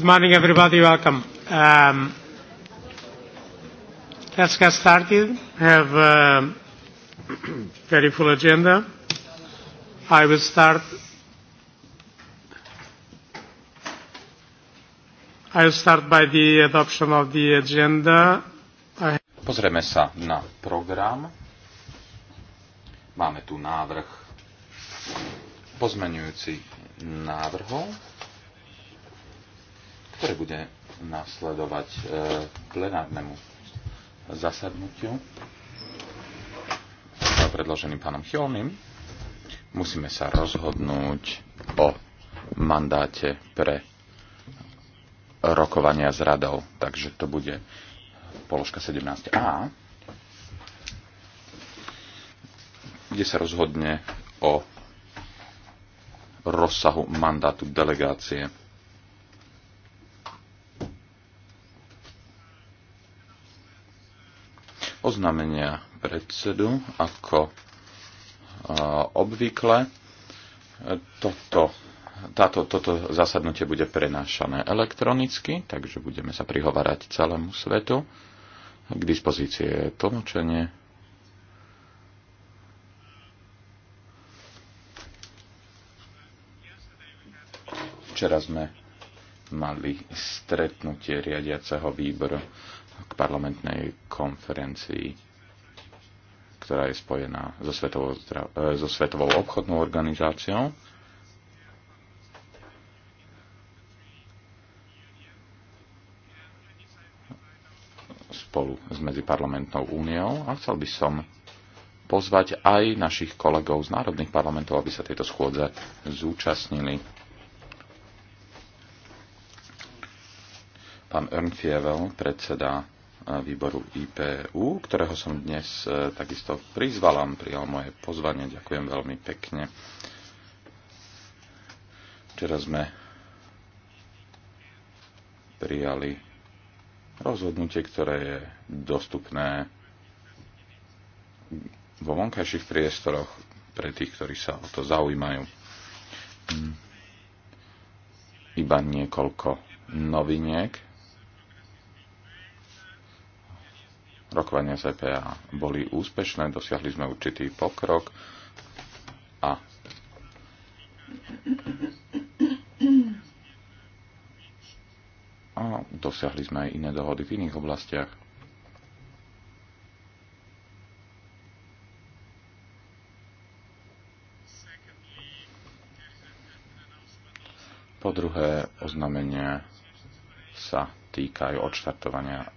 Good morning, everybody. Welcome. Um, let's get started. We Have a very full agenda. I will start. I will start by the adoption of the agenda. Pozrieme sa na program. Máme tu návrh pozmenujúci návrhov ktoré bude nasledovať e, plenárnemu zasadnutiu predloženým pánom Chilným. Musíme sa rozhodnúť o mandáte pre rokovania s radou. Takže to bude položka 17a, kde sa rozhodne o rozsahu mandátu delegácie oznámenia predsedu ako e, obvykle. Toto, táto, toto zasadnutie bude prenášané elektronicky, takže budeme sa prihovárať celému svetu. K dispozícii je tlmočenie. Včera sme mali stretnutie riadiaceho výboru k parlamentnej konferencii, ktorá je spojená so Svetovou, e, so Svetovou obchodnou organizáciou. spolu s Medziparlamentnou úniou a chcel by som pozvať aj našich kolegov z národných parlamentov, aby sa tejto schôdze zúčastnili. pán Ernfievel, predseda e, výboru IPU, ktorého som dnes e, takisto prizvala, prijal moje pozvanie. Ďakujem veľmi pekne. Včera sme prijali rozhodnutie, ktoré je dostupné vo vonkajších priestoroch pre tých, ktorí sa o to zaujímajú. Hm. Iba niekoľko noviniek rokovania z EPA boli úspešné, dosiahli sme určitý pokrok a a dosiahli sme aj iné dohody v iných oblastiach. Po druhé, oznamenie sa týkajú odštartovania e,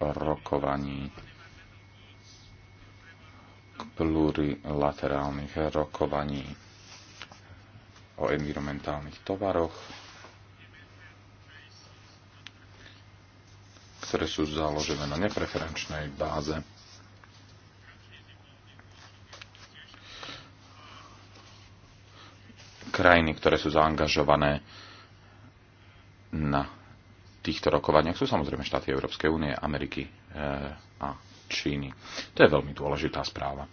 rokovaní k plurilaterálnych rokovaní o environmentálnych tovaroch, ktoré sú založené na nepreferenčnej báze. Krajiny, ktoré sú zaangažované na týchto rokovaniach sú samozrejme štáty Európskej únie, Ameriky eh, a Číny. To je veľmi dôležitá správa.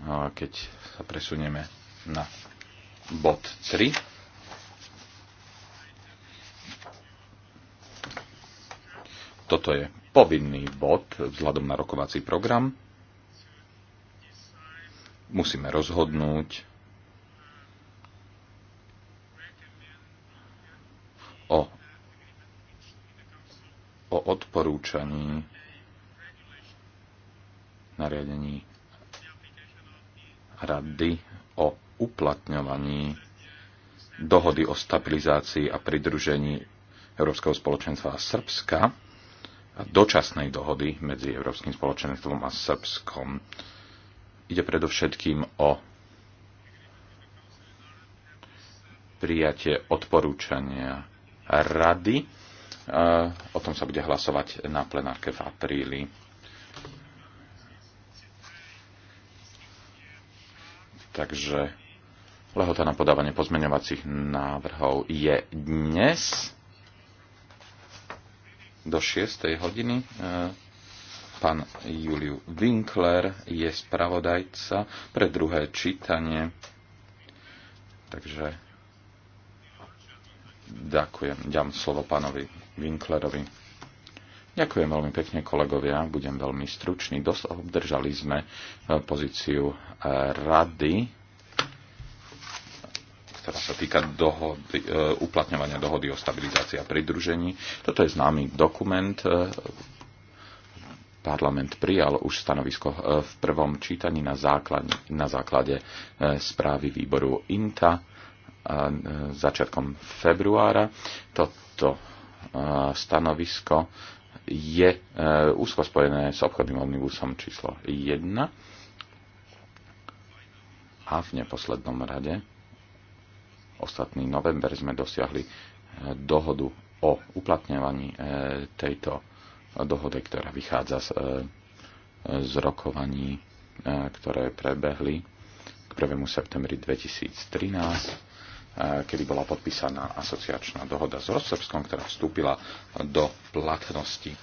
No keď sa presunieme na bod 3, toto je povinný bod vzhľadom na rokovací program. Musíme rozhodnúť o odporúčaní nariadení rady o uplatňovaní dohody o stabilizácii a pridružení Európskeho spoločenstva a Srbska a dočasnej dohody medzi Európskym spoločenstvom a Srbskom. Ide predovšetkým o prijatie odporúčania Rady Eh, o tom sa bude hlasovať na plenárke v apríli. Takže lehota na podávanie pozmeňovacích návrhov je dnes do 6. hodiny. Eh, pán Juliu Winkler je spravodajca pre druhé čítanie. Takže ďakujem. Dám slovo pánovi Winklerovi. Ďakujem veľmi pekne, kolegovia. Budem veľmi stručný. Dosť obdržali sme e, pozíciu e, rady, ktorá sa týka dohody, e, uplatňovania dohody o stabilizácii a pridružení. Toto je známy dokument. Parlament prijal už stanovisko v prvom čítaní na základe, na základe správy výboru INTA začiatkom februára. Toto stanovisko je e, úzko spojené s obchodným omnibusom číslo 1 a v neposlednom rade ostatný november sme dosiahli e, dohodu o uplatňovaní e, tejto dohody, ktorá vychádza z, z rokovaní, ktoré prebehli k 1. septembri 2013 kedy bola podpísaná asociačná dohoda s Srbskom, ktorá vstúpila do platnosti. E,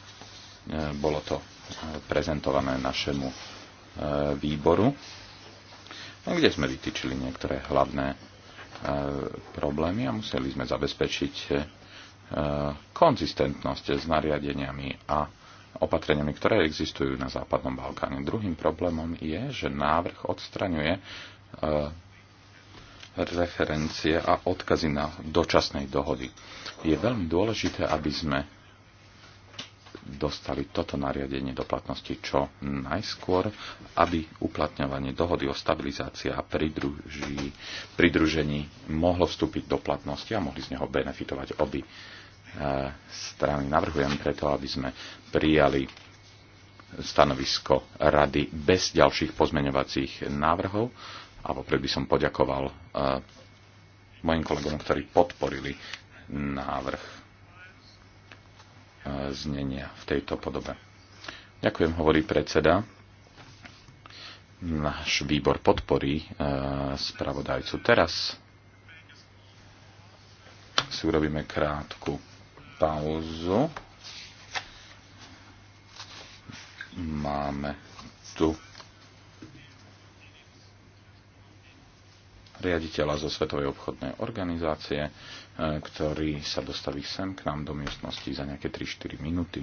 bolo to e, prezentované našemu e, výboru, kde sme vytýčili niektoré hlavné problémy a museli sme zabezpečiť konzistentnosť s nariadeniami a opatreniami, ktoré existujú na Západnom Balkáne. Druhým problémom je, že návrh odstraňuje referencie a odkazy na dočasnej dohody. Je veľmi dôležité, aby sme dostali toto nariadenie do platnosti čo najskôr, aby uplatňovanie dohody o stabilizácii a pridruži, pridružení mohlo vstúpiť do platnosti a mohli z neho benefitovať obi e, strany. Navrhujem preto, aby sme prijali stanovisko rady bez ďalších pozmeňovacích návrhov a vopred by som poďakoval e, mojim kolegom, ktorí podporili návrh e, znenia v tejto podobe. Ďakujem, hovorí predseda. Náš výbor podporí e, spravodajcu. Teraz si urobíme krátku pauzu. Máme tu riaditeľa zo Svetovej obchodnej organizácie, e, ktorý sa dostaví sem k nám do miestnosti za nejaké 3-4 minúty.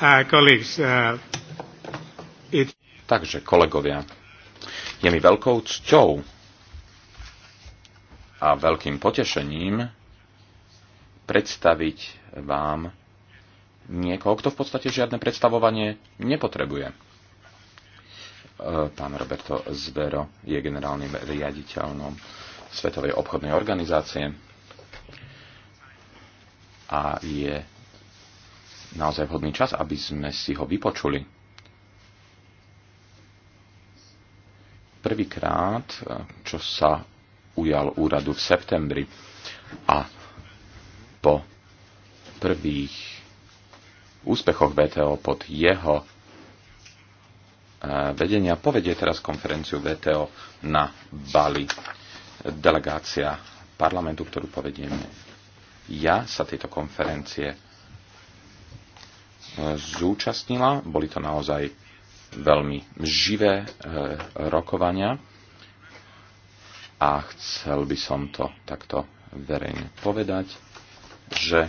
Uh, uh, Takže, kolegovia, je mi veľkou cťou a veľkým potešením predstaviť vám niekoho, kto v podstate žiadne predstavovanie nepotrebuje. Uh, pán Roberto Zvero je generálnym riaditeľom Svetovej obchodnej organizácie a je naozaj vhodný čas, aby sme si ho vypočuli. Prvýkrát, čo sa ujal úradu v septembri a po prvých úspechoch VTO pod jeho eh, vedenia povedie teraz konferenciu VTO na Bali. Delegácia parlamentu, ktorú povediem ja, sa tejto konferencie zúčastnila. Boli to naozaj veľmi živé eh, rokovania a chcel by som to takto verejne povedať, že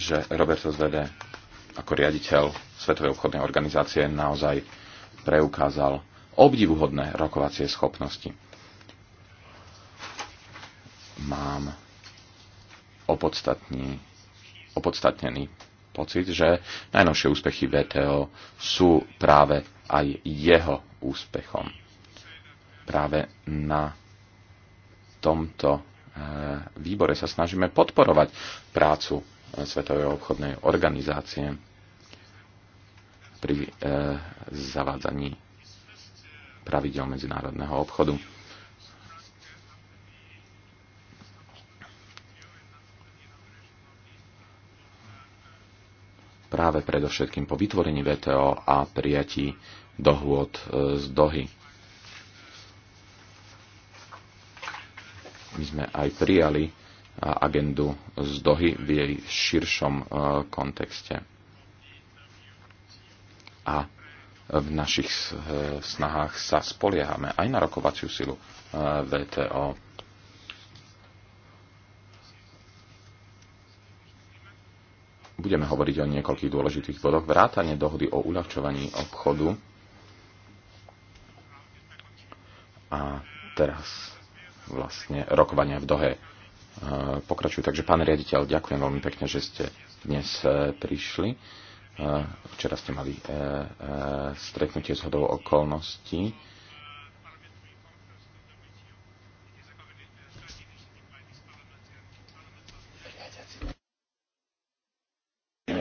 že Roberto Zvede ako riaditeľ Svetovej obchodnej organizácie naozaj preukázal obdivuhodné rokovacie schopnosti. Mám opodstatnený pocit, že najnovšie úspechy VTO sú práve aj jeho úspechom. Práve na tomto e, výbore sa snažíme podporovať prácu e, Svetovej obchodnej organizácie pri e, zavádzaní pravidel medzinárodného obchodu. práve predovšetkým po vytvorení VTO a prijatí dohôd e, z Dohy. My sme aj prijali e, agendu z Dohy v jej širšom e, kontexte. A v našich snahách sa spoliehame aj na rokovaciu silu VTO. Budeme hovoriť o niekoľkých dôležitých bodoch. Vrátanie dohody o uľahčovaní obchodu. A teraz vlastne rokovania v dohe eh, pokračujú. Takže, pán riaditeľ, ďakujem veľmi pekne, že ste dnes eh, prišli. Eh, včera ste mali stretnutie s hodou okolností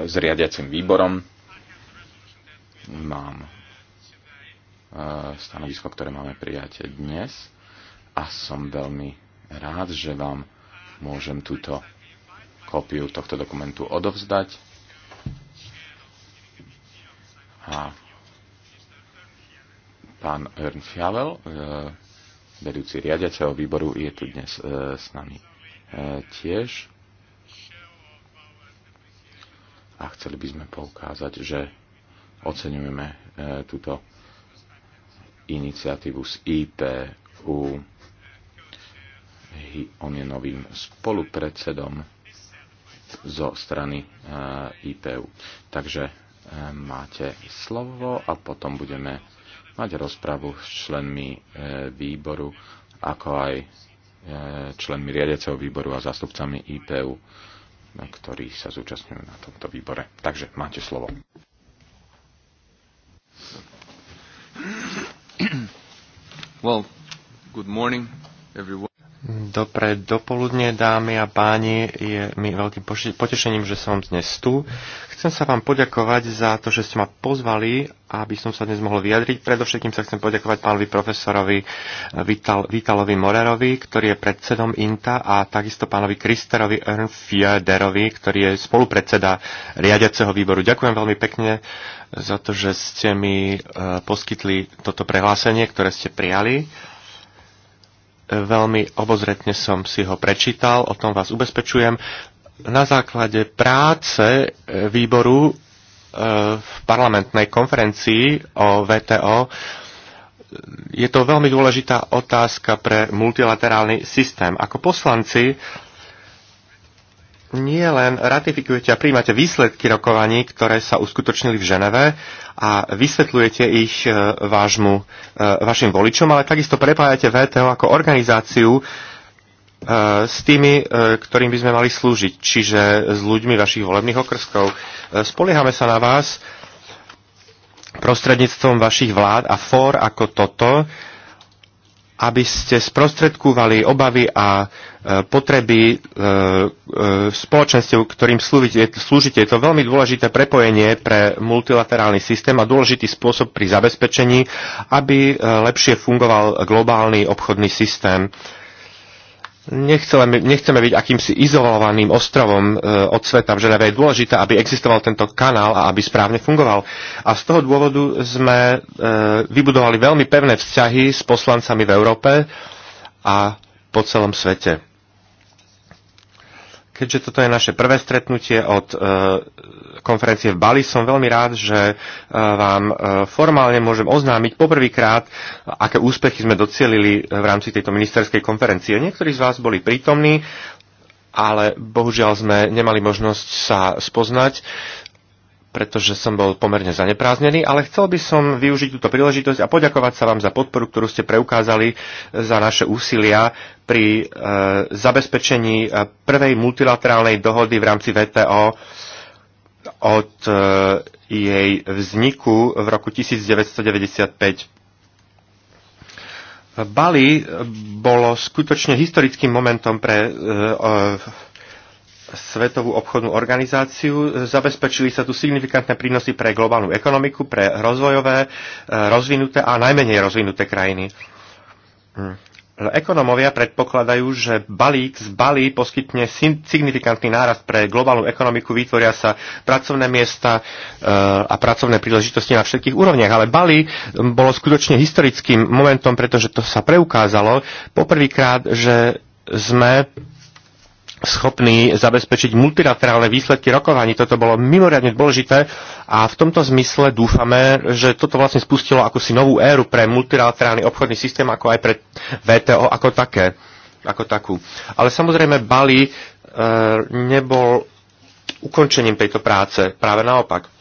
s riadiacim výborom. Mám e, stanovisko, ktoré máme prijať dnes a som veľmi rád, že vám môžem túto kópiu tohto dokumentu odovzdať a pán Ern Fiavel, e, vedúci riadiaceho výboru, je tu dnes e, s nami tiež a chceli by sme poukázať, že oceňujeme e, túto iniciatívu z IPU. On je novým spolupredsedom zo strany e, IPU. Takže e, máte slovo a potom budeme mať rozpravu s členmi výboru, ako aj členmi riadiaceho výboru a zástupcami IPU ktorí sa zúčastňujú na tomto výbore. Takže máte slovo. Well, good morning, everyone. Dobré dopoludne, dámy a páni. Je mi veľkým potešením, že som dnes tu. Chcem sa vám poďakovať za to, že ste ma pozvali, aby som sa dnes mohol vyjadriť. Predovšetkým sa chcem poďakovať pánovi profesorovi eh, Vital, Vitalovi Morerovi, ktorý je predsedom INTA a takisto pánovi Kristerovi Ernfiederovi, ktorý je spolupredseda riadiaceho výboru. Ďakujem veľmi pekne eh, za to, že ste mi eh, poskytli toto prehlásenie, ktoré ste prijali. Veľmi obozretne som si ho prečítal, o tom vás ubezpečujem. Na základe práce e, výboru e, v parlamentnej konferencii o VTO je to veľmi dôležitá otázka pre multilaterálny systém. Ako poslanci nie len ratifikujete a príjmate výsledky rokovaní, ktoré sa uskutočnili v Ženeve a vysvetľujete ich e, vášmu, e, vašim voličom, ale takisto prepájate VTO ako organizáciu e, s tými, ktorým by sme mali slúžiť, čiže s ľuďmi vašich volebných okrskov. Spoliehame sa na vás prostredníctvom vašich vlád a fór ako toto, aby ste sprostredkúvali obavy a e, potreby e, e, spoločenstiev, ktorým slúžite. Je to veľmi dôležité prepojenie pre multilaterálny systém a dôležitý spôsob pri zabezpečení, aby lepšie fungoval globálny obchodný systém. Nechceme, nechceme byť akýmsi izolovaným ostrovom e, od sveta v Ženeve. Je dôležité, aby existoval tento kanál a aby správne fungoval. A z toho dôvodu sme e, vybudovali veľmi pevné vzťahy s poslancami v Európe a po celom svete. Keďže toto je naše prvé stretnutie od e, konferencie v Bali, som veľmi rád, že e, vám e, formálne môžem oznámiť poprvýkrát, aké úspechy sme docielili v rámci tejto ministerskej konferencie. Niektorí z vás boli prítomní, ale bohužiaľ sme nemali možnosť sa spoznať pretože som bol pomerne zanepráznený, ale chcel by som využiť túto príležitosť a poďakovať sa vám za podporu, ktorú ste preukázali za naše úsilia pri e, zabezpečení e, prvej multilaterálnej dohody v rámci VTO od e, jej vzniku v roku 1995. Bali bolo skutočne historickým momentom pre e, e, Svetovú obchodnú organizáciu. Zabezpečili sa tu signifikantné prínosy pre globálnu ekonomiku, pre rozvojové, e, rozvinuté a najmenej rozvinuté krajiny. Hm. Ekonomovia predpokladajú, že balík z Bali poskytne signifikantný nárast pre globálnu ekonomiku, vytvoria sa pracovné miesta e, a pracovné príležitosti na všetkých úrovniach. Ale Bali bolo skutočne historickým momentom, pretože to sa preukázalo poprvýkrát, že sme schopný zabezpečiť multilaterálne výsledky rokovaní. Toto bolo mimoriadne dôležité a v tomto zmysle dúfame, že toto vlastne spustilo akúsi novú éru pre multilaterálny obchodný systém, ako aj pre VTO ako také. Ako takú. Ale samozrejme Bali e, nebol ukončením tejto práce, práve naopak.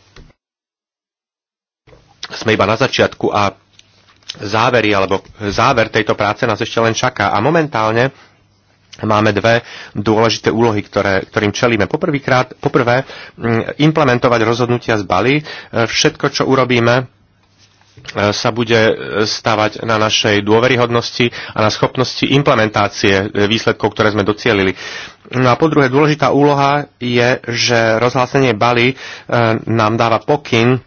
Sme iba na začiatku a závery alebo záver tejto práce nás ešte len čaká. A momentálne máme dve dôležité úlohy, ktoré, ktorým čelíme. Poprvýkrát, poprvé, implementovať rozhodnutia z Bali. E, všetko, čo urobíme, e, sa bude stavať na našej dôveryhodnosti a na schopnosti implementácie e, výsledkov, ktoré sme docielili. No a po druhé, dôležitá úloha je, že rozhlásenie Bali nám dáva pokyn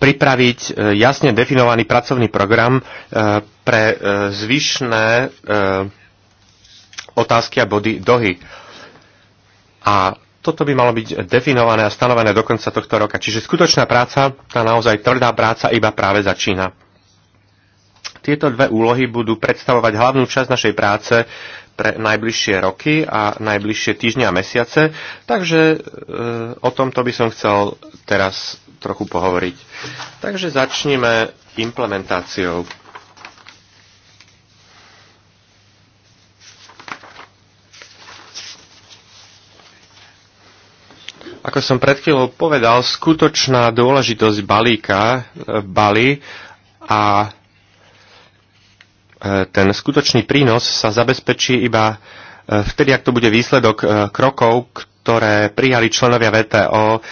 pripraviť jasne definovaný pracovný program pre zvyšné otázky a body dohy. A toto by malo byť definované a stanovené do konca tohto roka. Čiže skutočná práca, tá naozaj tvrdá práca iba práve začína. Tieto dve úlohy budú predstavovať hlavnú časť našej práce pre najbližšie roky a najbližšie týždňa a mesiace, takže e, o tomto by som chcel teraz trochu pohovoriť. Takže začneme implementáciou. Ako som pred chvíľou povedal, skutočná dôležitosť balíka, e, balí a e, ten skutočný prínos sa zabezpečí iba e, vtedy, ak to bude výsledok krokov, ktoré prijali členovia VTO,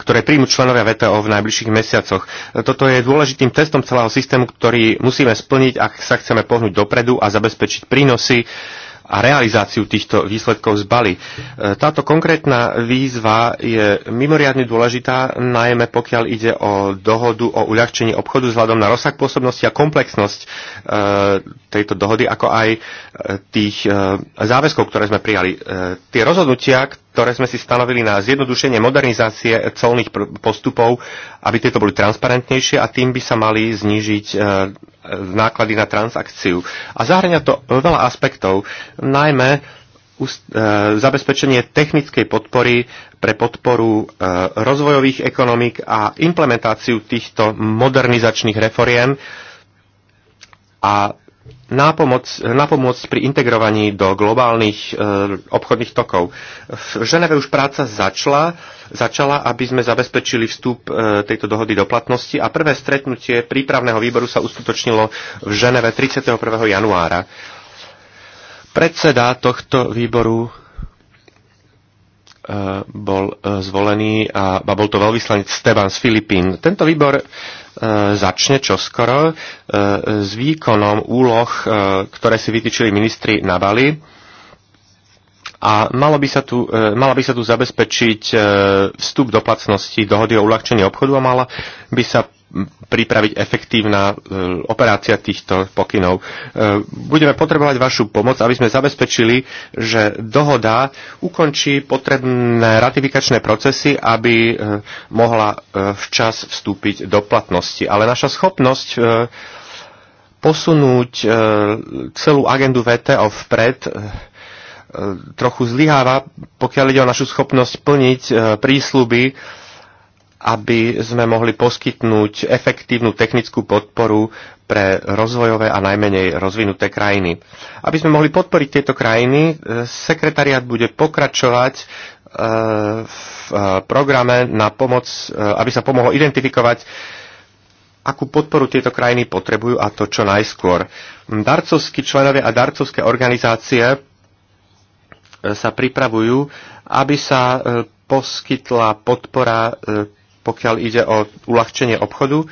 ktoré príjmu členovia VTO v najbližších mesiacoch. Toto je dôležitým testom celého systému, ktorý musíme splniť, ak sa chceme pohnúť dopredu a zabezpečiť prínosy a realizáciu týchto výsledkov zbali. E, táto konkrétna výzva je mimoriadne dôležitá, najmä pokiaľ ide o dohodu o uľahčení obchodu vzhľadom na rozsah pôsobnosti a komplexnosť e, tejto dohody, ako aj e, tých záväzkov, ktoré sme prijali. Tie rozhodnutia, ktoré sme si stanovili na zjednodušenie modernizácie colných postupov, aby tieto boli transparentnejšie a tým by sa mali znížiť náklady na transakciu. A zahrania to veľa aspektov, najmä e, zabezpečenie technickej podpory pre podporu e, rozvojových ekonomík a implementáciu týchto modernizačných reforiem a na pomoc pri integrovaní do globálnych e, obchodných tokov. V Ženeve už práca začala začala, aby sme zabezpečili vstup e, tejto dohody do platnosti a prvé stretnutie prípravného výboru sa uskutočnilo v Ženeve 31. januára. Predseda tohto výboru e, bol e, zvolený a bol to veľvyslanec Steban z Filipín. Tento výbor začne čoskoro s výkonom úloh, ktoré si vytýčili ministri na Bali a malo by sa tu, e, mala by sa tu zabezpečiť e, vstup do platnosti dohody o uľahčení obchodu a mala by sa pripraviť efektívna e, operácia týchto pokynov. Budeme potrebovať vašu pomoc, aby sme zabezpečili, že dohoda ukončí potrebné ratifikačné procesy, aby mohla včas vstúpiť do platnosti. Ale naša schopnosť posunúť celú agendu VTO vpred E, trochu zlyháva, pokiaľ ide o našu schopnosť plniť e, prísľuby, aby sme mohli poskytnúť efektívnu technickú podporu pre rozvojové a najmenej rozvinuté krajiny. Aby sme mohli podporiť tieto krajiny, e, sekretariat bude pokračovať v programe na pomoc, aby sa pomohlo identifikovať, akú podporu tieto krajiny potrebujú a to čo najskôr. Darcovskí členovia a darcovské organizácie sa pripravujú, aby sa e, poskytla podpora, e, pokiaľ ide o uľahčenie obchodu. E,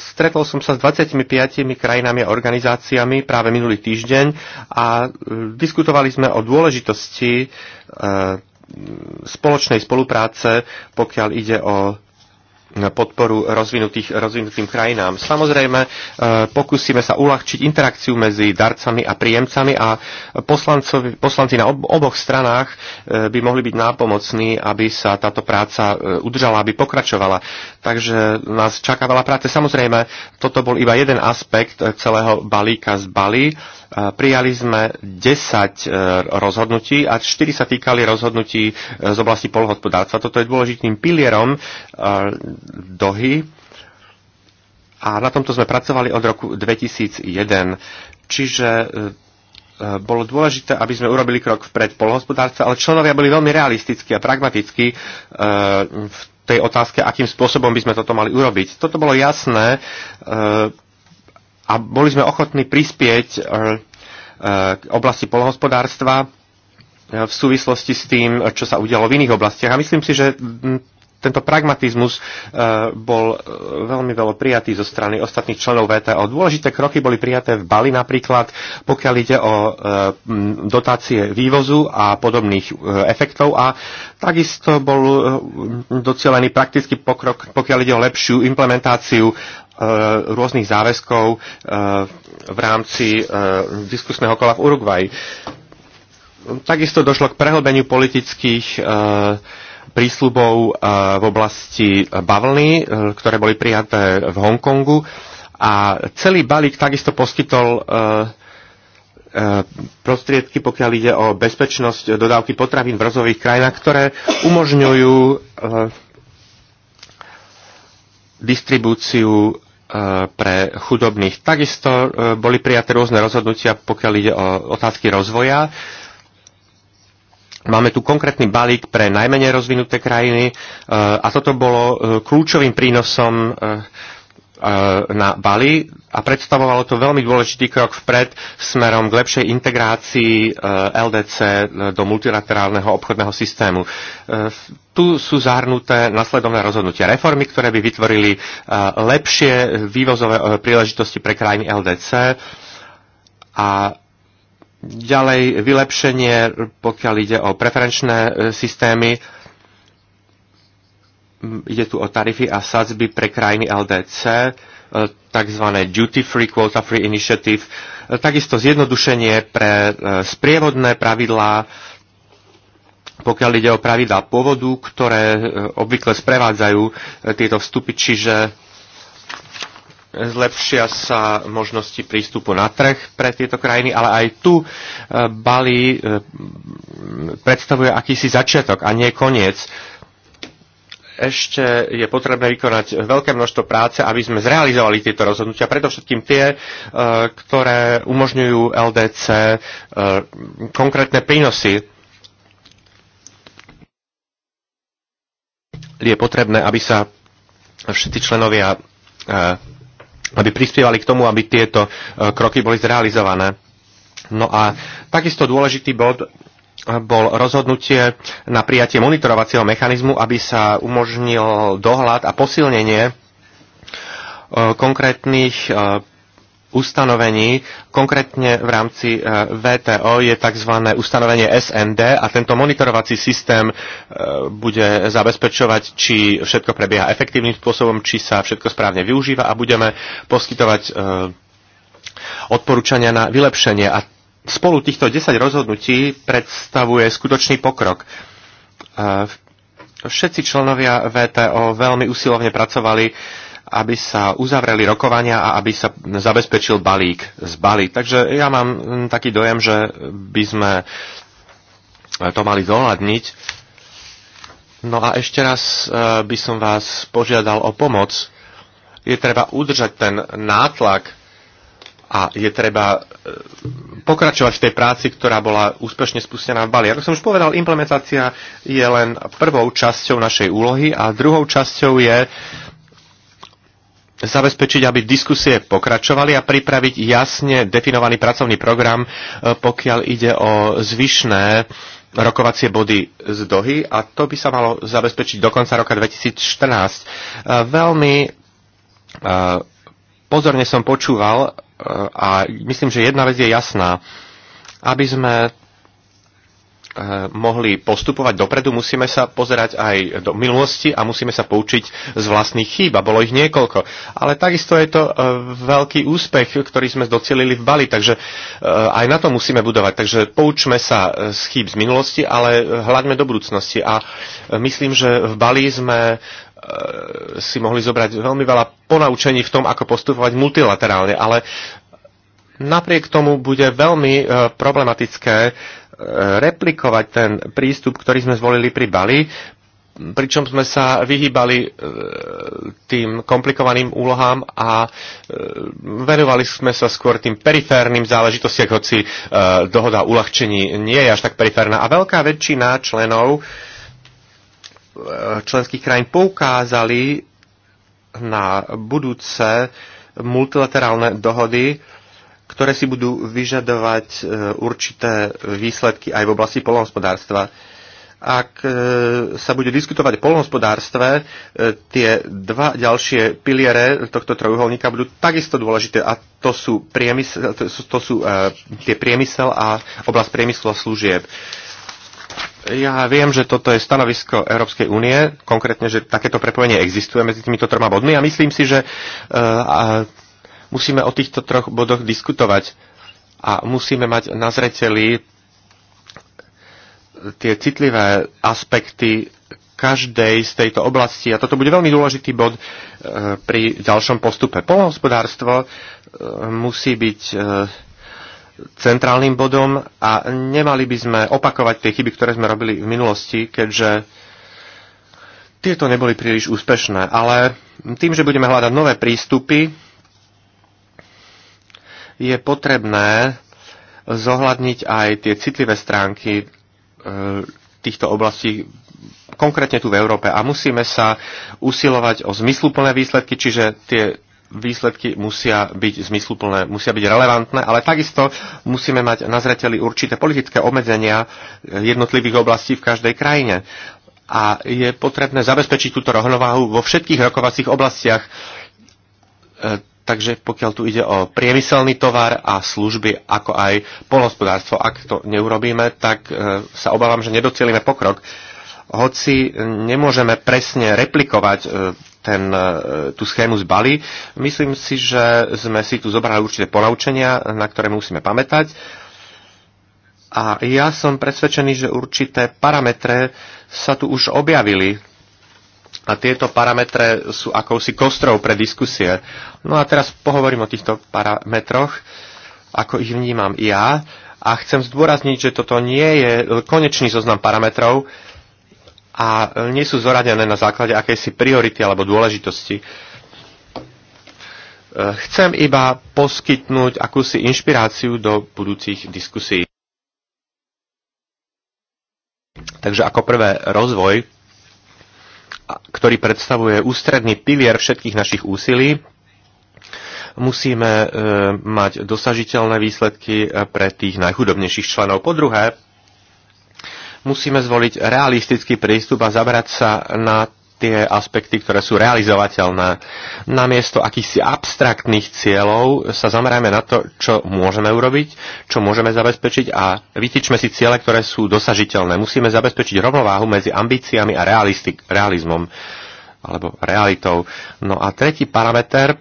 stretol som sa s 25 krajinami a organizáciami práve minulý týždeň a diskutovali sme o dôležitosti spoločnej spolupráce, pokiaľ ide o podporu rozvinutých, rozvinutým krajinám. Samozrejme, e, pokúsime sa uľahčiť interakciu medzi darcami a príjemcami a poslanci na oboch stranách e, by mohli byť nápomocní, aby sa táto práca e, udržala, aby pokračovala. Takže nás čaká veľa práce. Samozrejme, toto bol iba jeden aspekt celého balíka z Bali Prijali sme 10 e, rozhodnutí a 4 sa týkali rozhodnutí e, z oblasti polhospodárstva. Toto je dôležitým pilierom e, dohy a na tomto sme pracovali od roku 2001. Čiže bolo dôležité, aby sme urobili krok vpred polhospodárstva, ale členovia boli veľmi realistickí a pragmatickí v tej otázke, akým spôsobom by sme toto mali urobiť. Toto bolo jasné a boli sme ochotní prispieť e, e, k oblasti polnohospodárstva e, v súvislosti s tým, čo sa udialo v iných oblastiach. A myslím si, že tento pragmatizmus bol veľmi veľa prijatý zo strany ostatných členov VTO. Dôležité kroky boli prijaté v Bali napríklad, pokiaľ ide o dotácie vývozu a podobných efektov a takisto bol docielený praktický pokrok, pokiaľ ide o lepšiu implementáciu Eh, rôznych záväzkov eh, v rámci eh, diskusného kola v Uruguay. Takisto došlo k prehlbeniu politických prísľubov v oblasti bavlny, ktoré boli prijaté v Hongkongu a celý balík takisto poskytol prostriedky, pokiaľ ide o bezpečnosť dodávky potravín v rozových krajinách, ktoré umožňujú distribúciu pre chudobných. Takisto e, boli prijaté rôzne rozhodnutia, pokiaľ ide o otázky rozvoja. Máme tu konkrétny balík pre najmenej rozvinuté krajiny e, a toto bolo e, kľúčovým prínosom E, na Bali a predstavovalo to veľmi dôležitý krok vpred smerom k lepšej integrácii e, LDC e, do multilaterálneho obchodného systému. Tu sú zahrnuté nasledovné rozhodnutia reformy, ktoré by vytvorili lepšie vývozové príležitosti pre krajiny LDC a ďalej vylepšenie, pokiaľ ide o preferenčné systémy, ide tu o tarify a sadzby pre krajiny LDC, e, tzv. Duty Free, Quota Free Initiative, e, takisto zjednodušenie pre e, sprievodné pravidlá, pokiaľ ide o pravidlá pôvodu, ktoré obvykle sprevádzajú tieto vstupy, čiže zlepšia sa možnosti prístupu na trh pre tieto krajiny, ale aj tu Bali predstavuje akýsi začiatok a nie koniec ešte je potrebné vykonať veľké množstvo práce, aby sme zrealizovali tieto rozhodnutia, predovšetkým tie, e, ktoré umožňujú LDC e, konkrétne prínosy. Je potrebné, aby sa všetci členovia e, aby prispievali k tomu, aby tieto kroky boli zrealizované. No a takisto dôležitý bod bol rozhodnutie na prijatie monitorovacieho mechanizmu, aby sa umožnil dohľad a posilnenie e, konkrétnych e, ustanovení, konkrétne v rámci e, VTO je tzv. ustanovenie SND a tento monitorovací systém bude zabezpečovať, či všetko prebieha efektívnym spôsobom, či sa všetko správne využíva a budeme poskytovať odporúčania na vylepšenie. A spolu týchto 10 rozhodnutí predstavuje skutočný pokrok. E, všetci členovia VTO veľmi usilovne pracovali, aby sa uzavreli rokovania a aby sa zabezpečil balík z Bali. Takže ja mám taký dojem, že by sme e, to mali zohľadniť. No a ešte raz e, by som vás požiadal o pomoc. Je treba udržať ten nátlak a je treba e, pokračovať v tej práci, ktorá bola úspešne spustená v Bali. Ako som už povedal, implementácia je len prvou časťou našej úlohy a druhou časťou je zabezpečiť, aby diskusie pokračovali a pripraviť jasne definovaný pracovný program, e, pokiaľ ide o zvyšné rokovacie body z Dohy a to by sa malo zabezpečiť do konca roka 2014. E, veľmi pozorne som počúval a myslím, že jedna vec je jasná. Aby sme eh, mohli postupovať dopredu, musíme sa pozerať aj do minulosti a musíme sa poučiť z vlastných chýb. A bolo ich niekoľko. Ale takisto je to eh, veľký úspech, ktorý sme docelili v Bali, takže eh, aj na to musíme budovať. Takže poučme sa z chýb z minulosti, ale hľadme do budúcnosti. A myslím, že v Bali sme si mohli zobrať veľmi veľa ponaučení v tom, ako postupovať multilaterálne, ale napriek tomu bude veľmi e, problematické e, replikovať ten prístup, ktorý sme zvolili pri Bali, pričom sme sa vyhýbali e, tým komplikovaným úlohám a venovali sme sa skôr tým periférnym záležitostiam, hoci dohoda o uľahčení nie je až tak periférna. A veľká väčšina členov členských krajín poukázali na budúce multilaterálne dohody, ktoré si budú vyžadovať e, určité výsledky aj v oblasti polnohospodárstva. Ak e, sa bude diskutovať o polnohospodárstve, e, tie dva ďalšie piliere tohto trojuholníka budú takisto dôležité a to sú, priemysel, to sú, to sú tie priemysel a oblasť priemyslu a služieb. Ja viem, že toto je stanovisko Európskej únie, konkrétne, že takéto prepojenie existuje medzi týmito troma bodmi a myslím si, že uh, musíme o týchto troch bodoch diskutovať a musíme mať na zreteli tie citlivé aspekty každej z tejto oblasti. A toto bude veľmi dôležitý bod e, pri ďalšom postupe. Polnohospodárstvo e, musí byť centrálnym bodom a nemali by sme opakovať tie chyby, ktoré sme robili v minulosti, keďže tieto neboli príliš úspešné. Ale tým, že budeme hľadať nové prístupy, je potrebné zohľadniť aj tie citlivé stránky e, týchto oblastí, konkrétne tu v Európe. A musíme sa usilovať o zmysluplné výsledky, čiže tie výsledky musia byť zmysluplné, musia byť relevantné, ale takisto musíme mať na zreteli určité politické obmedzenia jednotlivých oblastí v každej krajine. A je potrebné zabezpečiť túto rovnováhu vo všetkých rokovacích oblastiach. E, takže pokiaľ tu ide o priemyselný tovar a služby, ako aj polhospodárstvo, ak to neurobíme, tak e, sa obávam, že nedocielime pokrok hoci nemôžeme presne replikovať e, ten, e, tú schému zbali. Myslím si, že sme si tu zobrali určité ponaučenia, na ktoré musíme pamätať. A ja som presvedčený, že určité parametre sa tu už objavili. A tieto parametre sú akousi kostrou pre diskusie. No a teraz pohovorím o týchto parametroch, ako ich vnímam ja. A chcem zdôrazniť, že toto nie je konečný zoznam parametrov, a e, nie sú zoradené na základe akejsi priority alebo dôležitosti. E, chcem iba poskytnúť akúsi inšpiráciu do budúcich diskusí. Takže ako prvé rozvoj, ktorý predstavuje ústredný pilier všetkých našich úsilí, musíme e, mať dosažiteľné výsledky pre tých najchudobnejších členov. Po druhé, Musíme zvoliť realistický prístup a zabrať sa na tie aspekty, ktoré sú realizovateľné. Namiesto akýchsi abstraktných cieľov sa zamerajme na to, čo môžeme urobiť, čo môžeme zabezpečiť a vytýčme si ciele, ktoré sú dosažiteľné. Musíme zabezpečiť rovnováhu medzi ambíciami a realizmom alebo realitou. No a tretí parameter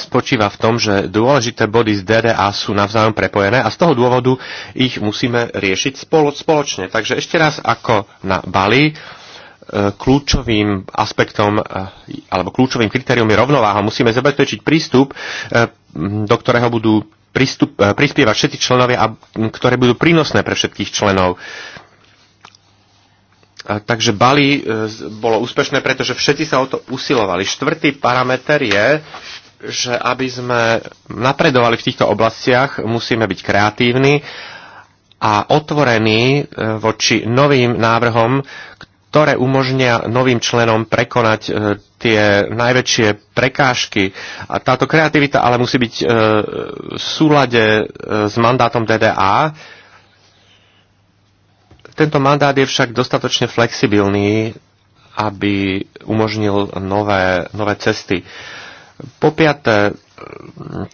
spočíva v tom, že dôležité body z DDA e sú navzájom prepojené a z toho dôvodu ich musíme riešiť spoločne. Takže ešte raz ako na Bali, e, kľúčovým aspektom e, alebo kľúčovým kritériom je rovnováha. Musíme zabezpečiť prístup, do ktorého budú pristup, prispievať všetci členovia a ktoré budú prínosné pre všetkých členov. Takže Bali bolo úspešné, pretože všetci sa o to usilovali. Štvrtý parameter je že aby sme napredovali v týchto oblastiach, musíme byť kreatívni a otvorení e, voči novým návrhom, ktoré umožnia novým členom prekonať e, tie najväčšie prekážky. A táto kreativita ale musí byť e, v súlade s mandátom DDA. Tento mandát je však dostatočne flexibilný, aby umožnil nové, nové cesty. Uh, po piaté,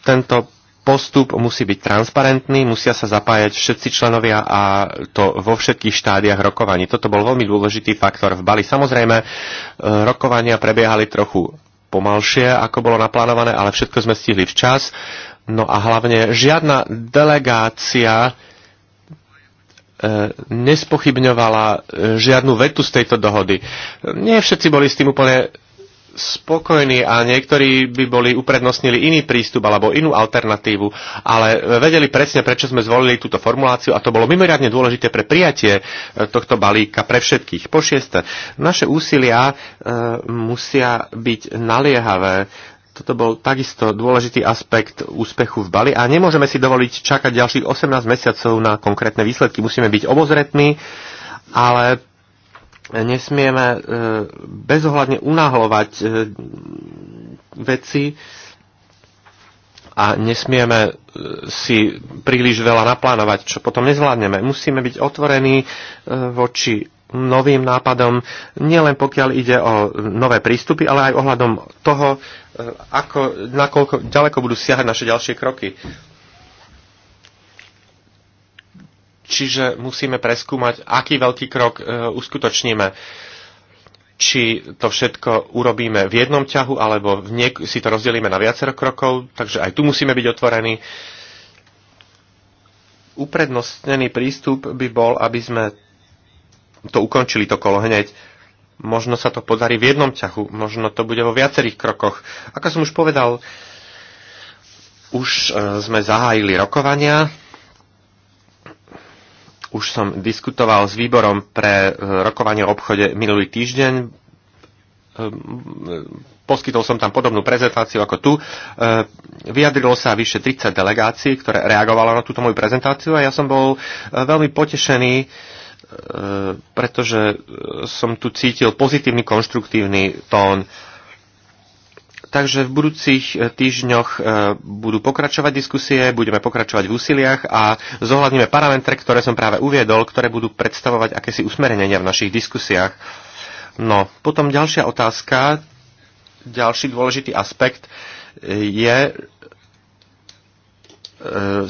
tento postup musí byť transparentný, musia sa zapájať všetci členovia a to vo všetkých štádiach rokovaní. Toto bol veľmi dôležitý faktor v Bali. Samozrejme, e, rokovania prebiehali trochu pomalšie, ako bolo naplánované, ale všetko sme stihli včas. No a hlavne žiadna delegácia e, nespochybňovala e, žiadnu vetu z tejto dohody. Nie všetci boli s tým úplne spokojní a niektorí by boli uprednostnili iný prístup alebo inú alternatívu, ale vedeli presne, prečo sme zvolili túto formuláciu a to bolo mimoriadne dôležité pre prijatie e, tohto balíka pre všetkých. Po šieste, naše úsilia e, musia byť naliehavé. Toto bol takisto dôležitý aspekt úspechu v Bali a nemôžeme si dovoliť čakať ďalších 18 mesiacov na konkrétne výsledky. Musíme byť obozretní, ale nesmieme e, bezohľadne unáhľovať e, veci a nesmieme e, si príliš veľa naplánovať, čo potom nezvládneme. Musíme byť otvorení voči novým nápadom, nielen pokiaľ ide o nové prístupy, ale aj ohľadom toho, ako, nakoľko ďaleko budú siahať naše ďalšie kroky. Čiže musíme preskúmať, aký veľký krok e, uskutočníme. Či to všetko urobíme v jednom ťahu, alebo v niek- si to rozdelíme na viacero krokov, takže aj tu musíme byť otvorení. Uprednostnený prístup by bol, aby sme to ukončili to kolo hneď. Možno sa to podarí v jednom ťahu, možno to bude vo viacerých krokoch. Ako som už povedal, už e, sme zahájili rokovania, už som diskutoval s výborom pre e, rokovanie o obchode minulý týždeň. E, poskytol som tam podobnú prezentáciu ako tu. E, vyjadrilo sa vyše 30 delegácií, ktoré reagovalo na túto moju prezentáciu a ja som bol veľmi potešený, pretože som tu cítil pozitívny, konštruktívny tón Takže v budúcich e, týždňoch e, budú pokračovať diskusie, budeme pokračovať v úsiliach a zohľadníme parametre, ktoré som práve uviedol, ktoré budú predstavovať akési usmerenia v našich diskusiách. No, potom ďalšia otázka, ďalší dôležitý aspekt e, je,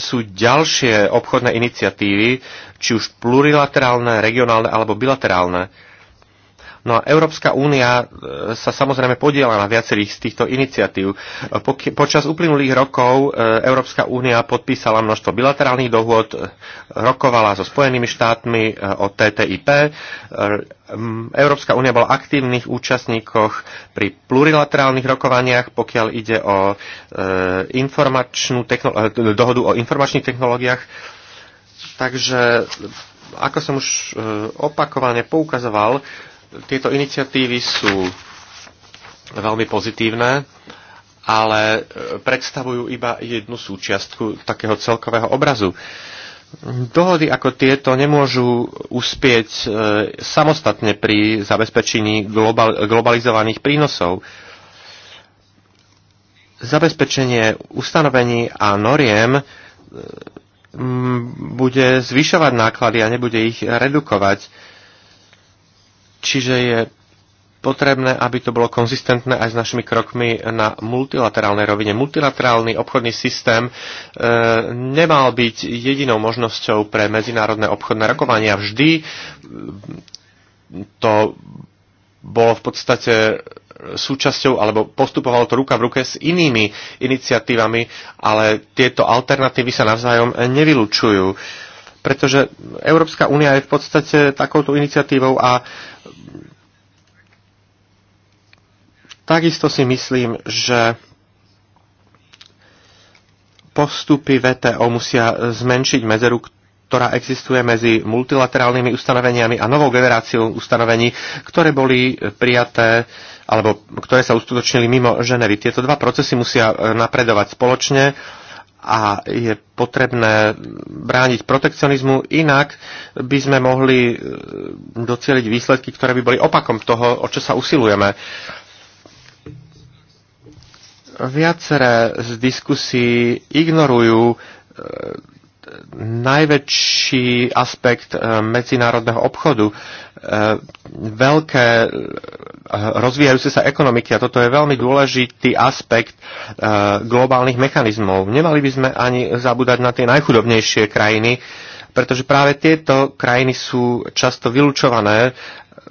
sú ďalšie obchodné iniciatívy, či už plurilaterálne, regionálne alebo bilaterálne No a Európska únia e, sa samozrejme podiela na viacerých z týchto iniciatív. E, počas uplynulých rokov e, Európska únia podpísala množstvo bilaterálnych dohôd, rokovala so Spojenými štátmi o TTIP. Európska únia bola aktívnych účastníkoch pri plurilaterálnych rokovaniach, pokiaľ ide o informačnú dohodu o informačných technológiách. Takže, ako som už opakovane poukazoval, tieto iniciatívy sú veľmi pozitívne, ale e, predstavujú iba jednu súčiastku takého celkového obrazu. Dohody ako tieto nemôžu uspieť e, samostatne pri zabezpečení globalizovaných prínosov. Zabezpečenie ustanovení a noriem e, bude zvyšovať náklady a nebude ich redukovať. Čiže je potrebné, aby to bolo konzistentné aj s našimi krokmi na multilaterálnej rovine. Multilaterálny obchodný systém e, nemal byť jedinou možnosťou pre medzinárodné obchodné rokovania. Vždy e, to bolo v podstate súčasťou alebo postupovalo to ruka v ruke s inými iniciatívami, ale tieto alternatívy sa navzájom nevylučujú. E, pretože Európska únia je v podstate takouto iniciatívou a takisto si myslím, že postupy VTO musia zmenšiť medzeru, ktorá existuje medzi multilaterálnymi ustanoveniami a novou generáciou ustanovení, ktoré boli prijaté alebo ktoré sa uskutočnili mimo Ženevy. Tieto dva procesy musia napredovať spoločne a je potrebné brániť protekcionizmu, inak by sme mohli e, docieliť výsledky, ktoré by boli opakom toho, o čo sa usilujeme. Viaceré z diskusí ignorujú e, najväčší aspekt e, medzinárodného obchodu. E, veľké e, rozvíjajúce sa ekonomiky, a toto je veľmi dôležitý aspekt globálnych mechanizmov. Nemali by sme ani zabúdať na tie najchudobnejšie krajiny, pretože práve tieto krajiny sú často vylúčované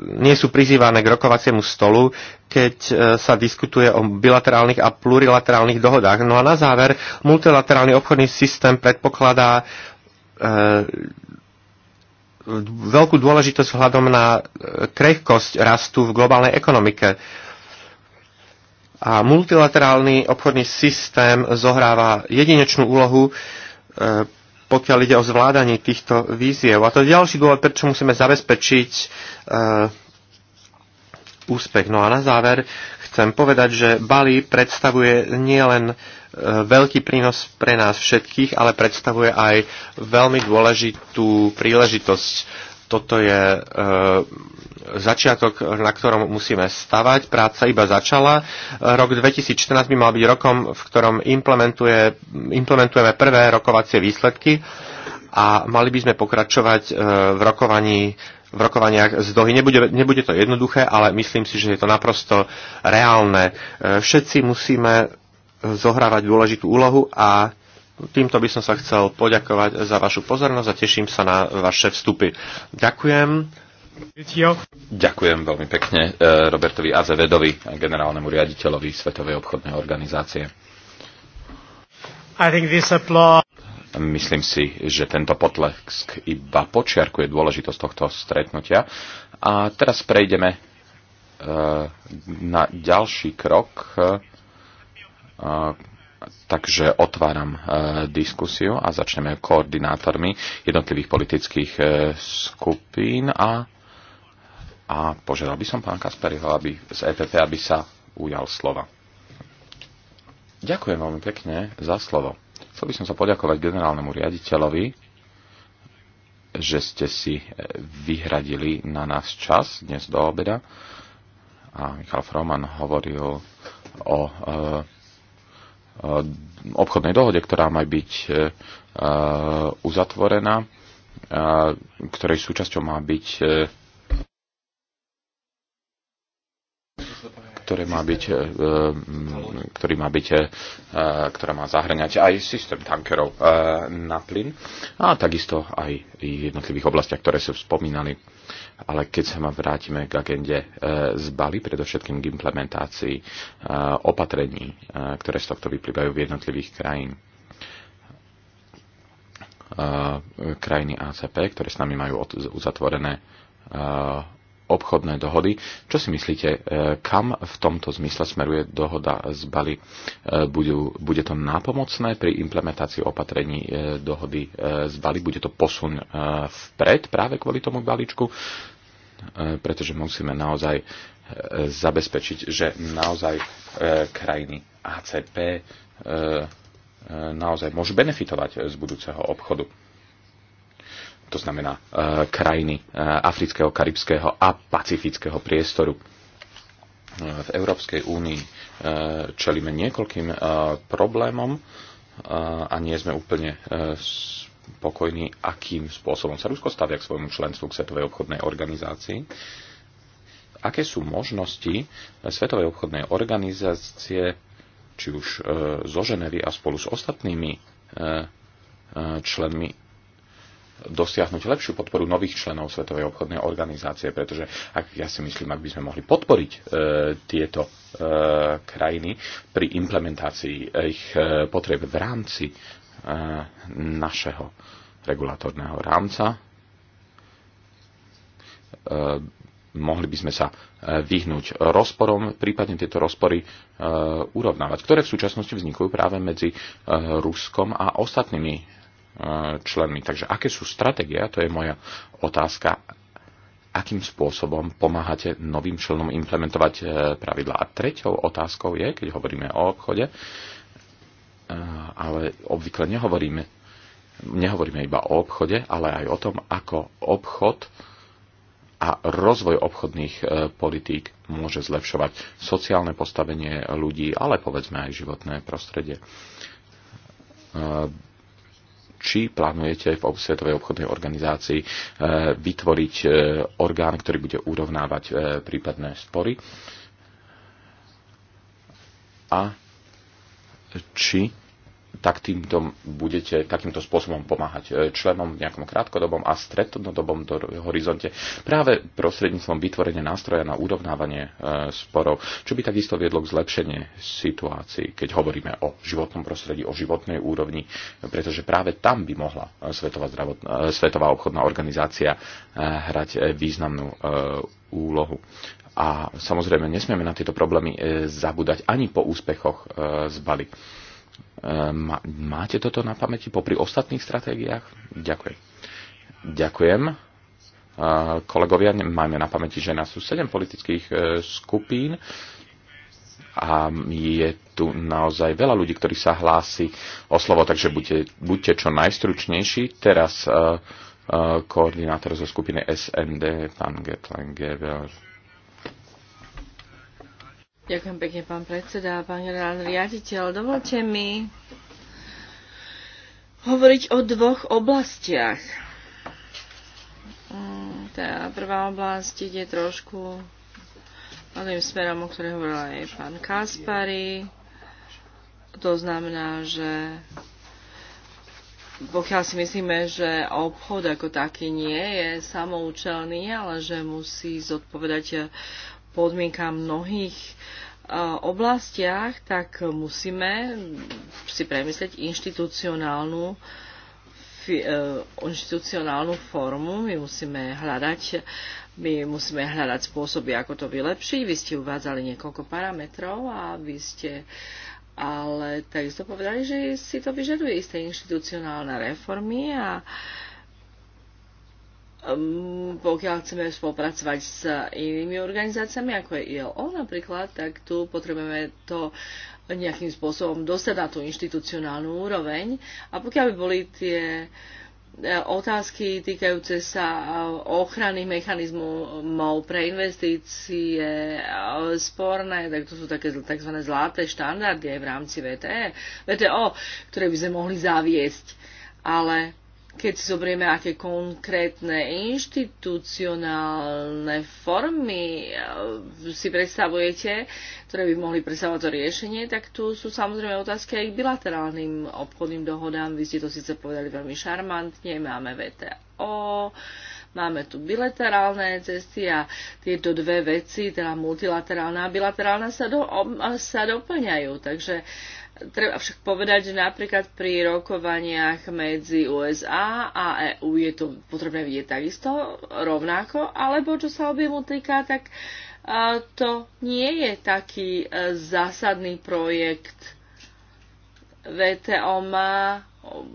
nie sú prizývané k rokovaciemu stolu, keď e, sa diskutuje o bilaterálnych a plurilaterálnych dohodách. No a na záver, multilaterálny obchodný systém predpokladá e, veľkú dôležitosť vzhľadom na e, krehkosť rastu v globálnej ekonomike. A multilaterálny obchodný systém zohráva jedinečnú úlohu pokiaľ ide o zvládanie týchto víziev. A to je ďalší dôvod, prečo musíme zabezpečiť e, úspech. No a na záver chcem povedať, že Bali predstavuje nielen eh, veľký prínos pre nás všetkých, ale predstavuje aj veľmi dôležitú príležitosť toto je e, začiatok, na ktorom musíme stavať. Práca iba začala. Rok 2014 by mal byť rokom, v ktorom implementuje, implementujeme prvé rokovacie výsledky a mali by sme pokračovať e, v rokovaní v rokovaniach z Dohy. Nebude, nebude to jednoduché, ale myslím si, že je to naprosto reálne. E, všetci musíme zohrávať dôležitú úlohu a Týmto by som sa chcel poďakovať za vašu pozornosť a teším sa na vaše vstupy. Ďakujem. Ďakujem veľmi pekne eh, Robertovi Azevedovi, generálnemu riaditeľovi Svetovej obchodnej organizácie. I think this Myslím si, že tento potlesk iba počiarkuje dôležitosť tohto stretnutia. A teraz prejdeme eh, na ďalší krok eh, Takže otváram e, diskusiu a začneme koordinátormi jednotlivých politických e, skupín a, a požiadal by som pán Kasperiho aby, z EPP, aby sa ujal slova. Ďakujem veľmi pekne za slovo. Chcel by som sa poďakovať generálnemu riaditeľovi, že ste si e, vyhradili na nás čas dnes do obeda. A Michal Froman hovoril o e, Eh, obchodnej dohode, ktorá má byť eh, eh, uzatvorená, ktorej súčasťou má byť ktoré má byť, mm, ktorý má byť, ktorá má zahrňať aj systém tankerov na plyn a takisto aj v jednotlivých oblastiach, ktoré sú spomínali. Ale keď sa ma vrátime k agende e, z Bali, predovšetkým k implementácii e, opatrení, e, ktoré z tohto vyplývajú v jednotlivých krajín, krajiny ACP, ktoré s nami majú uzatvorené obchodné dohody. Čo si myslíte, e, kam v tomto zmysle smeruje dohoda z Bali? E, budú, bude to nápomocné pri implementácii opatrení e, dohody z Bali? Bude to posun vpred práve kvôli tomu balíčku? Pretože musíme naozaj zabezpečiť, že naozaj krajiny ACP naozaj môžu benefitovať z budúceho obchodu to znamená e, krajiny e, afrického, karibského a pacifického priestoru. E, v Európskej únii čelíme niekoľkým problémom a nie sme úplne spokojní, akým spôsobom sa Rusko stavia k svojmu členstvu k Svetovej obchodnej organizácii aké sú možnosti Svetovej obchodnej organizácie, či už e, zo Ženevy a spolu s ostatnými e, členmi dosiahnuť lepšiu podporu nových členov Svetovej obchodnej organizácie, pretože ak ja si myslím, ak by sme mohli podporiť e, tieto e, krajiny pri implementácii ich e, potreb v rámci e, našeho regulatorného rámca, e, mohli by sme sa e, vyhnúť rozporom, prípadne tieto rozpory e, urovnávať, ktoré v súčasnosti vznikujú práve medzi e, Ruskom a ostatnými E, členmi. Takže aké sú stratégia, to je moja otázka, akým spôsobom pomáhate novým členom implementovať e, pravidlá. A treťou otázkou je, keď hovoríme o obchode, e, ale obvykle nehovoríme, nehovoríme iba o obchode, ale aj o tom, ako obchod a rozvoj obchodných politík môže zlepšovať sociálne postavenie ľudí, ale povedzme aj životné prostredie či plánujete v Svetovej obchodnej organizácii eh, vytvoriť eh, orgán, ktorý bude urovnávať eh, prípadné spory a či tak týmto budete takýmto spôsobom pomáhať e, členom v nejakom krátkodobom a strednodobom horizonte práve prostredníctvom vytvorenia nástroja na urovnávanie e, sporov, čo by takisto viedlo k zlepšenie situácií, keď hovoríme o životnom prostredí, o životnej úrovni, pretože práve tam by mohla e, Svetová, zdravot, Svetová obchodná organizácia hrať významnú úlohu. A samozrejme, nesmieme na tieto problémy zabúdať ani po úspechoch z Bali. Máte toto na pamäti popri ostatných stratégiách? Ďakujem. Ďakujem. Kolegovia, máme na pamäti, že nás sú 7 politických e, skupín a je tu naozaj veľa ľudí, ktorí sa hlási o slovo, takže buďte, buďte čo najstručnejší. Teraz e, e, koordinátor zo skupiny SND, pán Getlen Gebel. Ďakujem pekne, pán predseda, pán generálny riaditeľ. Dovolte mi hovoriť o dvoch oblastiach. Mm, tá prvá oblasť ide trošku tým smerom, o ktorej hovoril aj pán Kaspari. To znamená, že pokiaľ si myslíme, že obchod ako taký nie je samoučelný, ale že musí zodpovedať v mnohých e, oblastiach, tak musíme si premyslieť inštitucionálnu e, inštitucionálnu formu, my musíme hľadať my musíme hľadať spôsoby, ako to vylepšiť. Vy ste uvádzali niekoľko parametrov a vy ste ale takisto povedali, že si to vyžaduje isté inštitucionálne reformy a uh, Ehm, pokiaľ chceme spolupracovať s inými organizáciami, ako je ILO napríklad, tak tu potrebujeme to nejakým spôsobom dostať na tú inštitucionálnu úroveň. A pokiaľ by boli tie e, otázky týkajúce sa e, ochrany mechanizmov e, pre investície sporné, tak to sú také tzv. zlaté štandardy aj v rámci VTE, VTO, ktoré by sme mohli zaviesť. Ale keď si zoberieme, aké konkrétne inštitucionálne formy eh, si predstavujete, ktoré by mohli predstavovať to riešenie, tak tu sú samozrejme otázky aj k bilaterálnym obchodným dohodám. Vy ste to síce povedali veľmi šarmantne, máme VTO, máme tu bilaterálne cesty a tieto dve veci, teda multilaterálna a bilaterálna, sa, do, sa doplňajú. Takže treba však povedať, že napríklad pri rokovaniach medzi USA a EU je to potrebné vidieť takisto rovnako, alebo čo sa objemu týka, tak to nie je taký e, zásadný projekt. VTO má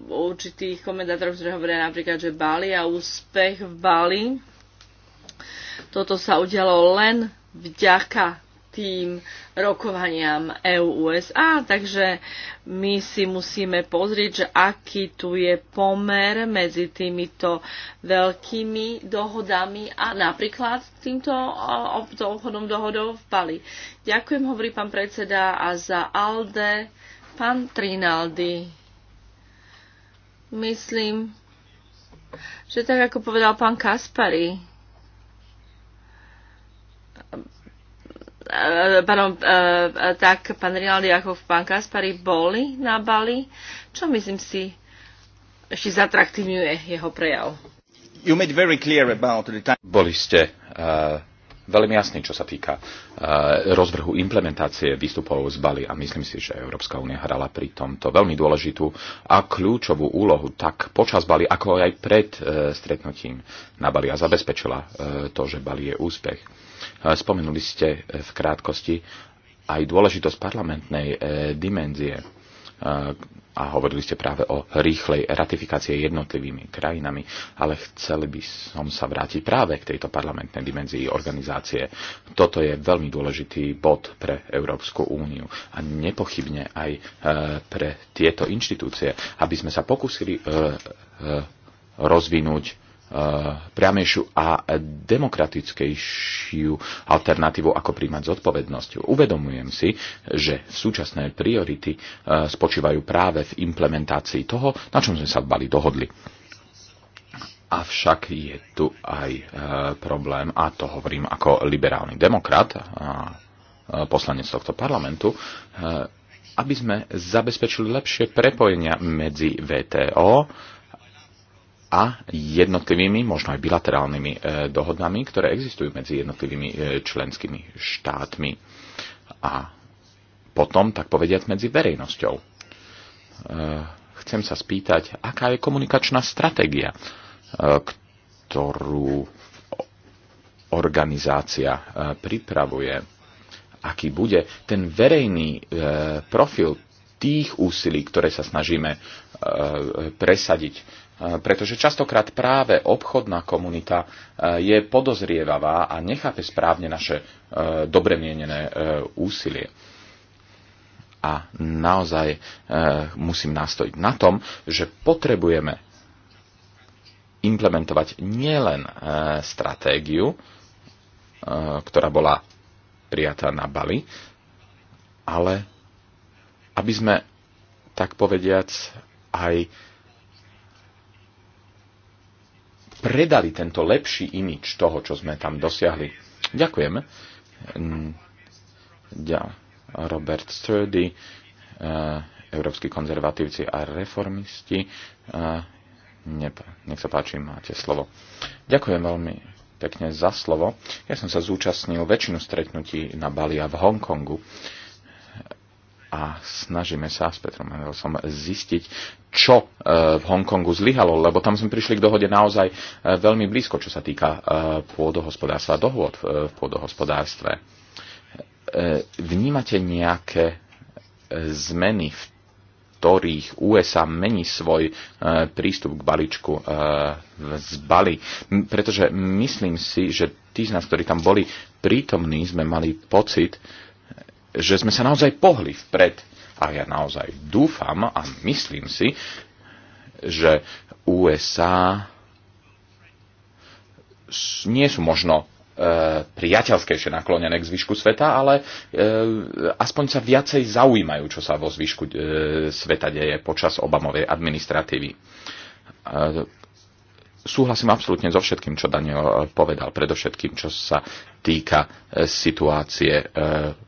určitých komentátorov, ktorí hovoria napríklad, že Bali a úspech v Bali. Toto sa udialo len vďaka tým rokovaniam EU-USA, takže my si musíme pozrieť, že aký tu je pomer medzi týmito veľkými dohodami a napríklad týmto obchodom dohodou v Bali. Ďakujem, hovorí pán predseda, a za ALDE pán Trinaldi. Myslím, že tak ako povedal pán Kaspari, Eh, pardon, eh, tak pán Rinaldi ako pán Kaspari boli na Bali, čo myslím si ešte zatraktívňuje jeho prejav. You made very clear about the time. Boli ste uh, veľmi jasný, čo sa týka uh, rozvrhu implementácie výstupov z Bali a myslím si, že Európska únia hrala pri tomto veľmi dôležitú a kľúčovú úlohu tak počas Bali, ako aj pred uh, stretnutím na Bali a zabezpečila uh, to, že Bali je úspech Eh, spomenuli ste eh, v krátkosti aj dôležitosť parlamentnej eh, dimenzie a hovorili ste práve o rýchlej ratifikácie jednotlivými krajinami, ale chceli by som sa vrátiť práve k tejto parlamentnej dimenzii organizácie. Toto je veľmi dôležitý bod pre Európsku úniu a nepochybne aj pre tieto inštitúcie, aby sme sa pokúsili rozvinúť Eh, priamejšiu a demokratickejšiu alternatívu, ako príjmať zodpovednosť. Uvedomujem si, že súčasné priority eh, spočívajú práve v implementácii toho, na čom sme sa v Bali dohodli. Avšak je tu aj eh, problém, a to hovorím ako liberálny demokrat, a, poslanec tohto parlamentu, aby sme zabezpečili lepšie prepojenia medzi VTO, a jednotlivými, možno aj bilaterálnymi e, dohodami, ktoré existujú medzi jednotlivými e, členskými štátmi a potom, tak povediať, medzi verejnosťou. E, chcem sa spýtať, aká je komunikačná stratégia, ktorú organizácia pripravuje, aký bude ten verejný profil tých úsilí, ktoré sa snažíme presadiť Eh, pretože častokrát práve obchodná komunita eh, je podozrievavá a nechápe správne naše eh, dobre mienené úsilie. A naozaj musím nastojiť na tom, že potrebujeme implementovať nielen stratégiu, ktorá bola prijatá na Bali, ale aby sme, tak povediac, aj predali tento lepší imič toho, čo sme tam dosiahli. Ďakujem. Ja, Robert Sturdy, eh, európsky konzervatívci a reformisti. Eh, nech sa páči, máte slovo. Ďakujem veľmi pekne za slovo. Ja som sa zúčastnil väčšinu stretnutí na Bali a v Hongkongu a snažíme sa s Petrom Mendelsom zistiť, čo e, v Hongkongu zlyhalo, lebo tam sme prišli k dohode naozaj e, veľmi blízko, čo sa týka e, pôdohospodárstva a dohôd v pôdohospodárstve. Vnímate nejaké zmeny v ktorých USA mení svoj prístup k balíčku z Bali. Pretože myslím si, že tí z nás, ktorí tam boli prítomní, sme mali pocit, že sme sa naozaj pohli vpred. A ja naozaj dúfam a myslím si, že USA nie sú možno e, priateľskejšie naklonené k zvyšku sveta, ale e, aspoň sa viacej zaujímajú, čo sa vo zvyšku e, sveta deje počas Obamovej administratívy. E, súhlasím absolútne so všetkým, čo Daniel povedal, predovšetkým, čo sa týka e, situácie e,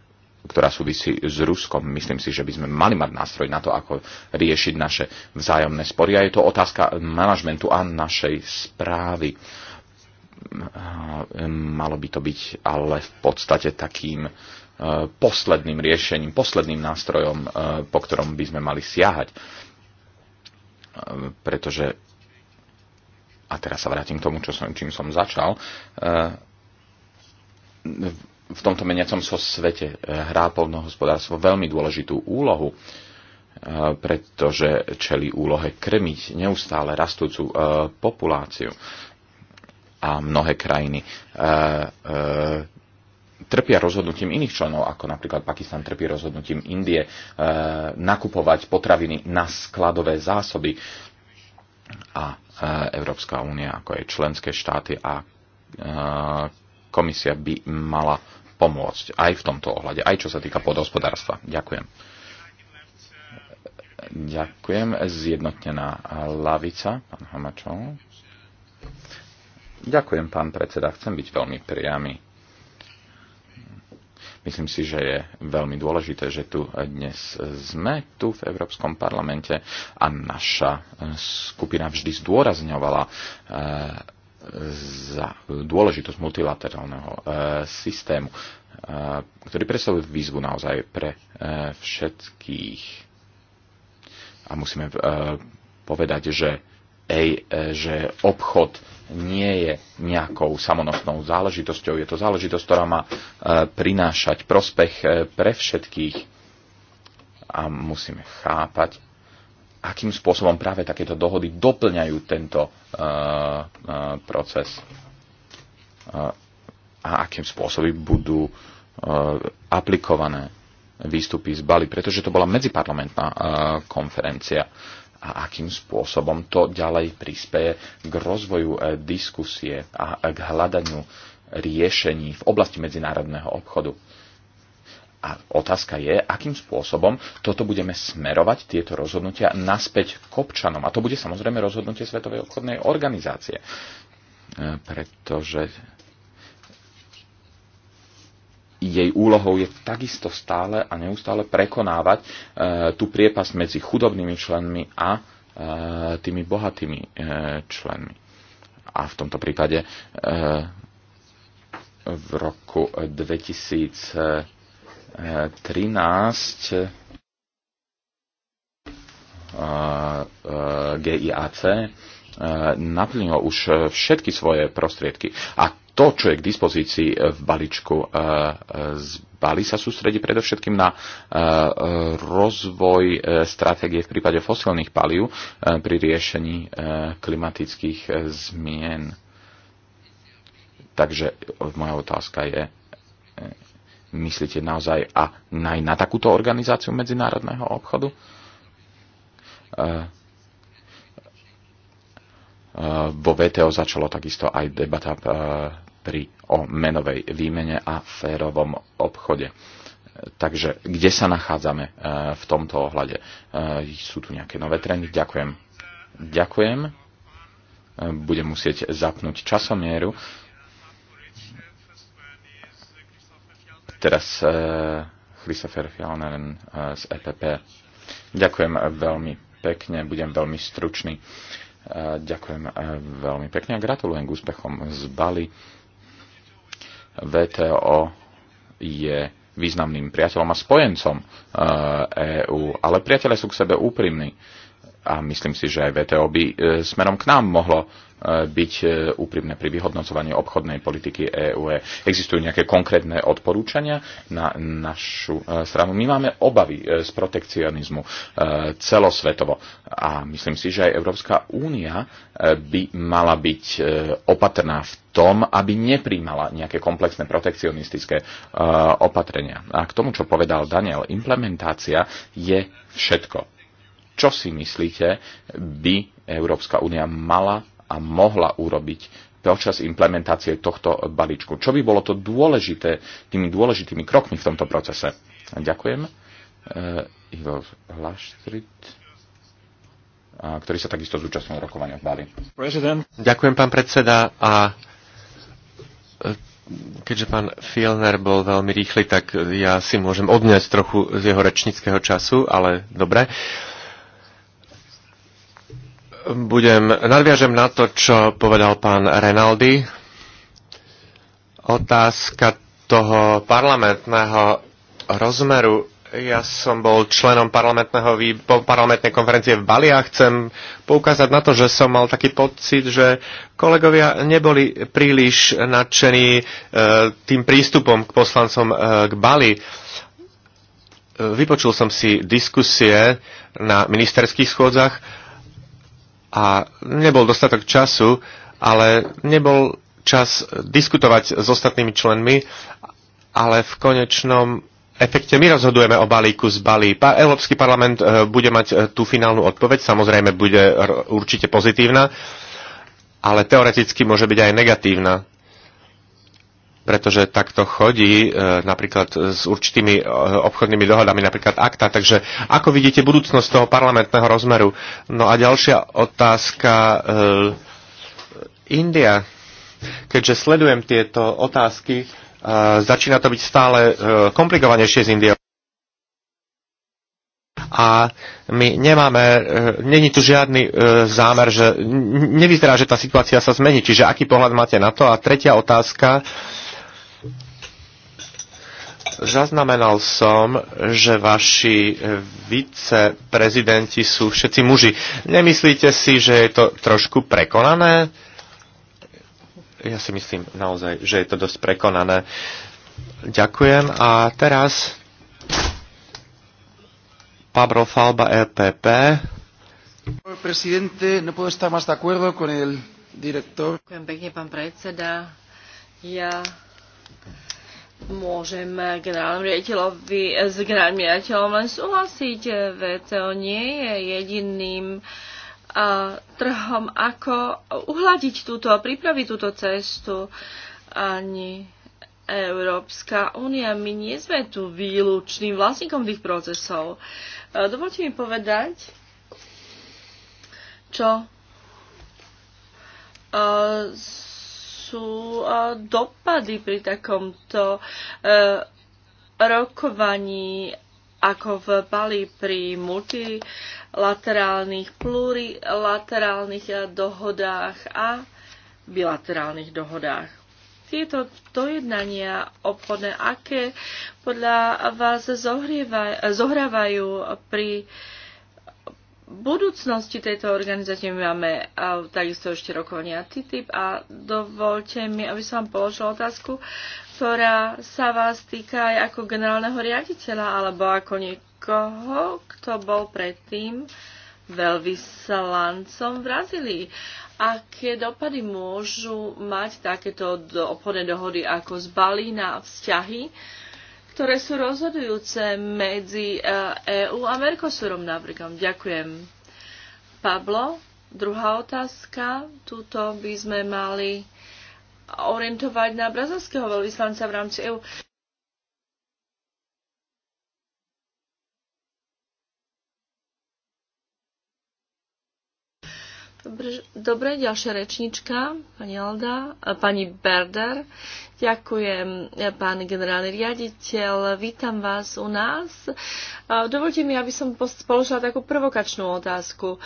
ktorá súvisí s Ruskom. Myslím si, že by sme mali mať nástroj na to, ako riešiť naše vzájomné spory. A je to otázka manažmentu a našej správy. Malo by to byť ale v podstate takým e, posledným riešením, posledným nástrojom, e, po ktorom by sme mali siahať. E, pretože, a teraz sa vrátim k tomu, čo som, čím som začal, v tomto meniacom so svete eh, hrá polnohospodárstvo veľmi dôležitú úlohu, eh, pretože čeli úlohe krmiť neustále rastúcu eh, populáciu. A mnohé krajiny trpia rozhodnutím iných členov, ako napríklad Pakistan trpí rozhodnutím Indie, nakupovať potraviny na skladové zásoby. A Európska únia, ako aj členské štáty a komisia by mala pomôcť aj v tomto ohľade, aj čo sa týka podhospodárstva. Ďakujem. Ďakujem. Zjednotnená lavica, pán Hamačov. Ďakujem, pán predseda. Chcem byť veľmi priamy. Myslím si, že je veľmi dôležité, že tu dnes sme, tu v Európskom parlamente a naša skupina vždy zdôrazňovala eh, za dôležitosť multilaterálneho e, systému, e, ktorý predstavuje výzvu naozaj pre e, všetkých. A musíme povedať, že, ej, že obchod nie je nejakou samonosnou záležitosťou. Je to záležitosť, ktorá má prinášať prospech pre všetkých a musíme chápať, akým spôsobom práve takéto dohody doplňajú tento eh, eh, proces eh, a akým spôsobom budú aplikované výstupy z Bali, pretože to bola medziparlamentná konferencia a akým spôsobom to ďalej prispieje k rozvoju diskusie a k hľadaniu riešení v oblasti medzinárodného obchodu. A otázka je, akým spôsobom toto budeme smerovať, tieto rozhodnutia, naspäť k občanom. A to bude samozrejme rozhodnutie Svetovej obchodnej organizácie. E, pretože jej úlohou je takisto stále a neustále prekonávať e, tú priepas medzi chudobnými členmi a e, tými bohatými členmi. A v tomto prípade v roku 2000 13 GIAC naplnilo už všetky svoje prostriedky. A to, čo je k dispozícii v balíčku z Bali, sa sústredí predovšetkým na rozvoj e, stratégie v prípade fosilných palív e, pri riešení e, klimatických zmien. Takže moja otázka je, myslíte naozaj a aj na takúto organizáciu medzinárodného obchodu? Eh, eh, vo VTO začalo takisto aj debata eh, pri, o menovej výmene a férovom obchode. Takže kde sa nachádzame v tomto ohľade? Sú tu nejaké nové trendy? Ďakujem. Ďakujem. Budem musieť zapnúť časomieru. Teraz eh, Christopher Fjellner eh, z EPP. Ďakujem eh, veľmi pekne, budem veľmi stručný. Ďakujem veľmi pekne a gratulujem k úspechom z Bali. VTO je významným priateľom a spojencom EÚ, e ale priateľe sú k sebe úprimní a myslím si, že aj VTO by e, smerom k nám mohlo e, byť e, úprimné pri vyhodnocovaní obchodnej politiky EÚ. Existujú nejaké konkrétne odporúčania na našu stranu. My máme obavy z protekcionizmu celosvetovo a myslím si, že aj Európska únia by mala byť opatrná v tom, aby nepríjmala nejaké komplexné protekcionistické opatrenia. A k tomu, čo povedal Daniel, implementácia je všetko čo si myslíte, by Európska únia mala a mohla urobiť počas implementácie tohto balíčku. Čo by bolo to dôležité, tými dôležitými krokmi v tomto procese? Ďakujem. Uh, eh, Ivo Hlaštrit, ktorý sa takisto zúčastnil rokovania v Bali. President. Ďakujem, pán predseda. A eh, keďže pán Fielner bol veľmi rýchly, tak ja si môžem odňať trochu z jeho rečníckého času, ale dobre. Uh, budem, nadviažem na to, čo povedal pán Renaldi. Otázka toho parlamentného rozmeru. Ja som bol členom parlamentného parlamentnej konferencie v Bali a chcem poukázať na to, že som mal taký pocit, že kolegovia neboli príliš nadšení e, tým prístupom k poslancom e, k Bali. E, vypočul som si diskusie na ministerských schôdzach a nebol dostatok času, ale nebol čas diskutovať s ostatnými členmi, ale v konečnom efekte my rozhodujeme o balíku z Balí. Európsky parlament e, bude mať e, tú finálnu odpoveď, samozrejme bude určite pozitívna, ale teoreticky môže byť aj negatívna pretože takto chodí e, napríklad s určitými e, obchodnými dohodami, napríklad akta. Takže ako vidíte budúcnosť toho parlamentného rozmeru? No a ďalšia otázka. E, India. Keďže sledujem tieto otázky, začína to byť stále komplikovanejšie s Indiou a my nemáme, není tu žiadny zámer, že nevyzerá, že tá situácia sa zmení, čiže aký pohľad máte na to? A tretia otázka, Zaznamenal som, že vaši viceprezidenti sú všetci muži. Nemyslíte si, že je to trošku prekonané? Ja si myslím naozaj, že je to dosť prekonané. Ďakujem a teraz Pablo Falba EPP. No Ďakujem pekne, pán predseda. Ja môžem generálnym riaditeľovi, s generálnym riaditeľom len súhlasiť. to nie je jediným a, trhom, ako uhladiť túto, pripraviť túto cestu. Ani Európska únia, my nie sme tu výlučným vlastníkom tých procesov. Dovolte mi povedať, čo sú e, dopady pri takomto e, rokovaní ako v Bali pri multilaterálnych, plurilaterálnych e, dohodách a bilaterálnych dohodách. Tieto dojednania obchodné, aké podľa vás zohrávajú pri uh, budúcnosti tejto organizácie my máme a, takisto ešte rokovania TTIP a dovolte mi, aby som vám položila otázku, ktorá sa vás týka aj ako generálneho riaditeľa alebo ako niekoho, kto bol predtým veľvyslancom v Brazílii. Aké dopady môžu mať takéto obchodné dohody ako z Balí na vzťahy ktoré sú rozhodujúce medzi EÚ eh, e a Mercosurom napríklad. Ďakujem. Pablo, druhá otázka. Tuto by sme mali orientovať na brazilského veľvyslanca v rámci EÚ. Dobre, ďalšia rečnička, pani Alda, eh, pani Berder. Ďakujem, eh, pán generálny riaditeľ. Vítam vás u nás. Eh, dovolte mi, aby som položila takú provokačnú otázku.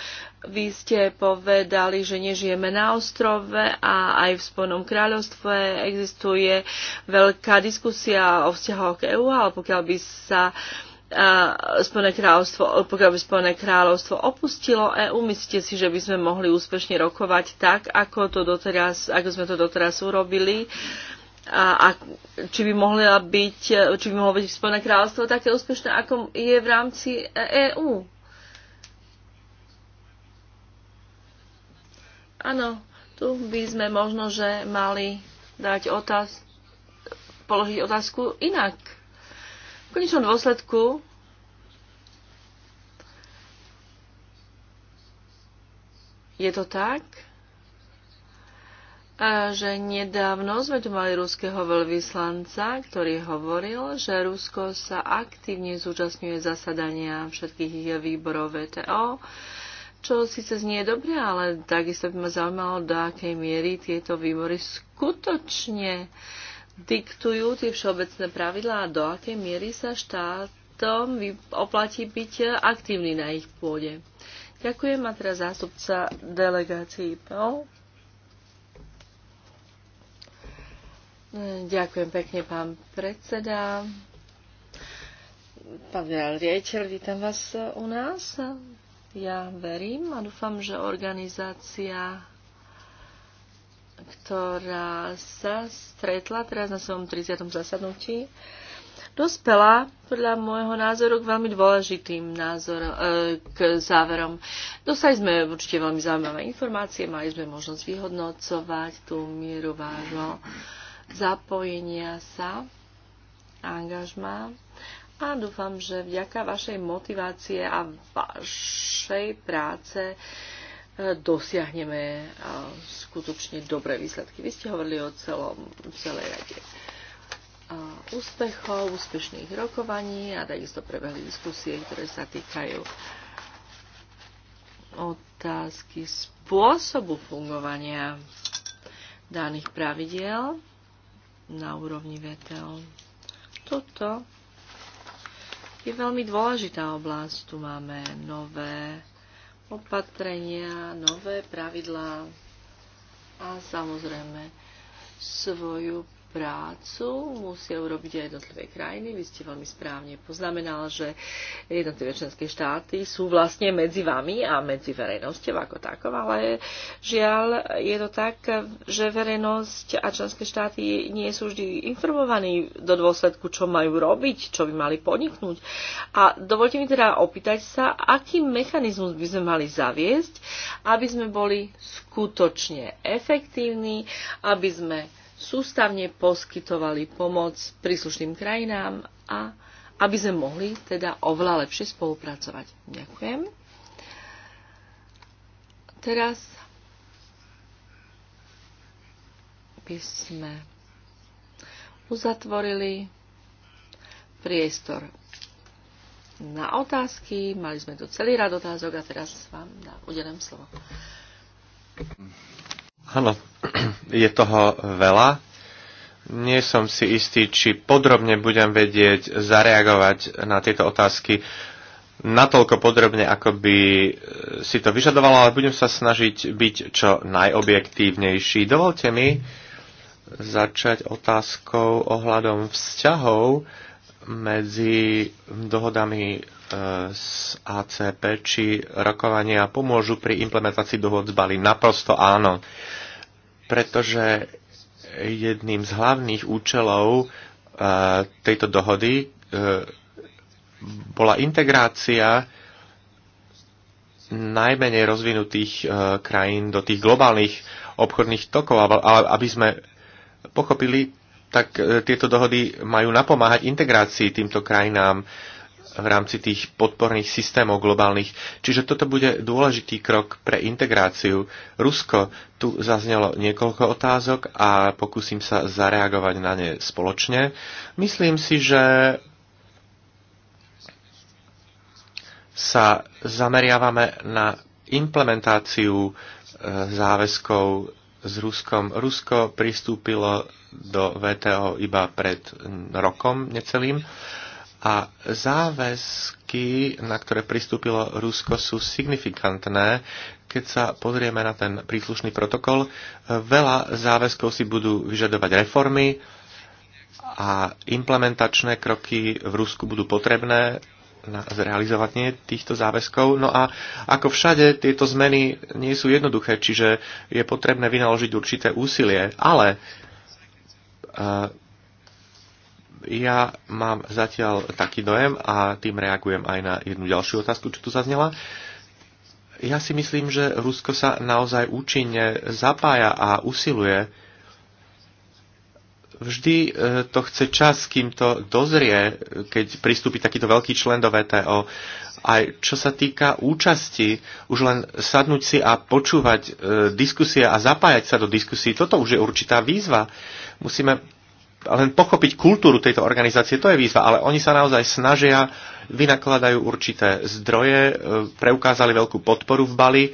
Vy ste povedali, že nežijeme na ostrove a aj v Spojenom kráľovstve existuje veľká diskusia o vzťahoch k EU, ale pokiaľ by sa Spojené kráľovstvo, pokiaľ by Spojené kráľovstvo opustilo EÚ, myslíte si, že by sme mohli úspešne rokovať tak, ako, to doteraz, ako sme to doteraz urobili? A, a či by byť, či by mohlo byť Spojené kráľovstvo také úspešné, ako je v rámci EÚ? Áno, tu by sme možno, že mali dať otáz- položiť otázku inak konečnom dôsledku je to tak, že nedávno sme tu mali ruského veľvyslanca, ktorý hovoril, že Rusko sa aktívne zúčastňuje zasadania všetkých výborov VTO, čo síce znie dobre, ale takisto by ma zaujímalo, do akej miery tieto výbory skutočne uh, diktujú tie všeobecné pravidlá a do akej miery sa štátom oplatí byť aktívny na ich pôde. Ďakujem a teraz zástupca delegácií IPO. Ďakujem pekne, pán predseda. Pán riaditeľ, vítam vás u nás. Ja verím a dúfam, že organizácia ktorá sa stretla teraz na svojom 30. zasadnutí, dospela podľa môjho názoru k veľmi dôležitým názorom, e, k záverom. Dostali sme určite veľmi zaujímavé informácie, mali sme možnosť vyhodnocovať tú mieru vášho zapojenia sa, angažma a dúfam, že vďaka vašej motivácie a vašej práce dosiahneme skutočne dobré výsledky. Vy ste hovorili o celom, celej rade úspechov, úspešných rokovaní a takisto prebehli diskusie, ktoré sa týkajú otázky spôsobu fungovania daných pravidiel na úrovni VTO. Toto je veľmi dôležitá oblasť. Tu máme nové opatrenia, nové pravidlá a samozrejme svoju prácu musia urobiť aj jednotlivé krajiny. Vy ste veľmi správne poznamenal, že jednotlivé členské štáty sú vlastne medzi vami a medzi verejnosťou ako takou, ale žiaľ je to tak, že verejnosť a členské štáty nie sú vždy informovaní do dôsledku, čo majú robiť, čo by mali podniknúť. A dovolte mi teda opýtať sa, aký mechanizmus by sme mali zaviesť, aby sme boli skutočne efektívni, aby sme sústavne poskytovali pomoc príslušným krajinám a aby sme mohli teda oveľa lepšie spolupracovať. Ďakujem. Teraz by sme uzatvorili priestor na otázky. Mali sme tu celý rad otázok a teraz vám udelím slovo. Áno, je toho veľa. Nie som si istý, či podrobne budem vedieť zareagovať na tieto otázky natoľko podrobne, ako by e, si to vyžadovalo, ale budem sa snažiť byť čo najobjektívnejší. Dovolte mi začať otázkou ohľadom vzťahov medzi dohodami z e, ACP, či rokovania pomôžu pri implementácii dohod z Bali. Naprosto áno, pretože jedným z hlavných účelov e, tejto dohody e, bola integrácia najmenej rozvinutých krajín do tých globálnych obchodných tokov, aby sme pochopili, tak e, tieto dohody majú napomáhať integrácii týmto krajinám v rámci tých podporných systémov globálnych. Čiže toto bude dôležitý krok pre integráciu. Rusko, tu zaznelo niekoľko otázok a pokúsim sa zareagovať na ne spoločne. Myslím si, že sa zameriavame na implementáciu e, záväzkov s Ruskom. Rusko pristúpilo do VTO iba pred rokom necelým a záväzky, na ktoré pristúpilo Rusko, sú signifikantné. Keď sa pozrieme na ten príslušný protokol, veľa záväzkov si budú vyžadovať reformy a implementačné kroky v Rusku budú potrebné na zrealizovanie týchto záväzkov. No a ako všade, tieto zmeny nie sú jednoduché, čiže je potrebné vynaložiť určité úsilie. Ale uh, ja mám zatiaľ taký dojem a tým reagujem aj na jednu ďalšiu otázku, čo tu zaznela. Ja si myslím, že Rusko sa naozaj účinne zapája a usiluje vždy e, to chce čas, kým to dozrie, keď pristúpi takýto veľký člen do VTO. Aj čo sa týka účasti, už len sadnúť si a počúvať e, diskusie a zapájať sa do diskusí, toto už je určitá výzva. Musíme len pochopiť kultúru tejto organizácie, to je výzva, ale oni sa naozaj snažia, vynakladajú určité zdroje, e, preukázali veľkú podporu v Bali,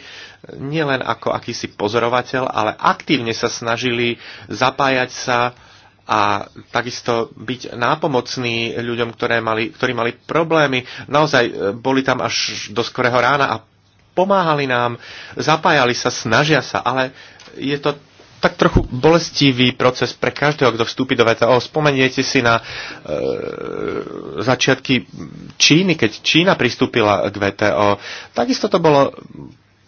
nielen ako akýsi pozorovateľ, ale aktívne sa snažili zapájať sa a takisto byť nápomocný ľuďom, ktoré mali, ktorí mali problémy. Naozaj e, boli tam až do skorého rána a pomáhali nám, zapájali sa, snažia sa, ale je to tak trochu bolestivý proces pre každého, kto vstúpi do VTO. Spomeniete si na e, začiatky Číny, keď Čína pristúpila k VTO. Takisto to bolo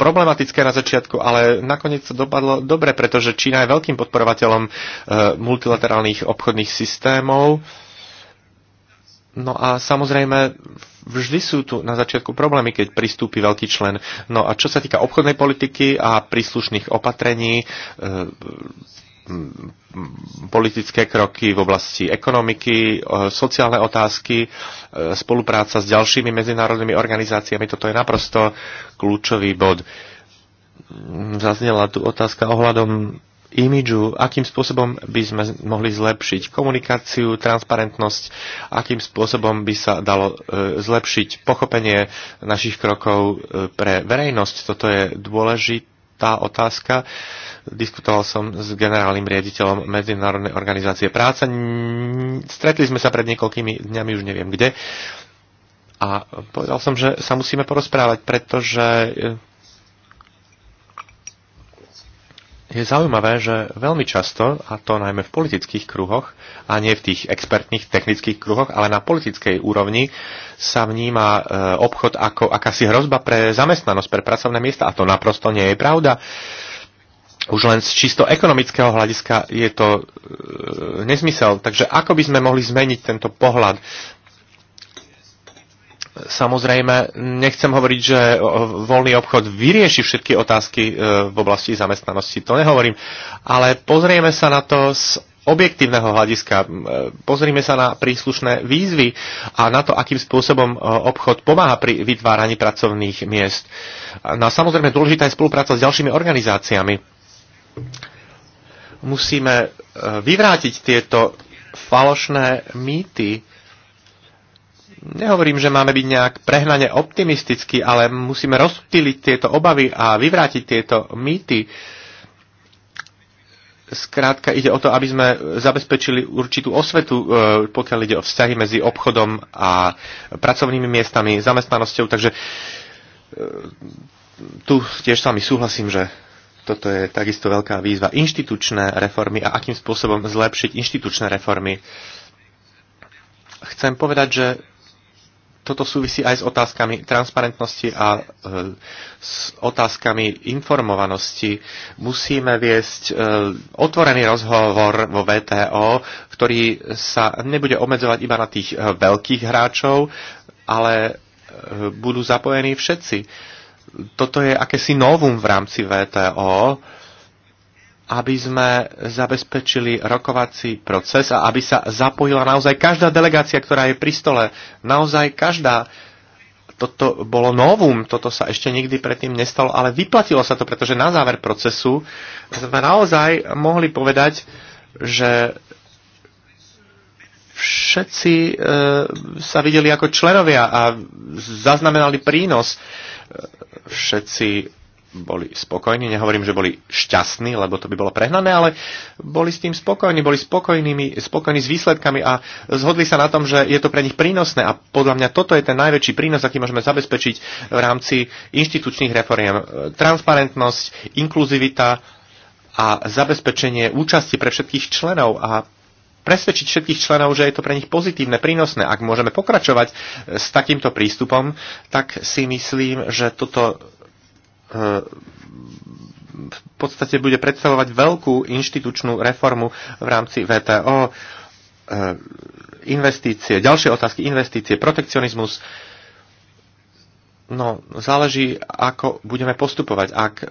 problematické na začiatku, ale nakoniec to dopadlo dobre, pretože Čína je veľkým podporovateľom eh, multilaterálnych obchodných systémov. No a samozrejme, vždy sú tu na začiatku problémy, keď pristúpi veľký člen. No a čo sa týka obchodnej politiky a príslušných opatrení, eh, politické kroky v oblasti ekonomiky, e, sociálne otázky, e, spolupráca s ďalšími medzinárodnými organizáciami. Toto je naprosto kľúčový bod. Zaznela tu otázka ohľadom imidžu, akým spôsobom by sme mohli zlepšiť komunikáciu, transparentnosť, akým spôsobom by sa dalo e, zlepšiť pochopenie našich krokov pre verejnosť. Toto je dôležité tá otázka. Diskutoval som s generálnym riaditeľom Medzinárodnej organizácie práce. Stretli sme sa pred niekoľkými dňami, už neviem kde. A povedal som, že sa musíme porozprávať, pretože je zaujímavé, že veľmi často, a to najmä v politických kruhoch, a nie v tých expertných technických kruhoch, ale na politickej úrovni sa vníma e, obchod ako akási hrozba pre zamestnanosť, pre pracovné miesta a to naprosto nie je pravda. Už len z čisto ekonomického hľadiska je to e, nezmysel. Takže ako by sme mohli zmeniť tento pohľad? Samozrejme, nechcem hovoriť, že voľný obchod vyrieši všetky otázky e, v oblasti zamestnanosti, to nehovorím, ale pozrieme sa na to z objektívneho hľadiska. E, Pozrime sa na príslušné výzvy a na to, akým spôsobom e, obchod pomáha pri vytváraní pracovných miest. No a samozrejme dôležitá je spolupráca s ďalšími organizáciami. Musíme vyvrátiť tieto falošné mýty, Nehovorím, že máme byť nejak prehnane optimistickí, ale musíme rozptýliť tieto obavy a vyvrátiť tieto mýty. Skrátka ide o to, aby sme zabezpečili určitú osvetu, e, pokiaľ ide o vzťahy medzi obchodom a pracovnými miestami, zamestnanosťou. Takže e, tu tiež s vami súhlasím, že toto je takisto veľká výzva. Inštitučné reformy a akým spôsobom zlepšiť inštitučné reformy. Chcem povedať, že toto súvisí aj s otázkami transparentnosti a e, s otázkami informovanosti. Musíme viesť e, otvorený rozhovor vo VTO, ktorý sa nebude obmedzovať iba na tých e, veľkých hráčov, ale e, budú zapojení všetci. Toto je akési novum v rámci VTO. E, aby sme zabezpečili rokovací proces a aby sa zapojila naozaj každá delegácia, ktorá je pri stole. Naozaj každá. Toto bolo novum, toto sa ešte nikdy predtým nestalo, ale vyplatilo sa to, pretože na záver procesu sme naozaj mohli povedať, že všetci e, sa videli ako členovia a zaznamenali prínos. E, všetci boli spokojní. Nehovorím, že boli šťastní, lebo to by bolo prehnané, ale boli s tým spokojní, boli spokojnými, spokojní s výsledkami a zhodli sa na tom, že je to pre nich prínosné a podľa mňa toto je ten najväčší prínos, aký môžeme zabezpečiť v rámci inštitučných reforiem. Transparentnosť, inkluzivita a zabezpečenie účasti pre všetkých členov a presvedčiť všetkých členov, že je to pre nich pozitívne, prínosné. Ak môžeme pokračovať s takýmto prístupom, tak si myslím, že toto v podstate bude predstavovať veľkú inštitučnú reformu v rámci VTO, e, investície, ďalšie otázky, investície, protekcionizmus. No, záleží, ako budeme postupovať. Ak e,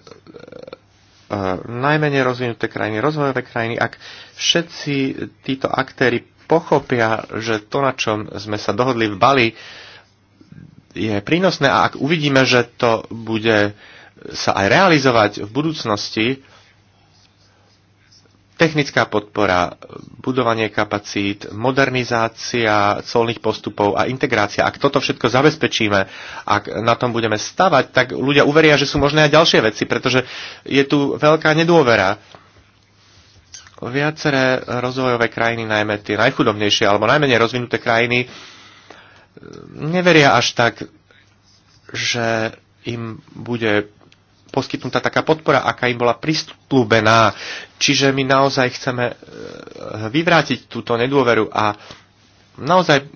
najmenej rozvinuté krajiny, rozvojové krajiny, ak všetci títo aktéry pochopia, že to, na čom sme sa dohodli v Bali, je prínosné a ak uvidíme, že to bude uh, sa aj realizovať v budúcnosti. Technická podpora, budovanie kapacít, modernizácia colných postupov a integrácia. Ak toto všetko zabezpečíme, ak na tom budeme stavať, tak ľudia uveria, že sú možné aj ďalšie veci, pretože je tu veľká nedôvera. Viaceré rozvojové krajiny, najmä tie najchudobnejšie alebo najmenej rozvinuté krajiny, neveria až tak, že im bude poskytnutá taká podpora, aká im bola pristúbená, Čiže my naozaj chceme e, vyvrátiť túto nedôveru a naozaj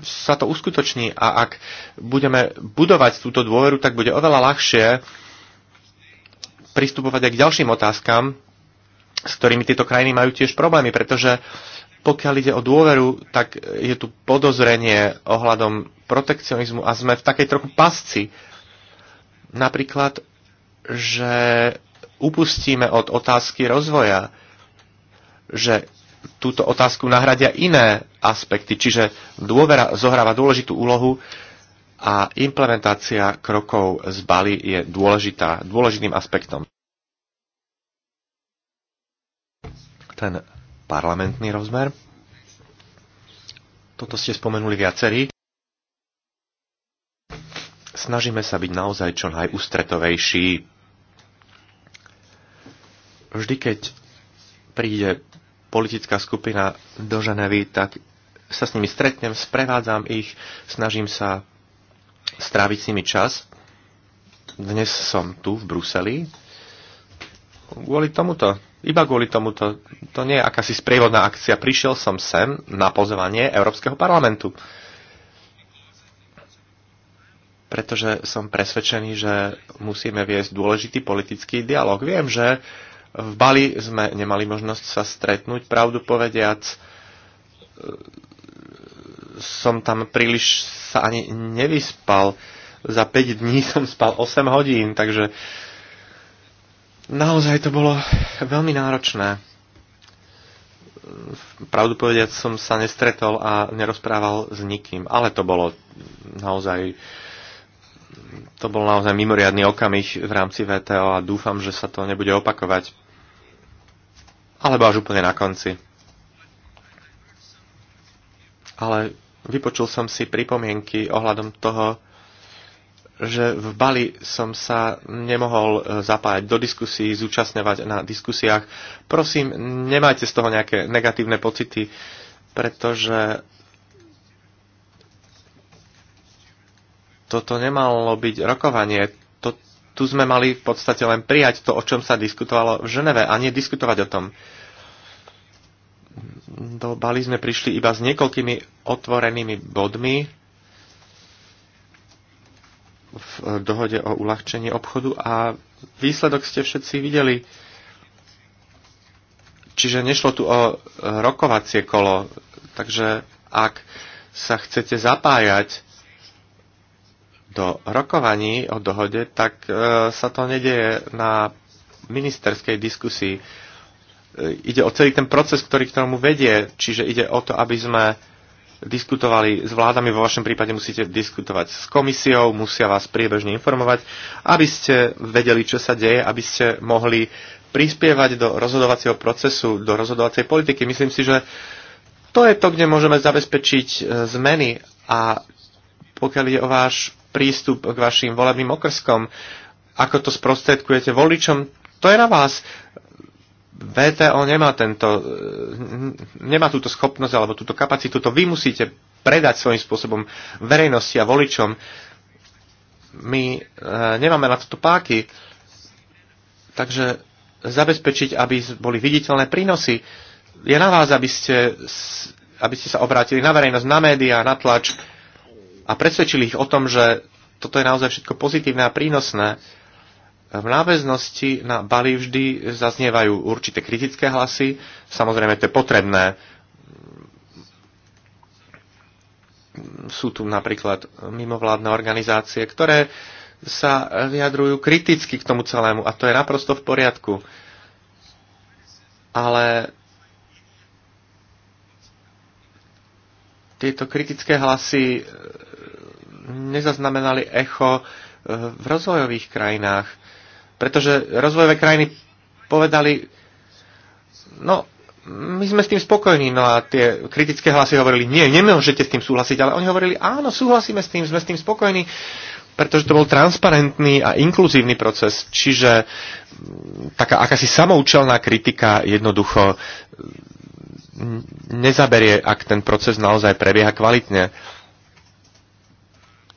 sa to uskutoční a ak budeme budovať túto dôveru, tak bude oveľa ľahšie pristupovať aj k ďalším otázkam, s ktorými tieto krajiny majú tiež problémy, pretože pokiaľ ide o dôveru, tak je tu podozrenie ohľadom protekcionizmu a sme v takej trochu pasci. Napríklad že upustíme od otázky rozvoja, že túto otázku nahradia iné aspekty, čiže dôvera zohráva dôležitú úlohu a implementácia krokov z Bali je dôležitá, dôležitým aspektom. Ten parlamentný rozmer. Toto ste spomenuli viacerí. Snažíme sa byť naozaj čo najústretovejší Vždy, keď príde politická skupina do Ženevy, tak sa s nimi stretnem, sprevádzam ich, snažím sa stráviť s nimi čas. Dnes som tu v Bruseli. Kvôli tomuto, iba kvôli tomuto, to nie je akási sprievodná akcia. Prišiel som sem na pozvanie Európskeho parlamentu. Pretože som presvedčený, že musíme viesť dôležitý politický dialog. Viem, že uh, v Bali sme nemali možnosť sa stretnúť, pravdu povediac. E, som tam príliš sa ani nevyspal. Za 5 dní som spal 8 hodín, takže naozaj to bolo veľmi náročné. Pravdu povediac som sa nestretol a nerozprával s nikým, ale to bolo naozaj to bol naozaj mimoriadný okamih v rámci VTO a dúfam, že sa to nebude opakovať alebo až úplne na konci. Ale vypočul som si pripomienky ohľadom toho, že v Bali som sa nemohol e, zapájať do diskusí, zúčastňovať na diskusiách. Prosím, nemajte z toho nejaké negatívne pocity, pretože toto nemalo byť rokovanie, tu sme mali v podstate len prijať to, o čom sa diskutovalo v Ženeve a nediskutovať o tom. Do Bali sme prišli iba s niekoľkými otvorenými bodmi v dohode o uľahčení obchodu a výsledok ste všetci videli. Čiže nešlo tu o rokovacie kolo, takže ak sa chcete zapájať do rokovaní o dohode, tak e, sa to nedieje na ministerskej diskusii. E, ide o celý ten proces, ktorý k tomu vedie, čiže ide o to, aby sme diskutovali s vládami, vo vašom prípade musíte diskutovať s komisiou, musia vás priebežne informovať, aby ste vedeli, čo sa deje, aby ste mohli prispievať do rozhodovacieho procesu, do rozhodovacej politiky. Myslím si, že to je to, kde môžeme zabezpečiť e, zmeny a pokiaľ ide o váš prístup k vašim volebným okrskom, ako to sprostredkujete voličom, to je na vás. VTO nemá, tento, nemá túto schopnosť alebo túto kapacitu, to vy musíte predať svojím spôsobom verejnosti a voličom. My e, nemáme na toto páky, takže zabezpečiť, aby boli viditeľné prínosy, je na vás, aby ste, aby ste sa obrátili na verejnosť, na médiá, na tlač, a presvedčili ich o tom, že toto je naozaj všetko pozitívne a prínosné. V náväznosti na Bali vždy zaznievajú určité kritické hlasy. Samozrejme, to je potrebné. Sú tu napríklad mimovládne organizácie, ktoré sa vyjadrujú kriticky k tomu celému a to je naprosto v poriadku. Ale tieto kritické hlasy e, nezaznamenali echo e, v rozvojových krajinách. Pretože rozvojové krajiny povedali, no my sme s tým spokojní, no a tie kritické hlasy hovorili, nie, nemôžete s tým súhlasiť, ale oni hovorili, áno, súhlasíme s tým, sme s tým spokojní, pretože to bol transparentný a inkluzívny proces, čiže taká akási samoučelná kritika jednoducho nezaberie, ak ten proces naozaj prebieha kvalitne.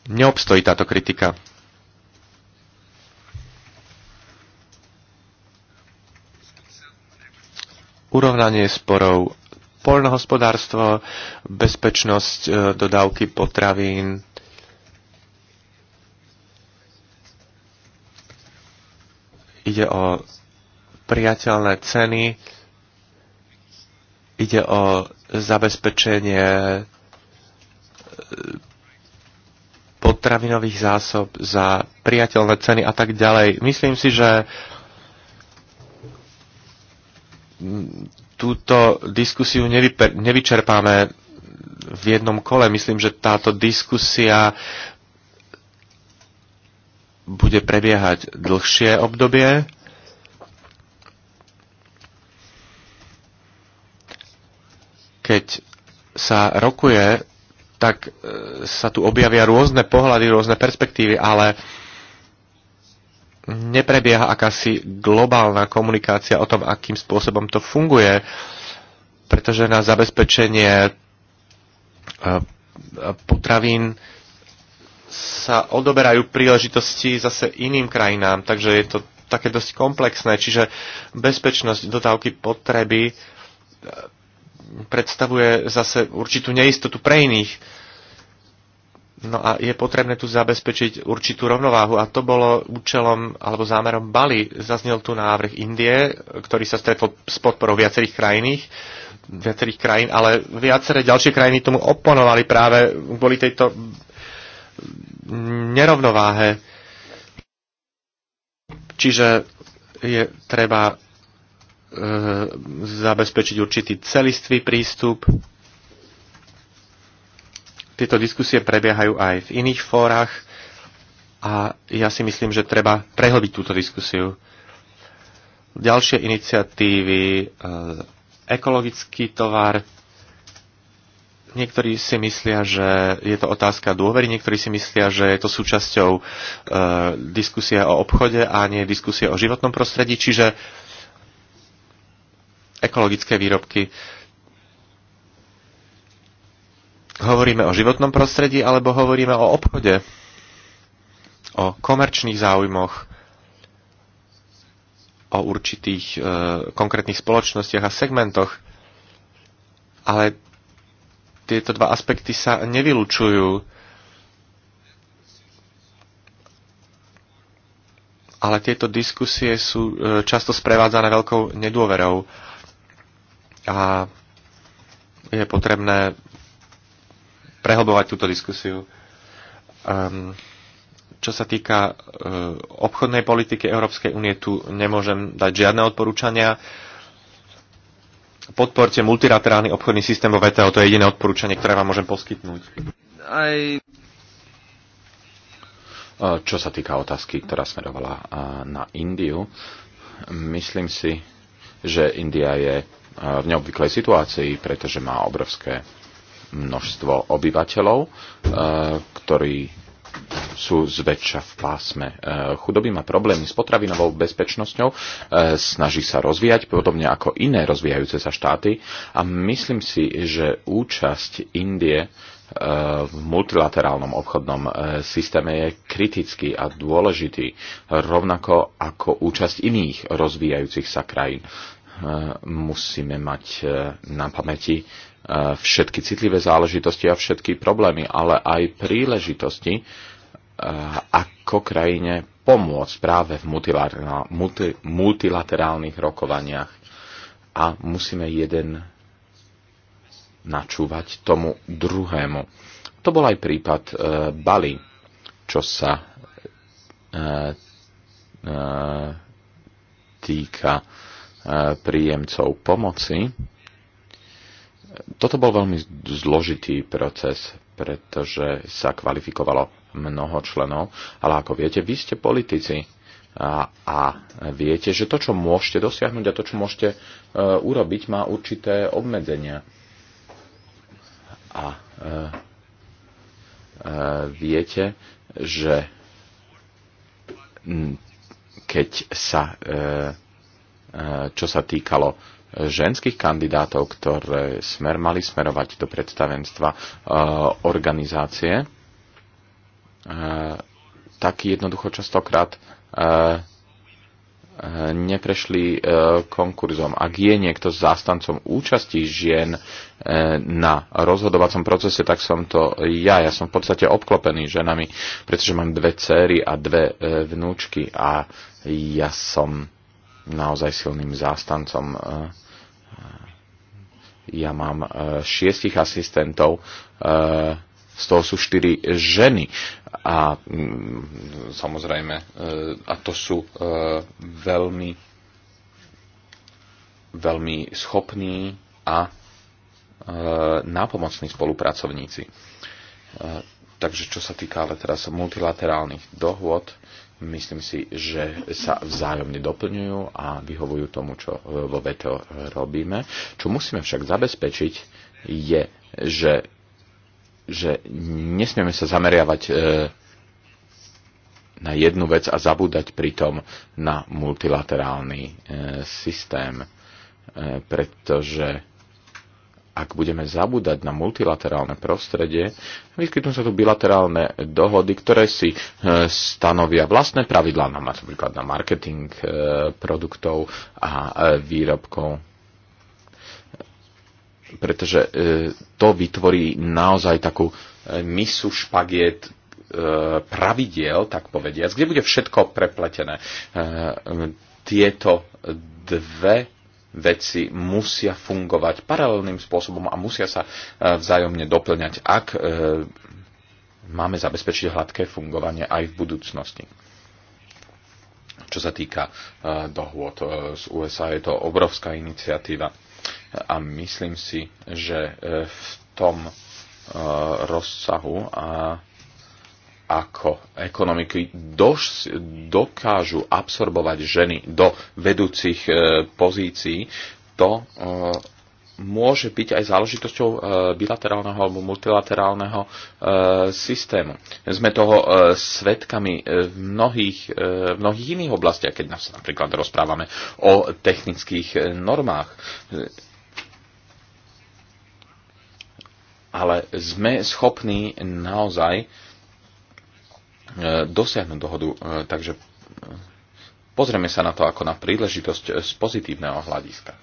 Neobstojí táto kritika. Urovnanie sporov, poľnohospodárstvo, bezpečnosť e, dodávky potravín, ide o priateľné ceny, Ide o zabezpečenie e, potravinových zásob za priateľné ceny a tak ďalej. Myslím si, že túto diskusiu nevyčerpáme v jednom kole. Myslím, že táto diskusia bude prebiehať dlhšie obdobie Keď sa rokuje, tak e, sa tu objavia rôzne pohľady, rôzne perspektívy, ale neprebieha akási globálna komunikácia o tom, akým spôsobom to funguje, pretože na zabezpečenie e, e, potravín sa odoberajú príležitosti zase iným krajinám, takže je to také dosť komplexné, čiže bezpečnosť dodávky potreby predstavuje zase určitú neistotu pre iných. No a je potrebné tu zabezpečiť určitú rovnováhu a to bolo účelom alebo zámerom Bali. Zaznel tu návrh Indie, ktorý sa stretol s podporou viacerých krajín, viacerých krajín, ale viaceré ďalšie krajiny tomu oponovali práve kvôli tejto nerovnováhe. Čiže je treba E, zabezpečiť určitý celistvý prístup. Tieto diskusie prebiehajú aj v iných fórach a ja si myslím, že treba prehlbiť túto diskusiu. Ďalšie iniciatívy, e, ekologický tovar. Niektorí si myslia, že je to otázka dôvery, niektorí si myslia, že je to súčasťou e, diskusie o obchode a nie diskusie o životnom prostredí. Čiže ekologické výrobky. Hovoríme o životnom prostredí alebo hovoríme o obchode, o komerčných záujmoch, o určitých e, konkrétnych spoločnostiach a segmentoch. Ale tieto dva aspekty sa nevylučujú. Ale tieto diskusie sú e, často sprevádzané veľkou nedôverou a je potrebné prehlbovať túto diskusiu. Um, čo sa týka uh, obchodnej politiky Európskej únie, tu nemôžem dať žiadne odporúčania. Podporte multilaterálny obchodný systém vo VTO, to je jediné odporúčanie, ktoré vám môžem poskytnúť. Aj... E, čo sa týka otázky, ktorá smerovala e, na Indiu, myslím si, že India je v neobvyklej situácii, pretože má obrovské množstvo obyvateľov, e, ktorí sú zväčša v pásme e, chudoby, má problémy s potravinovou bezpečnosťou, e, snaží sa rozvíjať, podobne ako iné rozvíjajúce sa štáty. A myslím si, že účasť Indie v multilaterálnom obchodnom systéme je kritický a dôležitý, rovnako ako účasť iných rozvíjajúcich sa krajín musíme mať e, na pamäti e, všetky citlivé záležitosti a všetky problémy, ale aj príležitosti, e, ako krajine pomôcť práve v multilaterálnych rokovaniach. A musíme jeden načúvať tomu druhému. To bol aj prípad Bali, čo sa týka príjemcov pomoci. Toto bol veľmi zložitý proces, pretože sa kvalifikovalo mnoho členov, ale ako viete, vy ste politici a, a viete, že to, čo môžete dosiahnuť a to, čo môžete e, urobiť, má určité obmedzenia. A e, e, viete, že keď sa e, čo sa týkalo eh, ženských kandidátov, ktoré smer mali smerovať do predstavenstva eh, organizácie, eh, tak jednoducho častokrát neprešli konkurzom. Ak je niekto s zástancom účasti žien na rozhodovacom procese, tak som to ja. Ja som v podstate obklopený ženami, pretože mám dve céry a dve vnúčky a ja som naozaj silným zástancom. E, e, ja mám e, šiestich asistentov, z toho sú štyri ženy. A mm, samozrejme, a to sú veľmi, veľmi schopní a nápomocní spolupracovníci. Takže čo sa týka ale teraz multilaterálnych dohôd, Myslím si, že sa vzájomne doplňujú a vyhovujú tomu, čo e, vo VTO robíme. Čo musíme však zabezpečiť, je, že, že nesmieme sa zameriavať e, na jednu vec a zabúdať pritom na multilaterálny e, systém, pretože ak budeme zabúdať na multilaterálne prostredie, vyskytnú sa tu bilaterálne dohody, ktoré si e, stanovia vlastné pravidlá, napríklad na marketing e, produktov a e, výrobkov. Pretože to vytvorí naozaj takú misu špagiet pravidiel, tak povediac, kde bude všetko prepletené. Tieto dve veci musia fungovať paralelným spôsobom a musia sa e, vzájomne doplňať, ak e, máme zabezpečiť hladké fungovanie aj v budúcnosti. Čo sa týka e, dohôd z USA, je to obrovská iniciatíva a myslím si, že v tom rozsahu a ako ekonomiky doš, dokážu absorbovať ženy do vedúcich e, pozícií, to e, môže byť aj záležitosťou e, bilaterálneho alebo multilaterálneho systému. Sme toho svetkami v mnohých, v mnohých iných oblastiach, keď nás napríklad rozprávame o technických normách. Ale sme schopní naozaj E, dosiahnuť dohodu. E, takže e, pozrieme sa na to ako na príležitosť z pozitívneho hľadiska.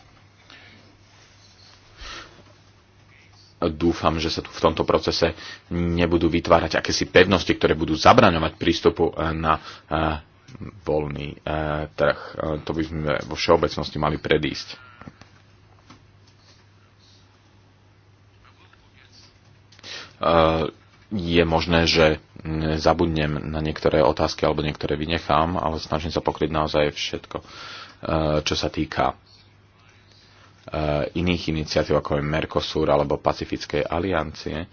Dúfam, že sa tu v tomto procese nebudú vytvárať akési pevnosti, ktoré budú zabraňovať prístupu na voľný trh. To by sme vo všeobecnosti mali predísť je možné, že zabudnem na niektoré otázky alebo niektoré vynechám, ale snažím sa pokryť naozaj všetko, e, čo sa týka e, iných iniciatív, ako je Mercosur alebo Pacifickej aliancie.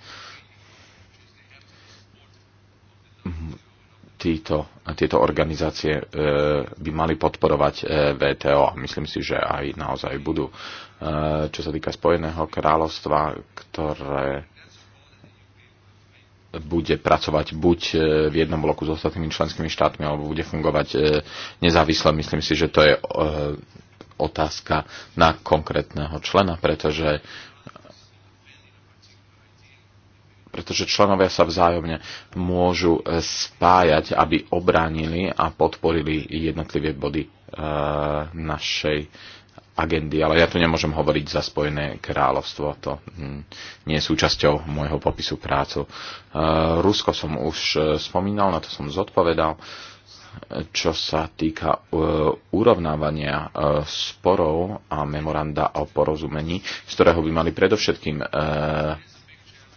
Títo, tieto organizácie e, by mali podporovať VTO a myslím si, že aj naozaj budú. Čo sa týka Spojeného kráľovstva, ktoré bude pracovať buď e, v jednom bloku s ostatnými členskými štátmi, alebo bude fungovať e, nezávisle. Myslím si, že to je e, otázka na konkrétneho člena, pretože pretože členovia sa vzájomne môžu spájať, aby obránili a podporili jednotlivé body našej agendy, ale ja tu nemôžem hovoriť za Spojené kráľovstvo, to hm, nie je súčasťou môjho popisu prácu. E, Rusko som už e, spomínal, na to som zodpovedal. Čo sa týka e, urovnávania sporov a memoranda o porozumení, z ktorého by mali predovšetkým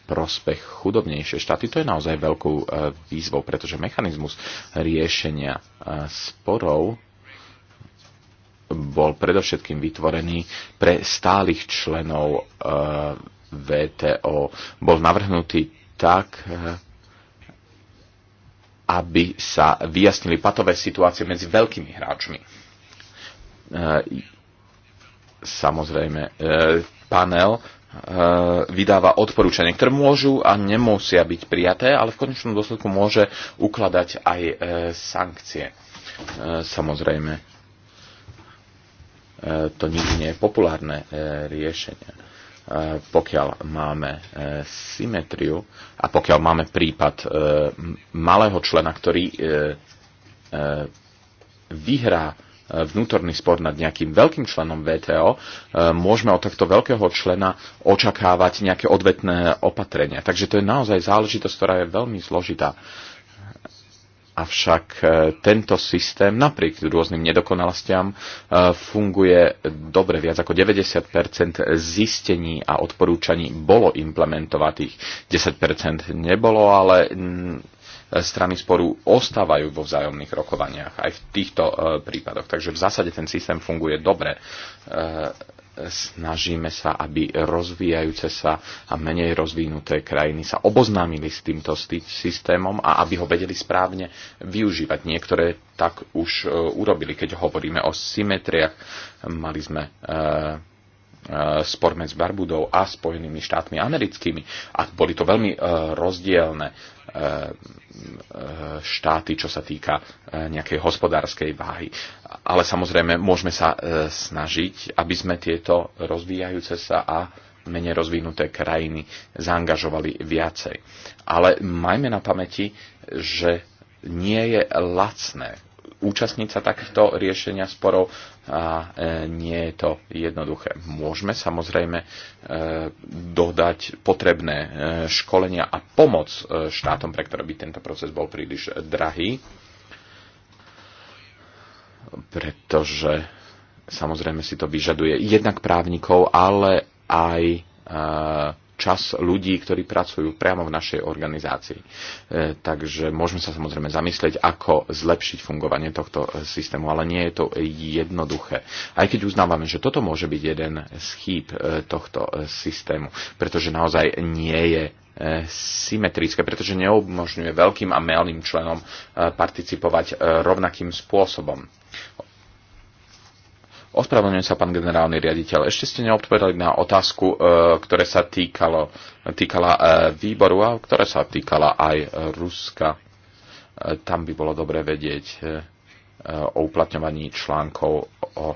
prospech chudobnejšie štáty. To je naozaj veľkou výzvou, pretože mechanizmus riešenia sporov bol predovšetkým vytvorený pre stálych členov e, VTO. Bol navrhnutý tak, e, aby sa vyjasnili patové situácie medzi veľkými hráčmi. E, samozrejme, panel vydáva odporúčania, ktoré môžu a nemusia byť prijaté, ale v konečnom dôsledku môže ukladať aj sankcie. Samozrejme, E, to nikdy nie je populárne e, riešenie. E, pokiaľ máme symetriu a pokiaľ máme prípad malého člena, ktorý vyhrá vnútorný spor nad nejakým veľkým členom VTO, môžeme od takto veľkého člena očakávať nejaké odvetné opatrenia. Takže to je naozaj záležitosť, ktorá je veľmi zložitá. Avšak e, tento systém napriek rôznym nedokonalostiam e, funguje dobre. Viac ako 90 zistení a odporúčaní bolo implementovatých, 10 nebolo, ale mm, strany sporu ostávajú vo vzájomných rokovaniach aj v týchto e, prípadoch. Takže v zásade ten systém funguje dobre snažíme sa, aby rozvíjajúce sa a menej rozvinuté krajiny sa oboznámili s týmto systémom a aby ho vedeli správne využívať. Niektoré tak už e, urobili. Keď hovoríme o symetriách, mali sme e, e, spor medzi Barbudou a Spojenými štátmi americkými a boli to veľmi rozdielne Eh, eh, štáty, čo sa týka eh, nejakej hospodárskej váhy. Ale samozrejme môžeme sa snažiť, aby sme tieto rozvíjajúce sa a menej rozvinuté krajiny zaangažovali viacej. Ale majme na pamäti, že nie je lacné účastniť sa takýchto riešenia sporov a e, nie je to jednoduché. Môžeme samozrejme e, dodať potrebné e, školenia a pomoc štátom, pre ktoré by tento proces bol príliš drahý, pretože samozrejme si to vyžaduje jednak právnikov, ale aj čas ľudí, ktorí pracujú priamo v našej organizácii. E, takže môžeme sa samozrejme zamyslieť, ako zlepšiť fungovanie tohto e, systému, ale nie je to jednoduché. Aj keď uznávame, že toto môže byť jeden z chýb e, tohto systému, pretože naozaj nie je symetrické, pretože neumožňuje veľkým a malým členom participovať rovnakým spôsobom. Ospravedlňujem sa, pán generálny riaditeľ. Ešte ste neodpovedali na otázku, e, ktoré sa týkalo, týkala e, výboru a ktorá sa týkala aj Ruska. E, tam by bolo dobre vedieť o uplatňovaní článkov o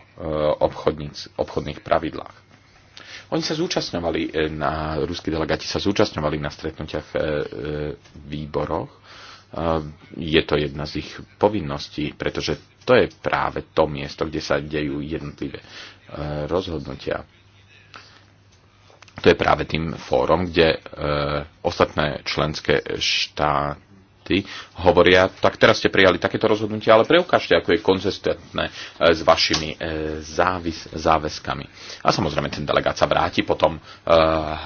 obchodných pravidlách. Oni sa zúčastňovali, na, ruskí delegáti sa zúčastňovali na stretnutiach výboroch. Je to jedna z ich povinností, pretože to je práve to miesto, kde sa dejú jednotlivé e, rozhodnutia. To je práve tým fórom, kde e, ostatné členské štáty štáty hovoria, tak teraz ste prijali takéto rozhodnutie, ale preukážte, ako je konzistentné e, s vašimi e, závis, záväzkami. A samozrejme, ten delegát sa vráti potom e,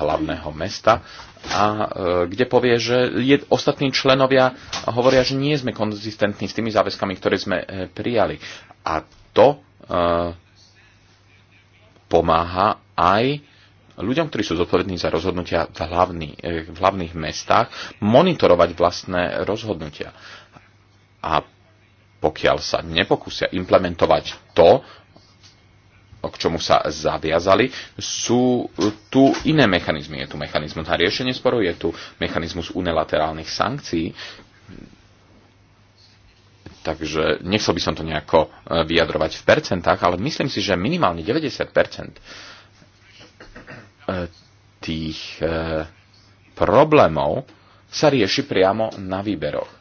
hlavného mesta a kde povie, že je, ostatní členovia hovoria, že nie sme konzistentní s tými záväzkami, ktoré sme prijali. A to pomáha aj ľuďom, ktorí sú zodpovední za rozhodnutia v, hlavný, eh, v hlavných mestách, monitorovať vlastné rozhodnutia. A pokiaľ sa nepokúsia implementovať to, k čomu sa zaviazali, sú tu iné mechanizmy. Je tu mechanizmus na riešenie sporov, je tu mechanizmus unilaterálnych sankcií. Takže nechcel by som to nejako eh, vyjadrovať v percentách, ale myslím si, že minimálne 90 tých e, problémov sa rieši priamo na výberoch e,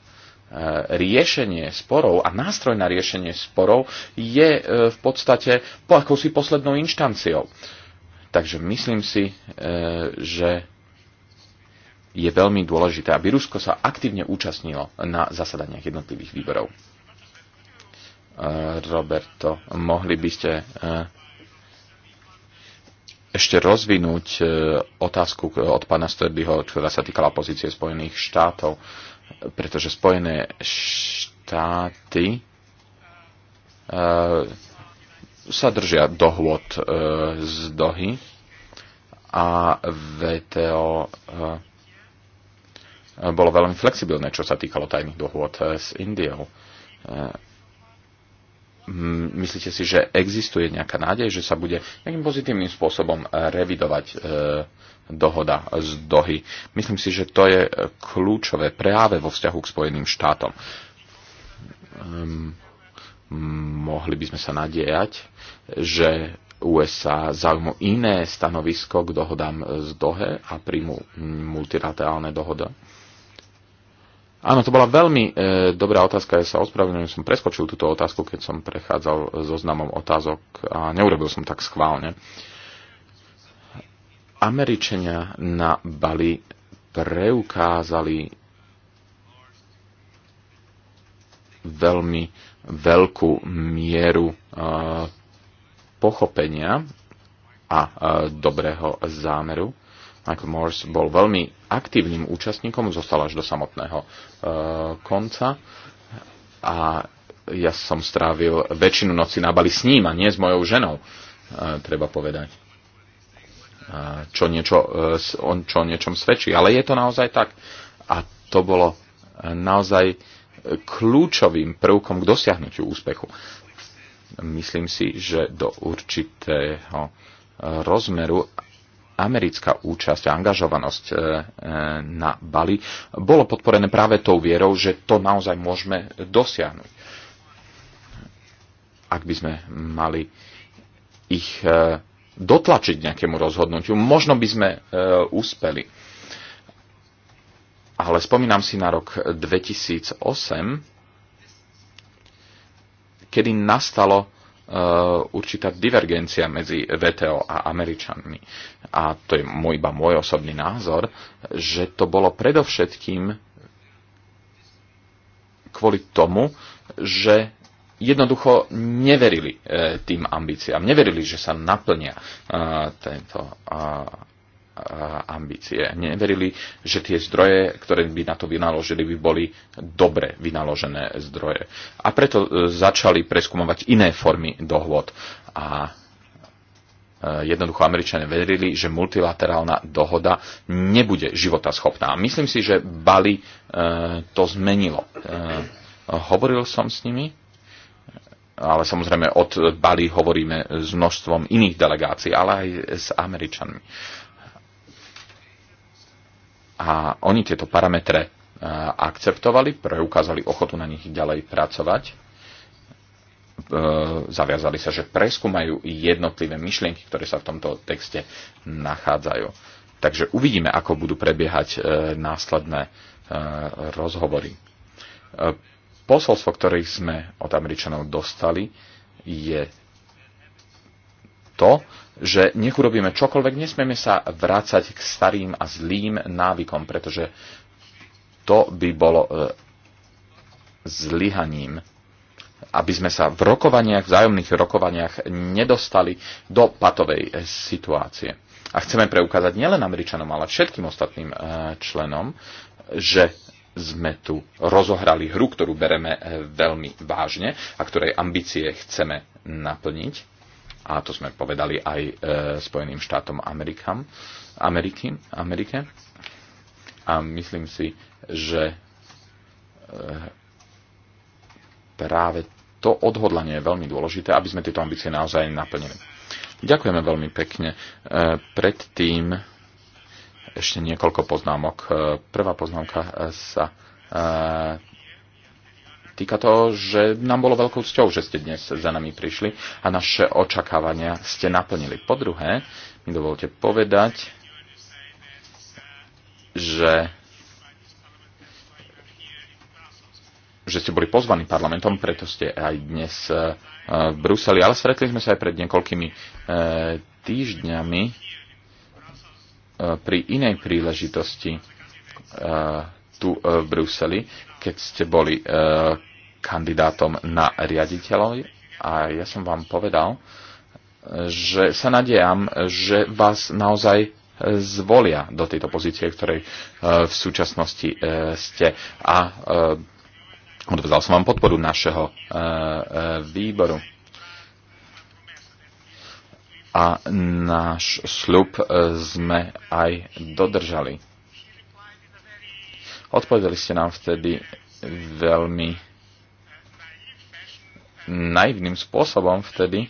riešenie sporov a nástroj na riešenie sporov je e, v podstate po akousi poslednou inštanciou. Takže myslím si, že je veľmi dôležité, aby Rusko sa aktívne účastnilo na zasadaniach jednotlivých výborov. Roberto, mohli by ste ešte rozvinúť e, otázku e, od pána Sturdyho, ktorá sa týkala pozície Spojených štátov, pretože Spojené štáty e, sa držia dohôd z Dohy a VTO bolo veľmi flexibilné, čo sa týkalo tajných dohôd s Indiou myslíte si, že existuje nejaká nádej, že sa bude nejakým pozitívnym spôsobom e, revidovať e, dohoda z Dohy? Myslím si, že to je e, kľúčové práve vo vzťahu k Spojeným štátom. Ehm, mohli by sme sa nadejať, že USA zaujmu iné stanovisko k dohodám z Dohe a príjmu multilaterálne dohoda, Áno, to bola veľmi e, dobrá otázka. Ja sa ospravedlňujem, som preskočil túto otázku, keď som prechádzal zoznamom znamom otázok a neurobil som tak schválne. Američania na Bali preukázali veľmi veľkú mieru e, pochopenia a e, dobrého zámeru Michael Morse bol veľmi aktívnym účastníkom, zostal až do samotného e, konca a ja som strávil väčšinu noci na Bali s ním a nie s mojou ženou, e, treba povedať. E, čo, niečo, e, on, čo o niečom svedčí. Ale je to naozaj tak. A to bolo e, naozaj kľúčovým prvkom k dosiahnutiu úspechu. Myslím si, že do určitého e, rozmeru americká účasť a angažovanosť e, e, na Bali bolo podporené práve tou vierou, že to naozaj môžeme dosiahnuť. Ak by sme mali ich e, dotlačiť nejakému rozhodnutiu, možno by sme úspeli. Ale spomínam si na rok 2008, kedy nastalo Eh, určitá divergencia medzi VTO a Američanmi. A to je môj, iba môj osobný názor, že to bolo predovšetkým kvôli tomu, že jednoducho neverili eh, tým ambíciám, neverili, že sa naplnia eh, tento ambície. Neverili, že tie zdroje, ktoré by na to vynaložili, by boli dobre vynaložené zdroje. A preto e, začali preskúmovať iné formy dohôd. A e, jednoducho Američania verili, že multilaterálna dohoda nebude životaschopná. Myslím si, že Bali e, to zmenilo. Hovoril som s nimi, ale samozrejme od Bali hovoríme s množstvom iných delegácií, ale aj s Američanmi. A oni tieto parametre e, akceptovali, preukázali ochotu na nich ďalej pracovať, e, zaviazali sa, že preskúmajú jednotlivé myšlienky, ktoré sa v tomto texte nachádzajú. Takže uvidíme, ako budú prebiehať e, následné rozhovory. Posolstvo, ktoré sme od Američanov dostali, je to, že nech urobíme čokoľvek, nesmieme sa vrácať k starým a zlým návykom, pretože to by bolo e, zlyhaním, aby sme sa v rokovaniach, vzájomných rokovaniach nedostali do patovej e, situácie. A chceme preukázať nielen Američanom, ale všetkým ostatným e, členom, že sme tu rozohrali hru, ktorú bereme e, veľmi vážne a ktorej ambície chceme naplniť a to sme povedali aj e, Spojeným štátom Amerikam, Ameriky, Amerike. A myslím si, že e, práve to odhodlanie je veľmi dôležité, aby sme tieto ambície naozaj naplnili. Ďakujeme veľmi pekne. E, predtým ešte niekoľko poznámok. E, prvá poznámka sa e, týka toho, že nám bolo veľkou cťou, že ste dnes za nami prišli a naše očakávania ste naplnili. Po druhé, mi dovolte povedať, že že ste boli pozvaní parlamentom, preto ste aj dnes e, v Bruseli, ale stretli sme sa aj pred niekoľkými e, týždňami e, pri inej príležitosti tu eh, v Bruseli, keď ste boli eh, kandidátom na riaditeľov a ja som vám povedal, že sa nadejam, že vás naozaj eh, zvolia do tejto pozície, ktorej v súčasnosti ste. A odvedal som vám podporu našeho výboru. A náš slub sme aj dodržali. Odpovedali ste nám vtedy veľmi naivným spôsobom vtedy.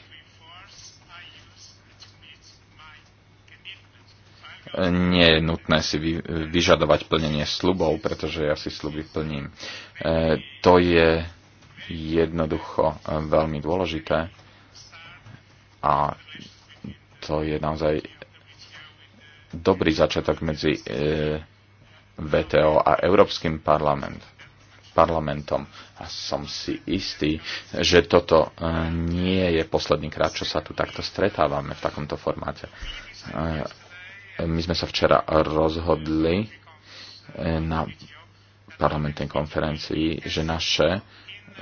Nie je nutné si vyžadovať plnenie slubov, pretože ja si sluby plním. E, to je jednoducho e, veľmi dôležité a to je naozaj dobrý začiatok medzi e, VTO a Európskym parlament, parlamentom. A som si istý, že toto e, nie je posledný krát, čo sa tu takto stretávame v takomto formáte. E, my sme sa včera rozhodli e, na parlamentnej konferencii, že naše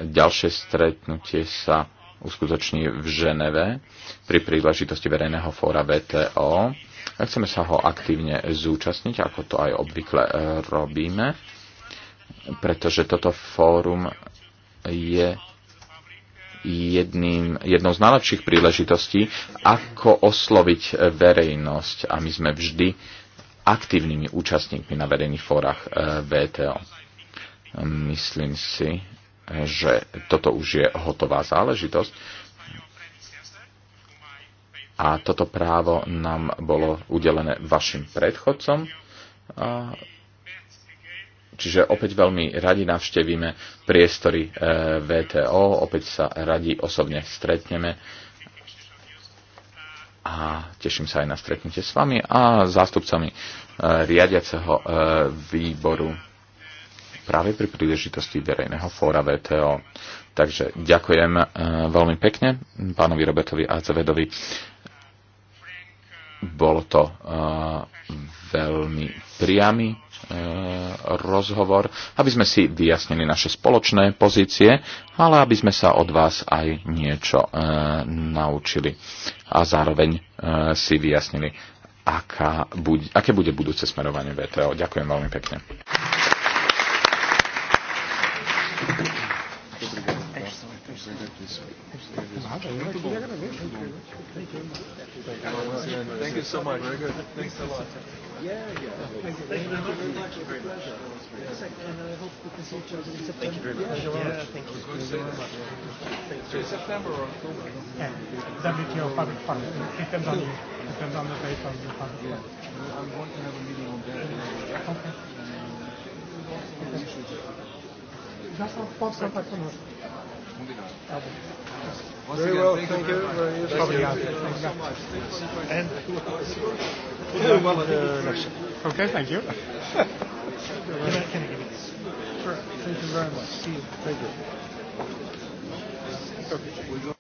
ďalšie stretnutie sa uskutoční v Ženeve pri príležitosti verejného fóra VTO Chceme sa ho aktívne zúčastniť, ako to aj obvykle e, robíme, pretože toto fórum je jedným, jednou z najlepších príležitostí, ako osloviť verejnosť a my sme vždy aktívnymi účastníkmi na verejných fórach e, VTO. Myslím si, že toto už je hotová záležitosť a toto právo nám bolo udelené vašim predchodcom. Čiže opäť veľmi radi navštevíme priestory e, VTO, opäť sa radi osobne stretneme a teším sa aj na stretnutie s vami a zástupcami e, riadiaceho e, výboru práve pri príležitosti verejného fóra VTO. Takže ďakujem veľmi pekne pánovi Robertovi Acevedovi bol to eh, veľmi priamy eh, rozhovor, aby sme si vyjasnili naše spoločné pozície, ale aby sme sa od vás aj niečo eh, naučili a zároveň si vyjasnili, aká bude, aké bude budúce smerovanie VTO. Ďakujem veľmi pekne. so much. Very good. Thanks, a lot. Yeah, yeah. Thank you very much. Thank you very much. And I hope we can see September. Thank you very much. Yeah, thank you. Thank you. September or October? Yeah. WTO public fund. It depends on you. Depends on the date of the public Yeah. I'm going to have a meeting on that. Okay. Just on Fox Combinado. Tá bom very well, thank, you very much. Thank you so much. And good Okay, thank you. can, I, can I give you Sure. Thank you very much. See you. Thank you. Okay.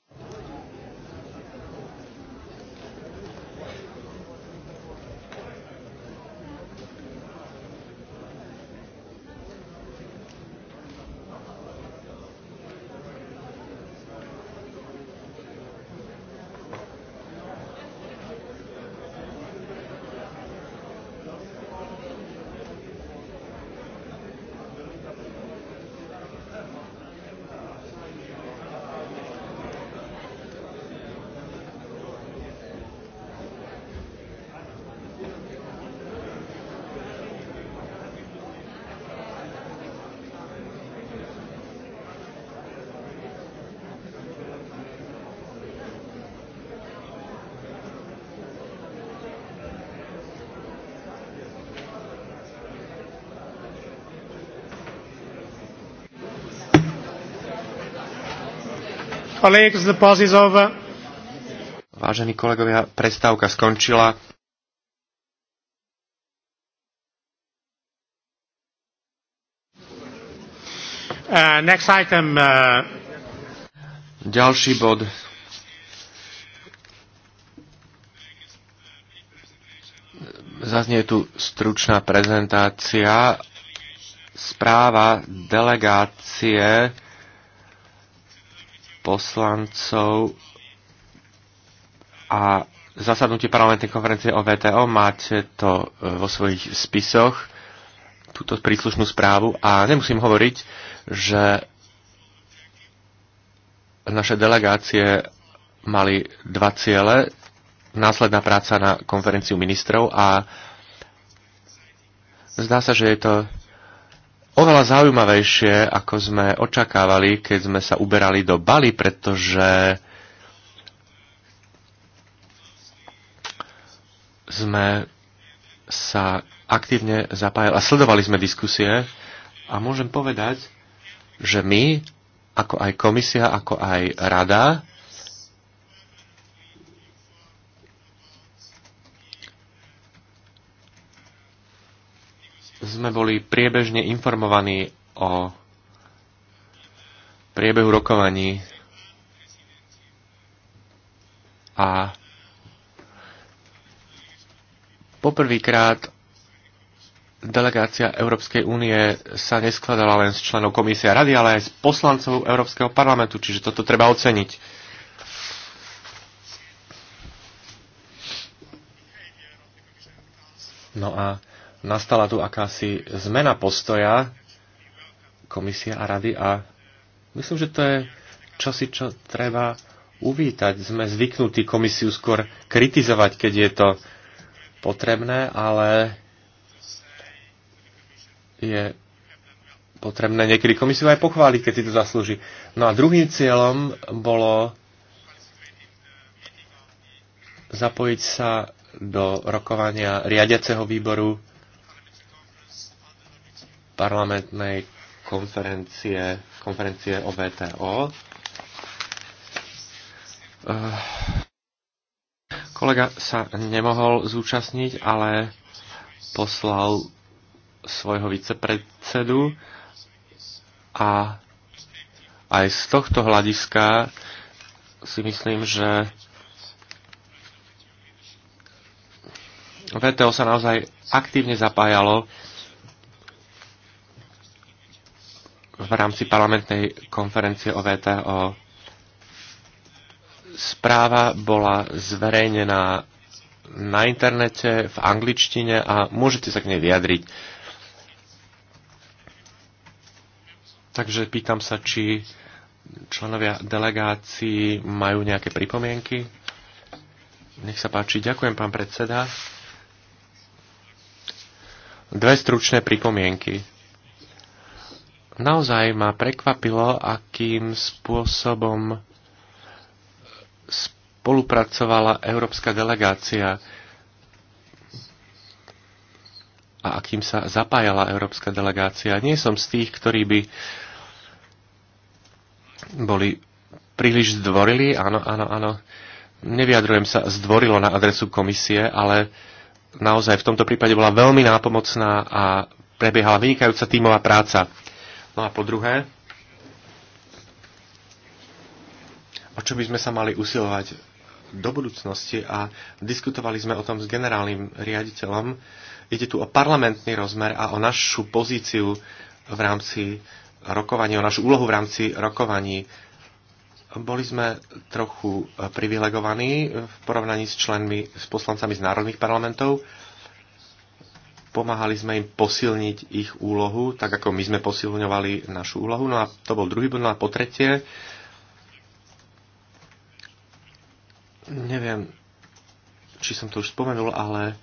colleagues, the pause is over. Vážení kolegovia, prestávka skončila. Uh, next item, uh... Ďalší bod Zaznie tu stručná prezentácia. Správa delegácie poslancov a zasadnutie parlamentnej konferencie o VTO. Máte to e, vo svojich spisoch, túto príslušnú správu a nemusím hovoriť, že naše delegácie mali dva ciele. Následná práca na konferenciu ministrov a zdá sa, že je to oveľa zaujímavejšie, ako sme očakávali, keď sme sa uberali do Bali, pretože sme sa aktívne zapájali a sledovali sme diskusie a môžem povedať, že my, ako aj komisia, ako aj rada, sme boli priebežne informovaní o priebehu rokovaní a poprvýkrát delegácia Európskej únie sa neskladala len z členov komisie a rady, ale aj z poslancov Európskeho parlamentu, čiže toto treba oceniť. No a nastala tu akási zmena postoja komisie a rady a myslím, že to je čosi, čo treba uvítať. Sme zvyknutí komisiu skôr kritizovať, keď je to potrebné, ale je potrebné niekedy komisiu aj pochváliť, keď si to zaslúži. No a druhým cieľom bolo zapojiť sa do rokovania riadiaceho výboru parlamentnej konferencie, konferencie o VTO. Eh, kolega sa nemohol zúčastniť, ale poslal svojho vicepredsedu a aj z tohto hľadiska si myslím, že VTO sa naozaj aktívne zapájalo v rámci parlamentnej konferencie o VTO. Správa bola zverejnená na internete v angličtine a môžete sa k nej vyjadriť. Takže pýtam sa, či členovia delegácií majú nejaké pripomienky. Nech sa páči. Ďakujem, pán predseda. Dve stručné pripomienky Naozaj ma prekvapilo, akým spôsobom spolupracovala európska delegácia a akým sa zapájala európska delegácia. Nie som z tých, ktorí by boli príliš zdvorili, áno, áno, áno. Nevyjadrujem sa zdvorilo na adresu komisie, ale naozaj v tomto prípade bola veľmi nápomocná a prebiehala vynikajúca tímová práca. No a po druhé, o čo by sme sa mali usilovať do budúcnosti a diskutovali sme o tom s generálnym riaditeľom. Ide tu o parlamentný rozmer a o našu pozíciu v rámci rokovaní, o našu úlohu v rámci rokovaní. Boli sme trochu privilegovaní v porovnaní s členmi, s poslancami z národných parlamentov, pomáhali sme im posilniť ich úlohu, tak ako my sme posilňovali našu úlohu. No a to bol druhý bod. No a po tretie, neviem, či som to už spomenul, ale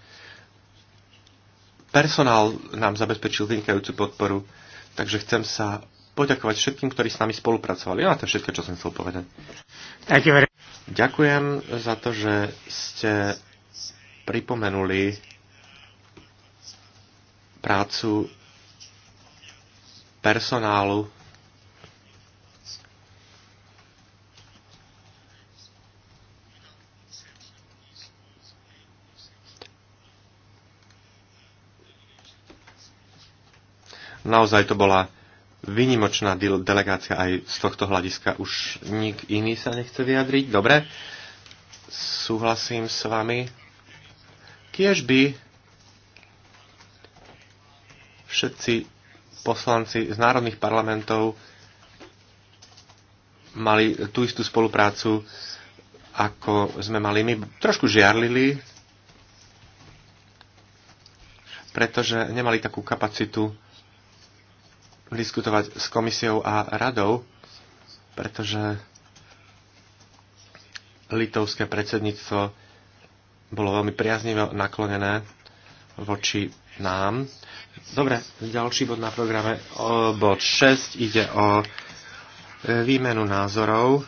personál nám zabezpečil vynikajúcu podporu, takže chcem sa poďakovať všetkým, ktorí s nami spolupracovali. No a ja, to je všetko, čo som chcel povedať. Ďakujem za to, že ste pripomenuli prácu personálu. Naozaj to bola vynimočná delegácia aj z tohto hľadiska. Už nik iný sa nechce vyjadriť. Dobre, súhlasím s vami. Kiež by všetci poslanci z národných parlamentov mali tú istú spoluprácu, ako sme mali my. Trošku žiarlili, pretože nemali takú kapacitu diskutovať s komisiou a radou, pretože litovské predsedníctvo bolo veľmi priaznivo naklonené voči nám Dobre, ďalší bod na programe, o, bod 6, ide o e, výmenu názorov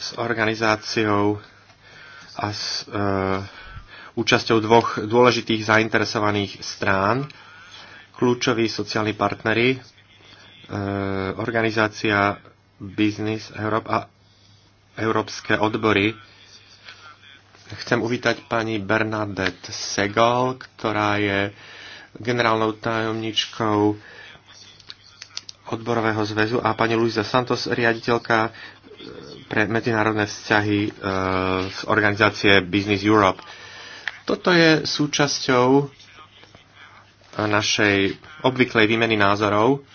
s organizáciou a s e, účasťou dvoch dôležitých zainteresovaných strán, kľúčoví sociálni partnery, e, organizácia Business Europe a európske odbory. Chcem uvítať pani Bernadette Segal, ktorá je e, generálnou tajomničkou odborového zväzu a pani Luisa Santos, riaditeľka e, pre medzinárodné vzťahy e, z organizácie Business Europe. Toto je súčasťou našej obvyklej výmeny názorov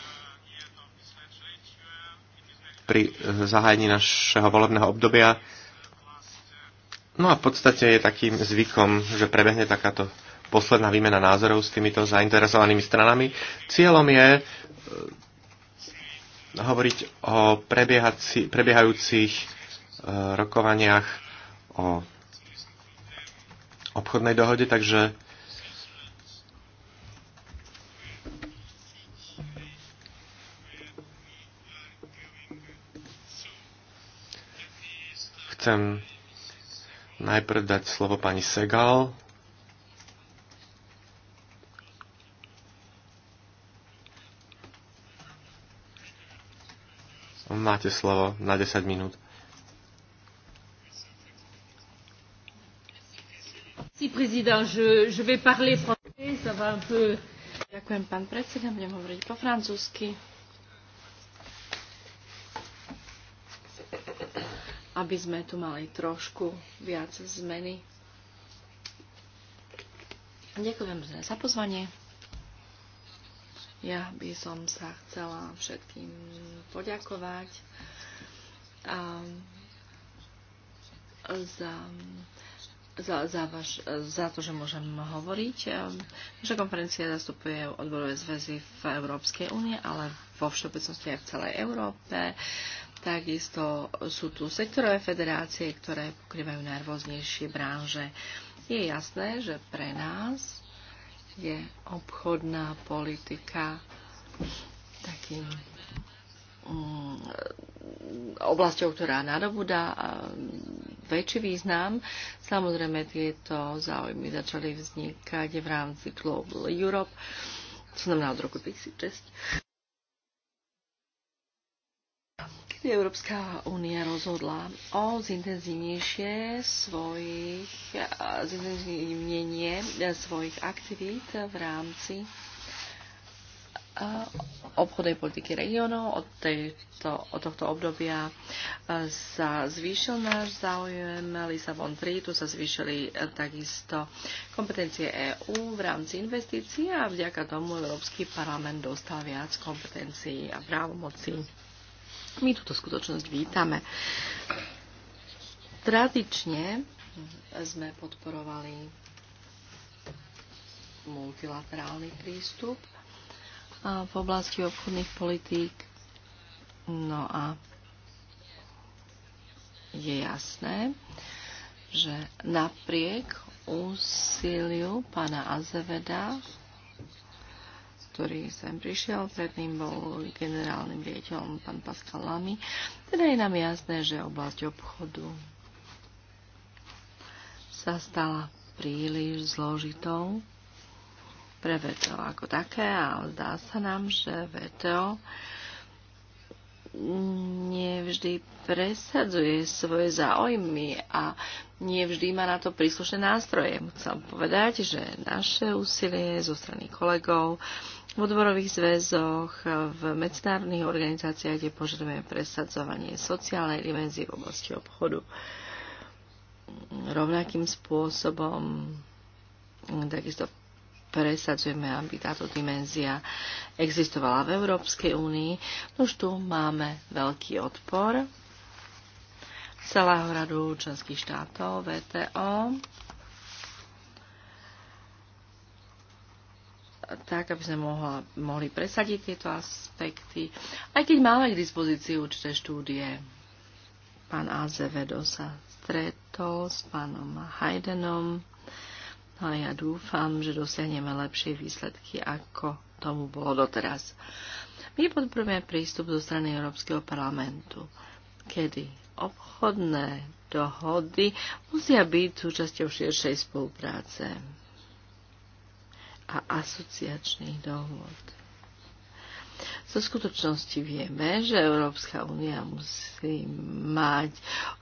pri e, zahájení našeho volebného obdobia. No a v podstate je takým zvykom, že prebehne takáto posledná výmena názorov s týmito zainteresovanými stranami. Cieľom je e, hovoriť o prebiehajúcich e, rokovaniach o obchodnej dohode, takže chcem najprv dať slovo pani Segal, Máte slovo na 10 minút. Ďakujem, pán predseda, budem hovoriť po francúzsky. Aby sme tu mali trošku viac zmeny. Ďakujem za pozvanie. Ja by som sa chcela všetkým poďakovať um, za, za, za, vaš, za to, že môžem hovoriť. Um, naša konferencia zastupuje odborové zväzy v Európskej únie, ale vo všeobecnosti aj v celej Európe. Takisto sú tu sektorové federácie, ktoré pokrývajú najrôznejšie branže. Je jasné, že pre nás je obchodná politika takým mm, oblasťou, ktorá nadobúda väčší význam. Samozrejme, tieto záujmy začali vznikať v rámci Global Europe, to znamená od roku 2006. Európska únia rozhodla o zintenzívnejšie svojich, zintenzívnenie svojich aktivít v rámci obchodnej politiky regionov Od, tejto, od tohto obdobia sa zvýšil náš záujem Lisabon 3, tu sa zvýšili e, takisto kompetencie EÚ v rámci investícií a vďaka tomu Európsky parlament dostal viac kompetencií a právomocí my túto skutočnosť vítame. Tradične sme podporovali multilaterálny prístup v oblasti obchodných politík. No a je jasné, že napriek úsiliu pána Azeveda ktorý sem prišiel. Predtým bol generálnym riaditeľom pán Pascal Lamy. Teda je nám jasné, že oblasť obchodu sa stala príliš zložitou pre VTO ako také ale zdá sa nám, že VTO nevždy presadzuje svoje záujmy a nevždy má na to príslušné nástroje. Chcem povedať, že naše úsilie zo strany kolegov v odborových zväzoch, v medzinárodných organizáciách, kde požadujeme presadzovanie sociálnej dimenzie v oblasti obchodu rovnakým spôsobom takisto presadzujeme, aby táto dimenzia existovala v Európskej únii. Už tu máme veľký odpor celého radu členských štátov VTO. tak, aby sme mohla, mohli presadiť tieto aspekty. Aj keď máme k dispozícii určité štúdie, pán Azevedo sa stretol s pánom Haydenom No a ja dúfam, že dosiahneme lepšie výsledky, ako tomu bolo doteraz. My podporujeme prístup zo strany Európskeho parlamentu, kedy obchodné dohody musia byť súčasťou širšej spolupráce a asociačných dohod. Zo skutočnosti vieme, že Európska únia musí mať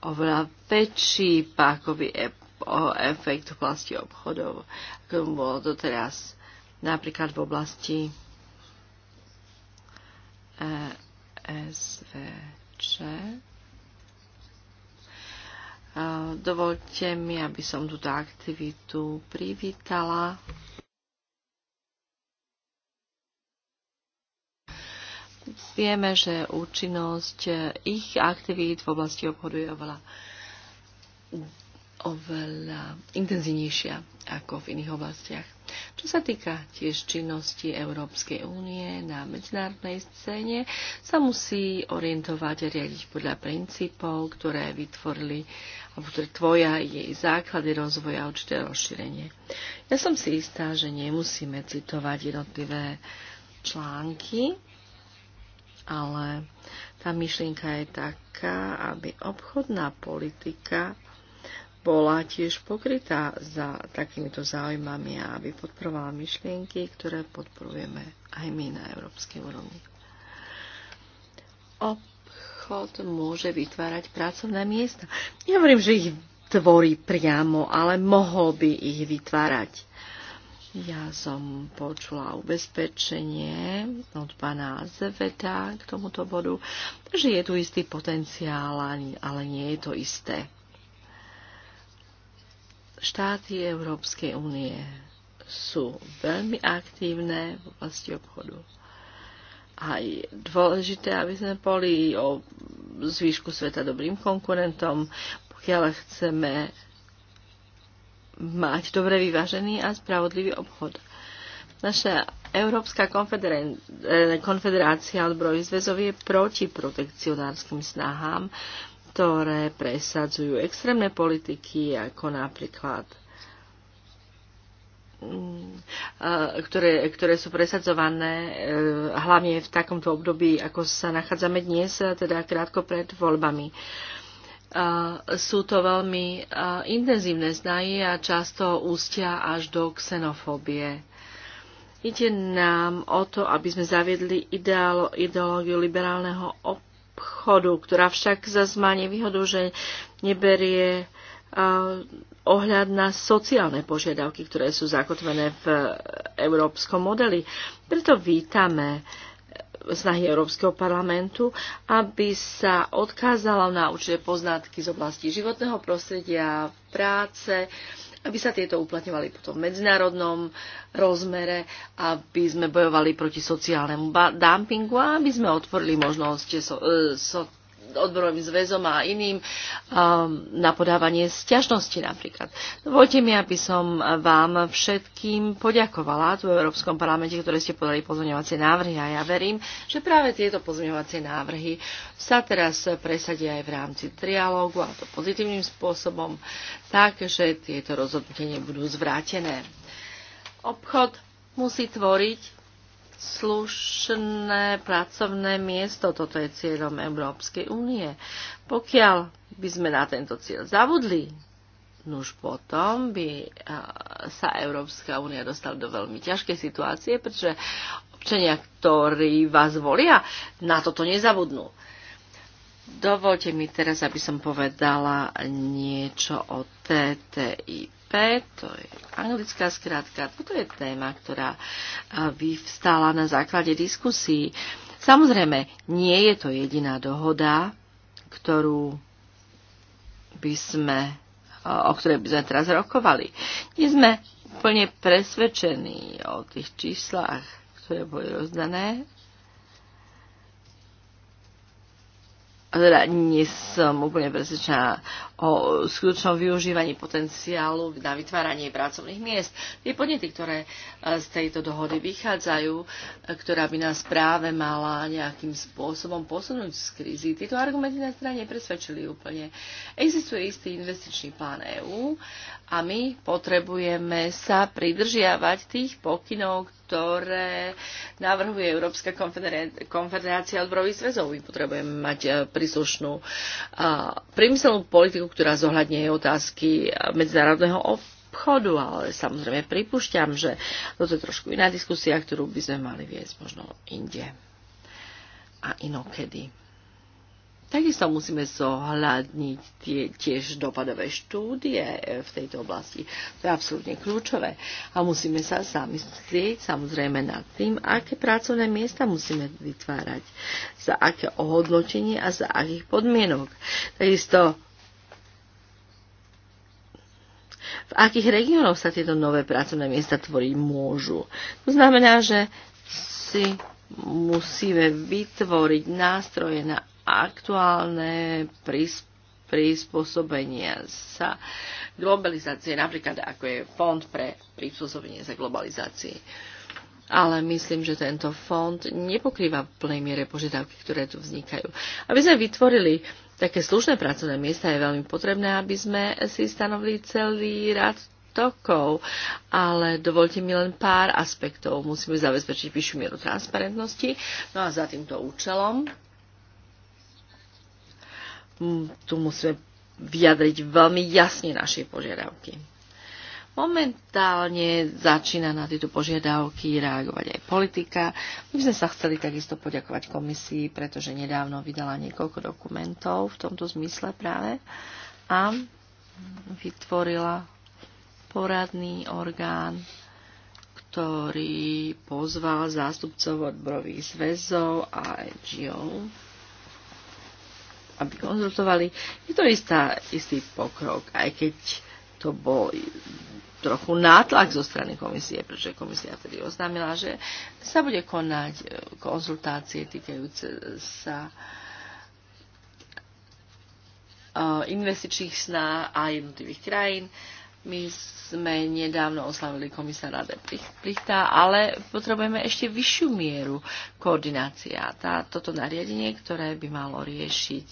oveľa väčší pákový efekt v oblasti obchodov, ako bolo teraz Napríklad v oblasti e, SVČ. E, dovolte mi, aby som túto aktivitu privítala. Vieme, že účinnosť ich aktivít v oblasti obchodu je oveľa oveľa intenzívnejšia ako v iných oblastiach. Čo sa týka tiež činnosti Európskej únie na medzinárodnej scéne, sa musí orientovať a riadiť podľa princípov, ktoré vytvorili alebo ktoré tvoja jej základy rozvoja a určité rozšírenie. Ja som si istá, že nemusíme citovať jednotlivé články, ale tá myšlienka je taká, aby obchodná politika bola tiež pokrytá za takýmito záujmami a aby podporovala myšlienky, ktoré podporujeme aj my na európskej úrovni. Obchod môže vytvárať pracovné miesta. Nehovorím, že ich tvorí priamo, ale mohol by ich vytvárať. Ja som počula ubezpečenie od pána Zveta k tomuto bodu, že je tu istý potenciál, ale nie je to isté Štáty Európskej únie sú veľmi aktívne v oblasti obchodu. A je dôležité, aby sme boli o zvýšku sveta dobrým konkurentom, pokiaľ chceme mať dobre vyvážený a spravodlivý obchod. Naša Európska eh, konfederácia odbrojí zväzov je proti protekcionárskym snahám, ktoré presadzujú extrémne politiky, ako napríklad mm, e, ktoré, ktoré sú presadzované e, hlavne v takomto období, ako sa nachádzame dnes, e, teda krátko pred voľbami. Sú to veľmi intenzívne znaje a často ústia až do xenofóbie. Ide nám o to, aby sme zaviedli ideálo, ideológiu liberálneho op- obchodu, ktorá však zase má nevýhodu, že neberie e, ohľad na sociálne požiadavky, ktoré sú zakotvené v európskom modeli. Preto vítame e, snahy Európskeho parlamentu, aby sa odkázala na určité poznatky z oblasti životného prostredia, práce aby sa tieto uplatňovali potom v medzinárodnom rozmere, aby sme bojovali proti sociálnemu dumpingu a aby sme otvorili možnosť so, e, so, odborovým zväzom a iným um, na podávanie sťažnosti napríklad. Dovolte mi, aby som vám všetkým poďakovala tu v Európskom parlamente, ktoré ste podali pozmeňovacie návrhy a ja verím, že práve tieto pozmeňovacie návrhy sa teraz presadia aj v rámci trialógu a to pozitívnym spôsobom, tak, že tieto rozhodnutia nebudú zvrátené. Obchod musí tvoriť slušné pracovné miesto. Toto je cieľom Európskej únie. Pokiaľ by sme na tento cieľ zavodli, už potom by eh, sa Európska únia dostala do veľmi ťažkej situácie, pretože občania, ktorí vás volia, na toto nezabudnú. Dovolte mi teraz, aby som povedala niečo o TTIP to je anglická skratka, toto je téma, ktorá e, vyvstala na základe diskusí. Samozrejme, nie je to jediná dohoda, ktorú by sme, e, o ktorej by sme teraz rokovali. Nie sme úplne presvedčení o tých číslach, ktoré boli rozdané teda nie som úplne presvedčená o skutočnom využívaní potenciálu na vytváranie pracovných miest. Tie podnety, ktoré e, z tejto dohody vychádzajú, e, ktorá by nás práve mala nejakým spôsobom posunúť z krízy, tieto argumenty nás teda nepresvedčili úplne. Existuje istý investičný plán EÚ a my potrebujeme sa pridržiavať tých pokynov, ktoré navrhuje Európska konfederácia odborových zväzov. My potrebujeme mať e, príslušnú e, priemyselnú politiku, ktorá je otázky medzinárodného obchodu, ale samozrejme pripúšťam, že toto je trošku iná diskusia, ktorú by sme mali viesť možno inde a inokedy. Takisto musíme zohľadniť tie, tiež dopadové štúdie eh, v tejto oblasti. To je absolútne kľúčové. A musíme sa zamyslieť samozrejme nad tým, aké pracovné miesta musíme vytvárať, za aké ohodnotenie a za akých podmienok. Takisto v akých regiónoch sa tieto nové pracovné miesta tvoriť môžu. To znamená, že si musíme vytvoriť nástroje na aktuálne príspevky prispôsobenia sa globalizácie, napríklad ako je fond pre prispôsobenie sa globalizácii. Ale myslím, že tento fond nepokrýva v plnej miere požiadavky, ktoré tu vznikajú. Aby sme vytvorili také slušné pracovné miesta, je veľmi potrebné, aby sme si stanovili celý rad tokov, ale dovolte mi len pár aspektov. Musíme zabezpečiť vyššiu mieru transparentnosti, no a za týmto účelom Mm, tu musíme vyjadriť veľmi jasne naše požiadavky. Momentálne začína na tieto požiadavky reagovať aj politika. My sme sa chceli takisto poďakovať komisii, pretože nedávno vydala niekoľko dokumentov v tomto zmysle práve a vytvorila poradný orgán, ktorý pozval zástupcov odborových zväzov a NGO aby konzultovali. Je to istá, istý pokrok, aj keď to bol trochu nátlak zo strany komisie, pretože komisia vtedy oznámila, že sa bude konať e, konzultácie týkajúce sa e, investičných sná a jednotlivých krajín. My sme nedávno oslavili komisára de Plichta, ale potrebujeme ešte vyššiu mieru koordinácia. Tá, toto nariadenie, ktoré by malo riešiť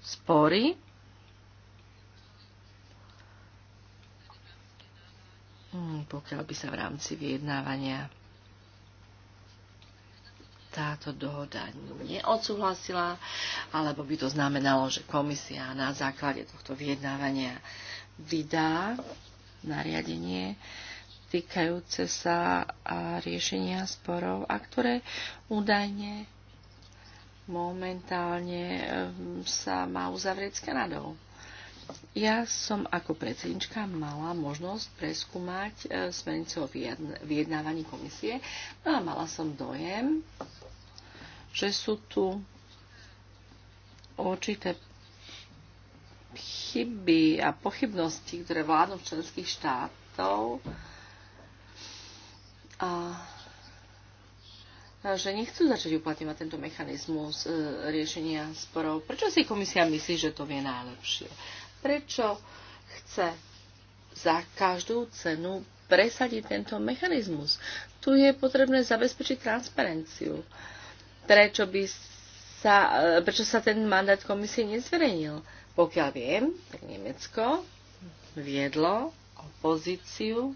spory, hmm, pokiaľ by sa v rámci vyjednávania táto dohoda neodsúhlasila, alebo by to znamenalo, že komisia na základe tohto vyjednávania vydá nariadenie týkajúce sa riešenia sporov a ktoré údajne momentálne ehm, sa má uzavrieť s Kanadou. Ja som ako predsednička mala možnosť preskúmať e, smernicu o vyjednávaní komisie no a mala som dojem, že sú tu určité chyby a pochybnosti, ktoré vládnu členských štátov, a že nechcú začať uplatňovať tento mechanizmus e, riešenia sporov. Prečo si komisia myslí, že to vie najlepšie? Prečo chce za každú cenu presadiť tento mechanizmus? Tu je potrebné zabezpečiť transparenciu. Prečo, by sa, e, prečo sa ten mandát komisie nezverejnil? Pokiaľ viem, tak Nemecko viedlo opozíciu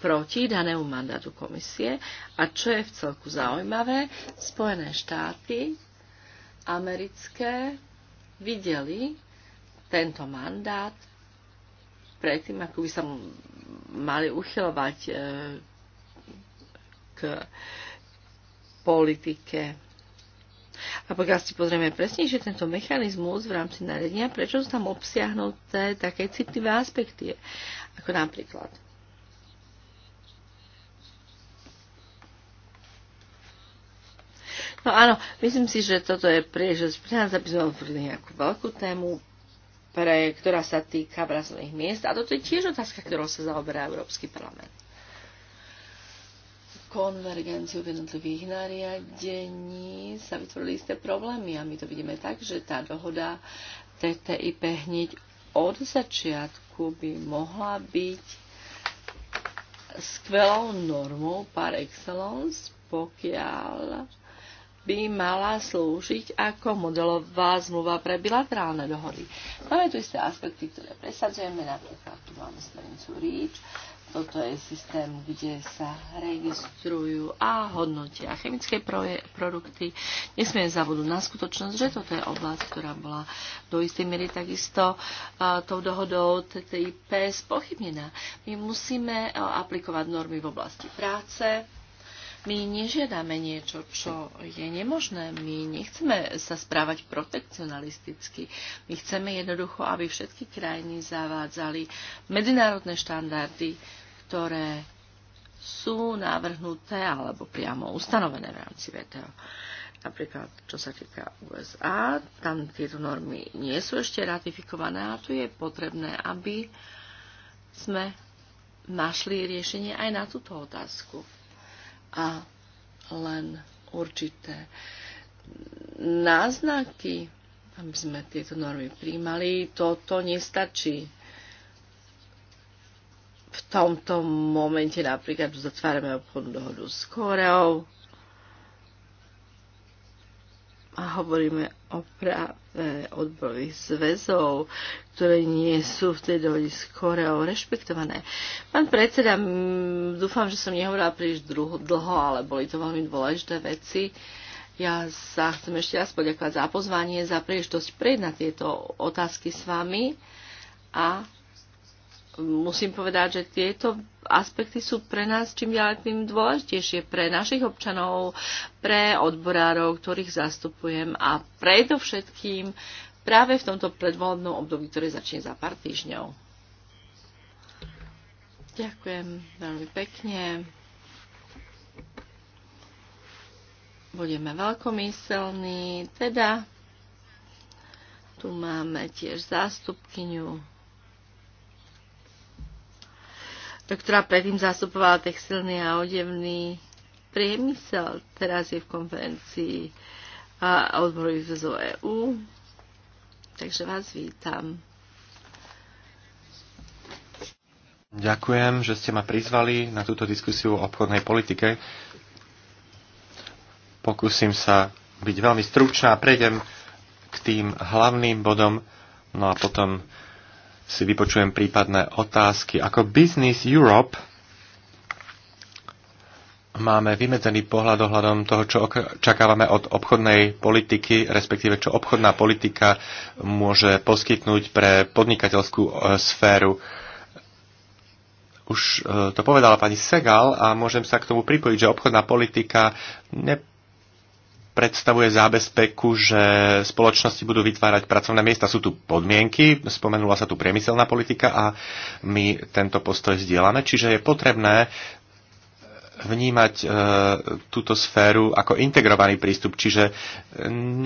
proti danému mandátu komisie a čo je v celku zaujímavé, Spojené štáty americké videli tento mandát predtým, ako by sa mali uchylovať e, k politike a pokiaľ si pozrieme presnejšie tento mechanizmus v rámci nariadenia, prečo sú tam obsiahnuté také citlivé aspekty, ako napríklad No áno, myslím si, že toto je príležitosť pre nás, aby sme otvorili nejakú veľkú tému, pre, ktorá sa týka brazilných miest. A toto je tiež otázka, ktorou sa zaoberá Európsky parlament konvergenciu v jednotlivých nariadení sa vytvorili isté problémy a my to vidíme tak, že tá dohoda TTIP hneď od začiatku by mohla byť skvelou normou par excellence, pokiaľ by mala slúžiť ako modelová zmluva pre bilaterálne dohody. Máme tu isté aspekty, ktoré presadzujeme, napríklad tu máme smernicu REACH, toto je systém, kde sa registrujú a hodnotia chemické proje, produkty. Nesmieme zabudnúť na skutočnosť, že toto je oblasť, ktorá bola do istej miery takisto a, tou dohodou TTIP spochybnená. My musíme a, aplikovať normy v oblasti práce. My nežiadame niečo, čo je nemožné. My nechceme sa správať protekcionalisticky. My chceme jednoducho, aby všetky krajiny zavádzali medzinárodné štandardy ktoré sú navrhnuté alebo priamo ustanovené v rámci VTO. Napríklad, čo sa týka USA, tam tieto normy nie sú ešte ratifikované a tu je potrebné, aby sme našli riešenie aj na túto otázku. A len určité náznaky, aby sme tieto normy príjmali, toto nestačí v tomto momente napríklad zatvárame obchodnú dohodu s Koreou a hovoríme o práve odborových zväzov, ktoré nie sú v tej dohode s Koreou rešpektované. Pán predseda, dúfam, že som nehovorila príliš dlho, ale boli to veľmi dôležité veci. Ja sa chcem ešte raz poďakovať za pozvanie, za príležitosť prejednať tieto otázky s vami a musím povedať, že tieto aspekty sú pre nás čím ďalej tým dôležitejšie, pre našich občanov, pre odborárov, ktorých zastupujem a predovšetkým práve v tomto predvolebnom období, ktoré začne za pár týždňov. Ďakujem veľmi pekne. Budeme veľkomyselní, teda tu máme tiež zástupkyňu ktorá predtým zastupovala textilný a odevný priemysel. Teraz je v konferencii odborových zo EU. Takže vás vítam. Ďakujem, že ste ma prizvali na túto diskusiu o obchodnej politike. Pokúsim sa byť veľmi stručná, a prejdem k tým hlavným bodom, no a potom si vypočujem prípadné otázky. Ako Business Europe máme vymedzený pohľad ohľadom toho, čo očakávame od obchodnej politiky, respektíve čo obchodná politika môže poskytnúť pre podnikateľskú e, sféru. Už e, to povedala pani Segal a môžem sa k tomu pripojiť, že obchodná politika ne predstavuje zábezpeku, že spoločnosti budú vytvárať pracovné miesta. Sú tu podmienky, spomenula sa tu priemyselná politika a my tento postoj zdieľame, čiže je potrebné vnímať e, túto sféru ako integrovaný prístup, čiže e,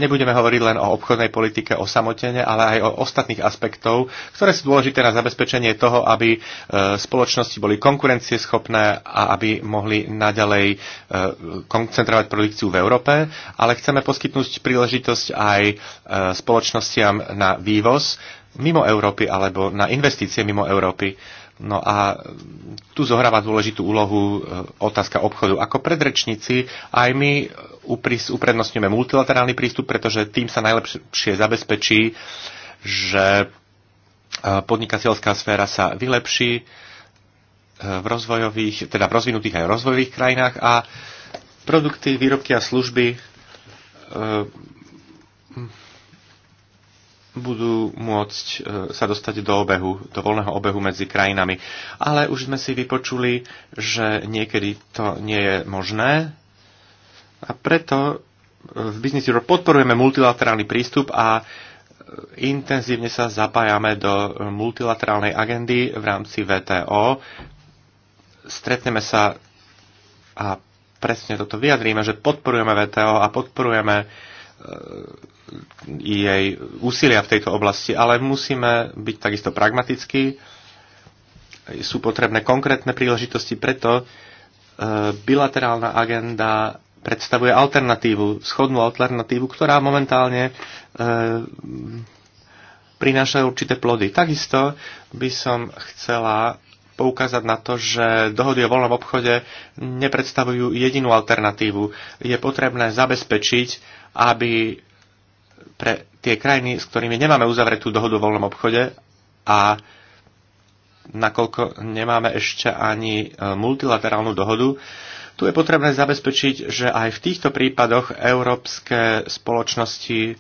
nebudeme hovoriť len o obchodnej politike, o samotene, ale aj o ostatných aspektov, ktoré sú dôležité na zabezpečenie toho, aby e, spoločnosti boli konkurencieschopné a aby mohli naďalej e, koncentrovať produkciu v Európe, ale chceme poskytnúť príležitosť aj e, spoločnostiam na vývoz mimo Európy alebo na investície mimo Európy. No a tu zohráva dôležitú úlohu e, otázka obchodu. Ako predrečníci aj my uprednostňujeme multilaterálny prístup, pretože tým sa najlepšie zabezpečí, že e, podnikateľská sféra sa vylepší e, v rozvojových, teda v rozvinutých aj rozvojových krajinách a produkty, výrobky a služby budú môcť e, sa dostať do obehu, do voľného obehu medzi krajinami. Ale už sme si vypočuli, že niekedy to nie je možné a preto e, v Business Europe podporujeme multilaterálny prístup a e, intenzívne sa zapájame do multilaterálnej agendy v rámci VTO. Stretneme sa a presne toto vyjadríme, že podporujeme VTO a podporujeme E, jej úsilia v tejto oblasti, ale musíme byť takisto pragmatickí. Sú potrebné konkrétne príležitosti, preto e, bilaterálna agenda predstavuje alternatívu, schodnú alternatívu, ktorá momentálne e, prináša určité plody. Takisto by som chcela poukázať na to, že dohody o voľnom obchode nepredstavujú jedinú alternatívu. Je potrebné zabezpečiť aby pre tie krajiny, s ktorými nemáme uzavretú dohodu o voľnom obchode a nakoľko nemáme ešte ani e, multilaterálnu dohodu, tu je potrebné zabezpečiť, že aj v týchto prípadoch európske spoločnosti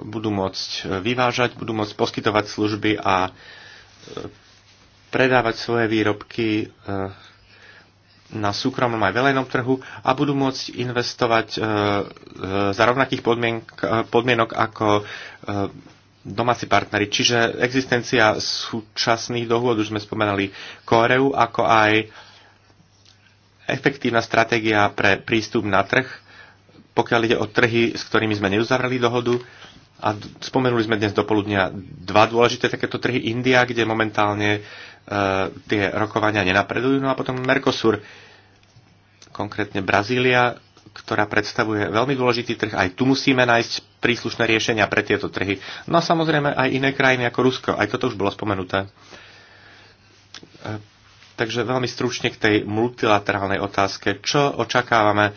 budú môcť e, vyvážať, budú môcť poskytovať služby a e, predávať svoje výrobky na súkromnom aj verejnom trhu a budú môcť investovať e, e, za rovnakých podmienk, e, podmienok ako domáci partnery. Čiže existencia súčasných dohôd, už sme spomenali Kóreu, ako aj efektívna stratégia pre prístup na trh, pokiaľ ide o trhy, s ktorými sme neuzavreli dohodu. A spomenuli sme dnes dopoludnia dva dôležité takéto trhy. India, kde momentálne Eh, tie rokovania nenapredujú. No a potom Mercosur, konkrétne Brazília, ktorá predstavuje veľmi dôležitý trh. Aj tu musíme nájsť príslušné riešenia pre tieto trhy. No a samozrejme aj iné krajiny ako Rusko. Aj toto už bolo spomenuté. Eh, takže veľmi stručne k tej multilaterálnej otázke. Čo očakávame?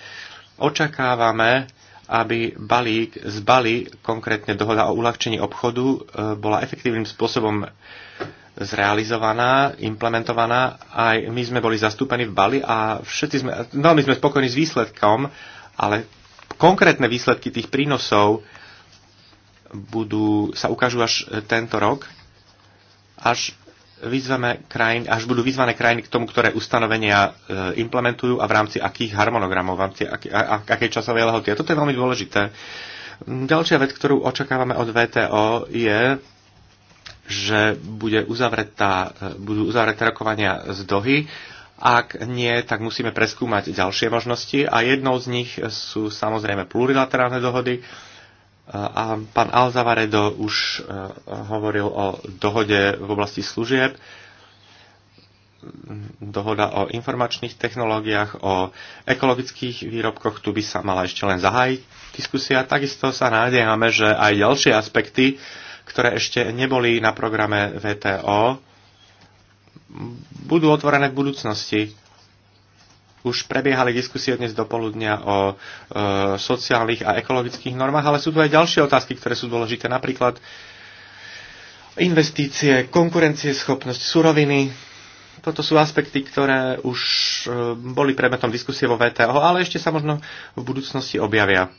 Očakávame, aby balík z Bali, konkrétne dohoda o uľahčení obchodu, eh, bola efektívnym spôsobom zrealizovaná, implementovaná. Aj my sme boli zastúpení v Bali a všetci sme, veľmi sme spokojní s výsledkom, ale konkrétne výsledky tých prínosov budú, sa ukážu až tento rok, až vyzveme krajiny, až budú vyzvané krajiny k tomu, ktoré ustanovenia e, implementujú a v rámci akých harmonogramov, v rámci aký, a, akej časovej lehoty. A toto je veľmi dôležité. Ďalšia vec, ktorú očakávame od VTO, je že bude uzavretá, budú uzavreté rokovania z Dohy. Ak nie, tak musíme preskúmať ďalšie možnosti a jednou z nich sú samozrejme plurilaterálne dohody. A pán Alzavaredo už e, hovoril o dohode v oblasti služieb, dohoda o informačných technológiách, o ekologických výrobkoch, tu by sa mala ešte len zahájiť diskusia. Takisto sa nádejame, že aj ďalšie aspekty ktoré ešte neboli na programe VTO, budú otvorené v budúcnosti. Už prebiehali diskusie dnes do poludnia o e, sociálnych a ekologických normách, ale sú tu aj ďalšie otázky, ktoré sú dôležité. Napríklad investície, konkurencieschopnosť, suroviny. Toto sú aspekty, ktoré už e, boli predmetom diskusie vo VTO, ale ešte sa možno v budúcnosti objavia.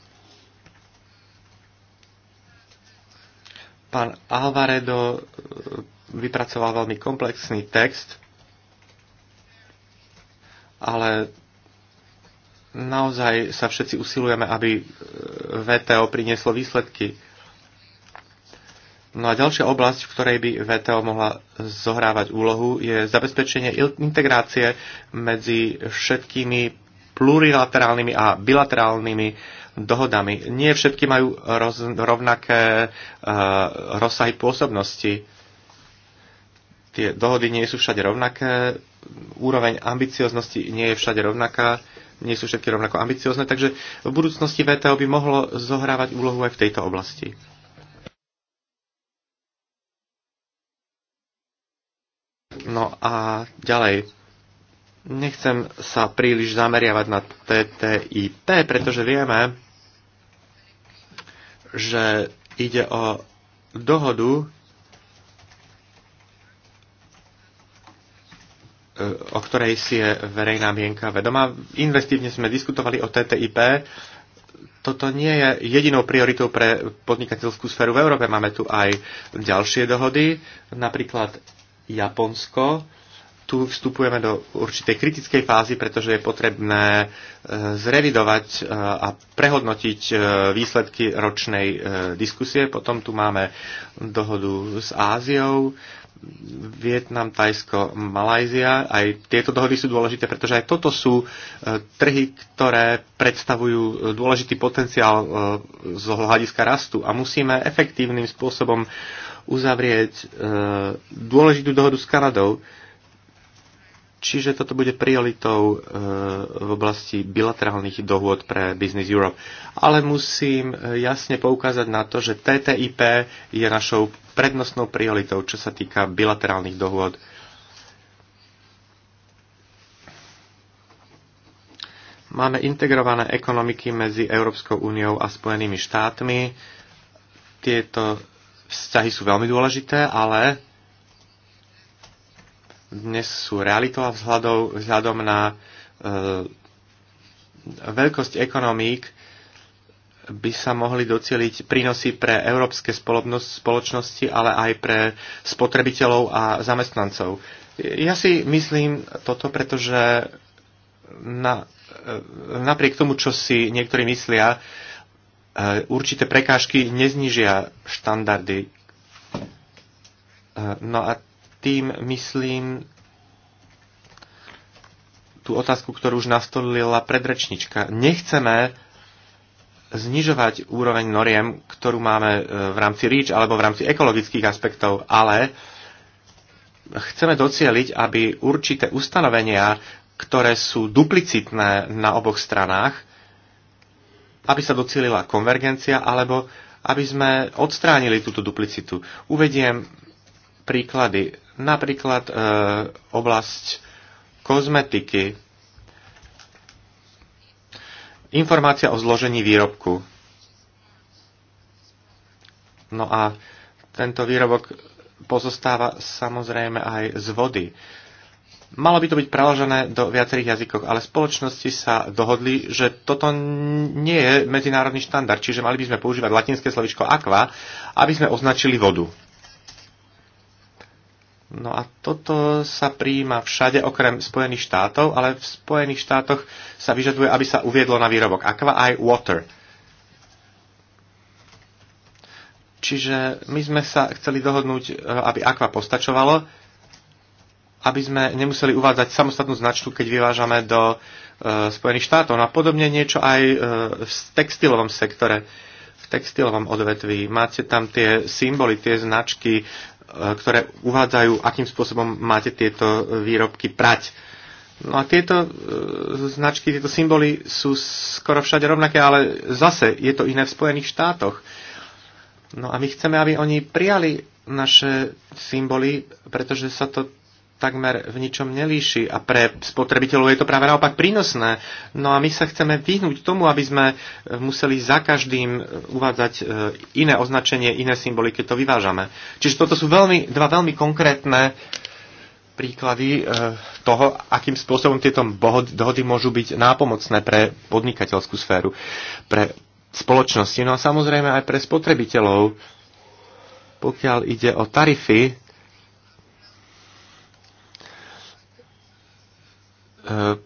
Pán Alvaredo e, vypracoval veľmi komplexný text, ale naozaj sa všetci usilujeme, aby e, VTO prinieslo výsledky. No a ďalšia oblasť, v ktorej by VTO mohla zohrávať úlohu, je zabezpečenie integrácie medzi všetkými plurilaterálnymi a bilaterálnymi dohodami. Nie všetky majú roz, rovnaké eh, rozsahy pôsobnosti. Tie dohody nie sú všade rovnaké, úroveň ambicioznosti nie je všade rovnaká, nie sú všetky rovnako ambiciozne, takže v budúcnosti VTO by mohlo zohrávať úlohu aj v tejto oblasti. No a ďalej Nechcem sa príliš zameriavať na TTIP, pretože vieme, že ide o dohodu, e, o ktorej si je verejná mienka vedomá. Investívne sme diskutovali o TTIP. Toto nie je jedinou prioritou pre podnikateľskú sféru v Európe. Máme tu aj ďalšie dohody, napríklad Japonsko, tu vstupujeme do určitej kritickej fázy, pretože je potrebné e, zrevidovať e, a prehodnotiť e, výsledky ročnej diskusie. Potom tu máme dohodu s Áziou, Vietnam, Tajsko, Malajzia. Aj tieto dohody sú dôležité, pretože aj toto sú trhy, ktoré predstavujú dôležitý potenciál z hľadiska rastu a musíme efektívnym spôsobom uzavrieť dôležitú dohodu s Kanadou, Čiže toto bude prioritou e, v oblasti bilaterálnych dohôd pre Business Europe. Ale musím e, jasne poukázať na to, že TTIP je našou prednostnou prioritou, čo sa týka bilaterálnych dohôd. Máme integrované ekonomiky medzi Európskou úniou a Spojenými štátmi. Tieto vzťahy sú veľmi dôležité, ale dnes sú realitou a vzhľadom, vzhľadom na e, veľkosť ekonomík by sa mohli docieliť prínosy pre európske spoločnosti, ale aj pre spotrebiteľov a zamestnancov. Ja si myslím toto, pretože na, e, napriek tomu, čo si niektorí myslia, e, určité prekážky neznižia štandardy. No a tým myslím tú otázku, ktorú už nastolila predrečnička. Nechceme znižovať úroveň noriem, ktorú máme e, v rámci REACH alebo v rámci ekologických aspektov, ale chceme docieliť, aby určité ustanovenia, ktoré sú duplicitné na oboch stranách, aby sa docielila konvergencia alebo aby sme odstránili túto duplicitu. Uvediem príklady. Napríklad e, oblasť kozmetiky, informácia o zložení výrobku. No a tento výrobok pozostáva samozrejme aj z vody. Malo by to byť preložené do viacerých jazykov, ale spoločnosti sa dohodli, že toto nie je medzinárodný štandard, čiže mali by sme používať latinské slovičko aqua, aby sme označili vodu. No a toto sa prijíma všade okrem Spojených štátov, ale v Spojených štátoch sa vyžaduje, aby sa uviedlo na výrobok Aqua Eye Water. Čiže my sme sa chceli dohodnúť, e, aby Aqua postačovalo, aby sme nemuseli uvádzať samostatnú značku, keď vyvážame do e, Spojených štátov. No a podobne niečo aj e, v textilovom sektore v textilovom odvetví. Máte tam tie symboly, tie značky, Eh, ktoré uvádzajú, akým spôsobom máte tieto výrobky prať. No a tieto eh, značky, tieto symboly sú skoro všade rovnaké, ale zase je to iné v Spojených štátoch. No a my chceme, aby oni prijali naše symboly, pretože sa to takmer v ničom nelíši a pre spotrebiteľov je to práve naopak prínosné. No a my sa chceme vyhnúť tomu, aby sme e, museli za každým e, uvádzať e, iné označenie, iné symboly, keď to vyvážame. Čiže toto sú veľmi, dva veľmi konkrétne príklady toho, akým spôsobom tieto dohody môžu byť nápomocné pre podnikateľskú sféru, pre spoločnosti, no a samozrejme aj pre spotrebiteľov. Pokiaľ ide o tarify,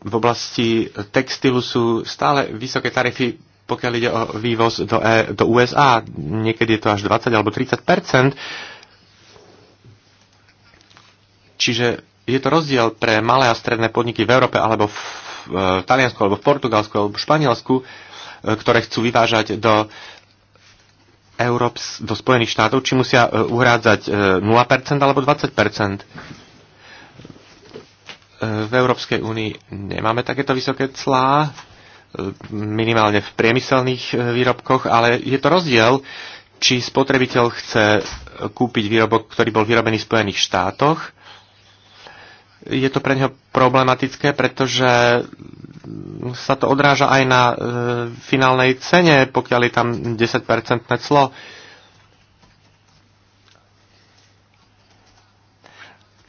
v oblasti textilu sú stále vysoké tarify, pokiaľ ide o vývoz do, e, do USA. Niekedy je to až 20 alebo 30 Čiže je to rozdiel pre malé a stredné podniky v Európe alebo v, Taliansku alebo v Portugalsku alebo v Španielsku, e, ktoré chcú vyvážať do Európs, do Spojených štátov, či musia e, uhrádzať 0% alebo 20% v Európskej únii nemáme takéto vysoké clá, minimálne v priemyselných e, výrobkoch, ale je to rozdiel, či spotrebiteľ chce kúpiť výrobok, ktorý bol vyrobený v Spojených štátoch. Je to pre neho problematické, pretože sa to odráža aj na e, finálnej cene, pokiaľ je tam 10% clo. E,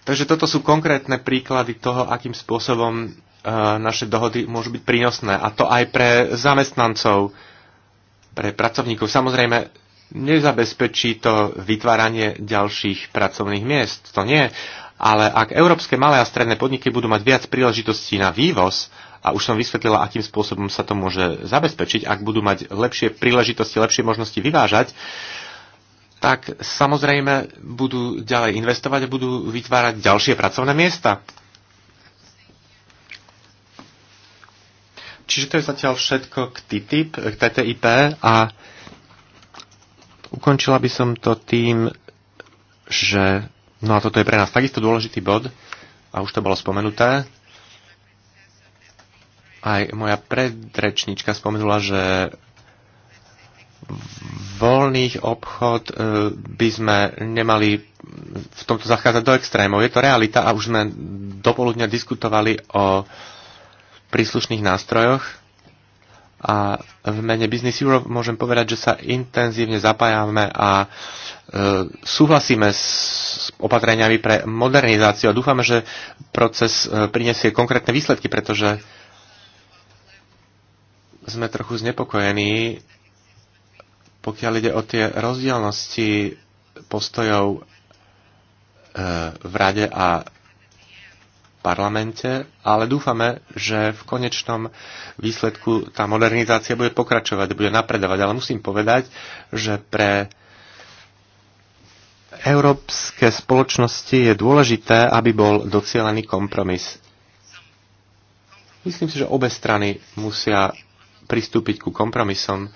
Takže toto sú konkrétne príklady toho, akým spôsobom e, naše dohody môžu byť prínosné. A to aj pre zamestnancov, pre pracovníkov. Samozrejme, nezabezpečí to vytváranie ďalších pracovných miest. To nie. Ale ak európske malé a stredné podniky budú mať viac príležitostí na vývoz, a už som vysvetlila, akým spôsobom sa to môže zabezpečiť, ak budú mať lepšie príležitosti, lepšie možnosti vyvážať, tak samozrejme budú ďalej investovať a budú vytvárať ďalšie pracovné miesta. Čiže to je zatiaľ všetko k TTIP, k TTIP a ukončila by som to tým, že, no a toto je pre nás takisto dôležitý bod, a už to bolo spomenuté, aj moja predrečnička spomenula, že Voľný obchod e, by sme nemali v tomto zachádzať do extrémov. Je to realita a už sme dopoludňa diskutovali o príslušných nástrojoch a v mene Business Europe môžem povedať, že sa intenzívne zapájame a e, súhlasíme s opatreniami pre modernizáciu a dúfame, že proces e, prinesie konkrétne výsledky, pretože sme trochu znepokojení pokiaľ ide o tie rozdielnosti postojov e, v rade a parlamente, ale dúfame, že v konečnom výsledku tá modernizácia bude pokračovať, bude napredovať. Ale musím povedať, že pre európske spoločnosti je dôležité, aby bol docielený kompromis. Myslím si, že obe strany musia pristúpiť ku kompromisom.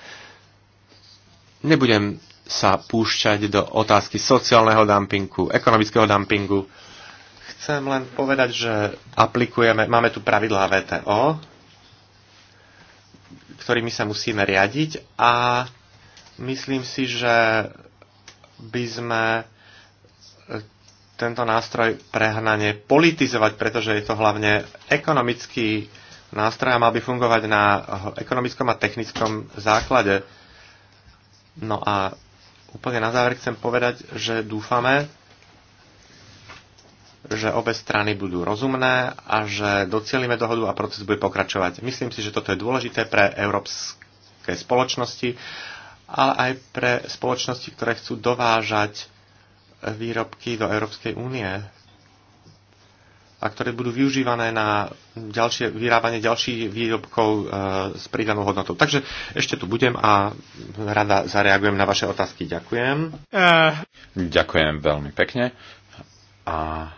Nebudem sa púšťať do otázky sociálneho dumpingu, ekonomického dumpingu. Chcem len povedať, že aplikujeme, máme tu pravidlá VTO, ktorými sa musíme riadiť a myslím si, že by sme tento nástroj prehnane politizovať, pretože je to hlavne ekonomický nástroj a mal by fungovať na ekonomickom a technickom základe No a úplne na záver chcem povedať, že dúfame, že obe strany budú rozumné a že docielime dohodu a proces bude pokračovať. Myslím si, že toto je dôležité pre európske spoločnosti, ale aj pre spoločnosti, ktoré chcú dovážať výrobky do Európskej únie a ktoré budú využívané na ďalšie, vyrábanie ďalších výrobkov e, s pridanou hodnotou. Takže ešte tu budem a rada zareagujem na vaše otázky. Ďakujem. Uh. Ďakujem veľmi pekne. A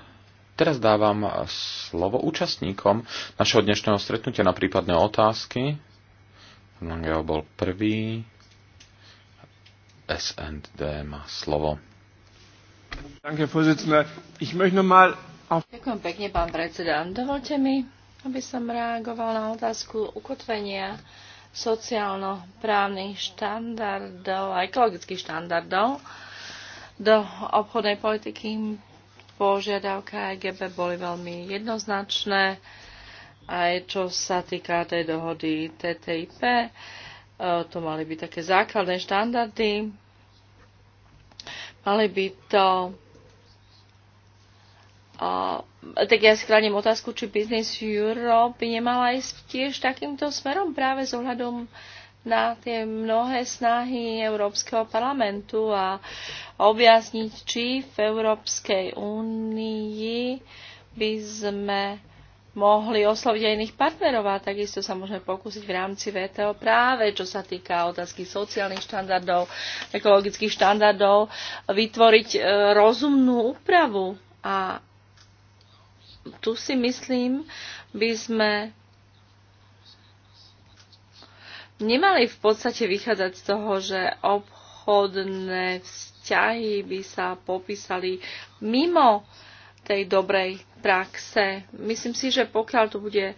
teraz dávam slovo účastníkom našeho dnešného stretnutia na prípadné otázky. Mangeo bol prvý. SND má slovo. Danke, Vorsitzender. Ich möchte mal Ďakujem pekne, pán predseda. Dovolte mi, aby som reagoval na otázku ukotvenia sociálno-právnych štandardov a ekologických štandardov do obchodnej politiky. Požiadavka EGB boli veľmi jednoznačné, aj čo sa týka tej dohody TTIP. E, to mali byť také základné štandardy. Mali by to tak ja si kladiem otázku, či Business Europe by nemala ísť tiež takýmto smerom práve s ohľadom na tie mnohé snahy Európskeho parlamentu a objasniť, či v Európskej únii by sme mohli osloviť aj iných partnerov a takisto sa môžeme pokúsiť v rámci VTO práve čo sa týka otázky sociálnych štandardov, ekologických štandardov, vytvoriť e, rozumnú úpravu a tu si myslím, by sme nemali v podstate vychádzať z toho, že obchodné vzťahy by sa popísali mimo tej dobrej praxe. Myslím si, že pokiaľ tu bude eh,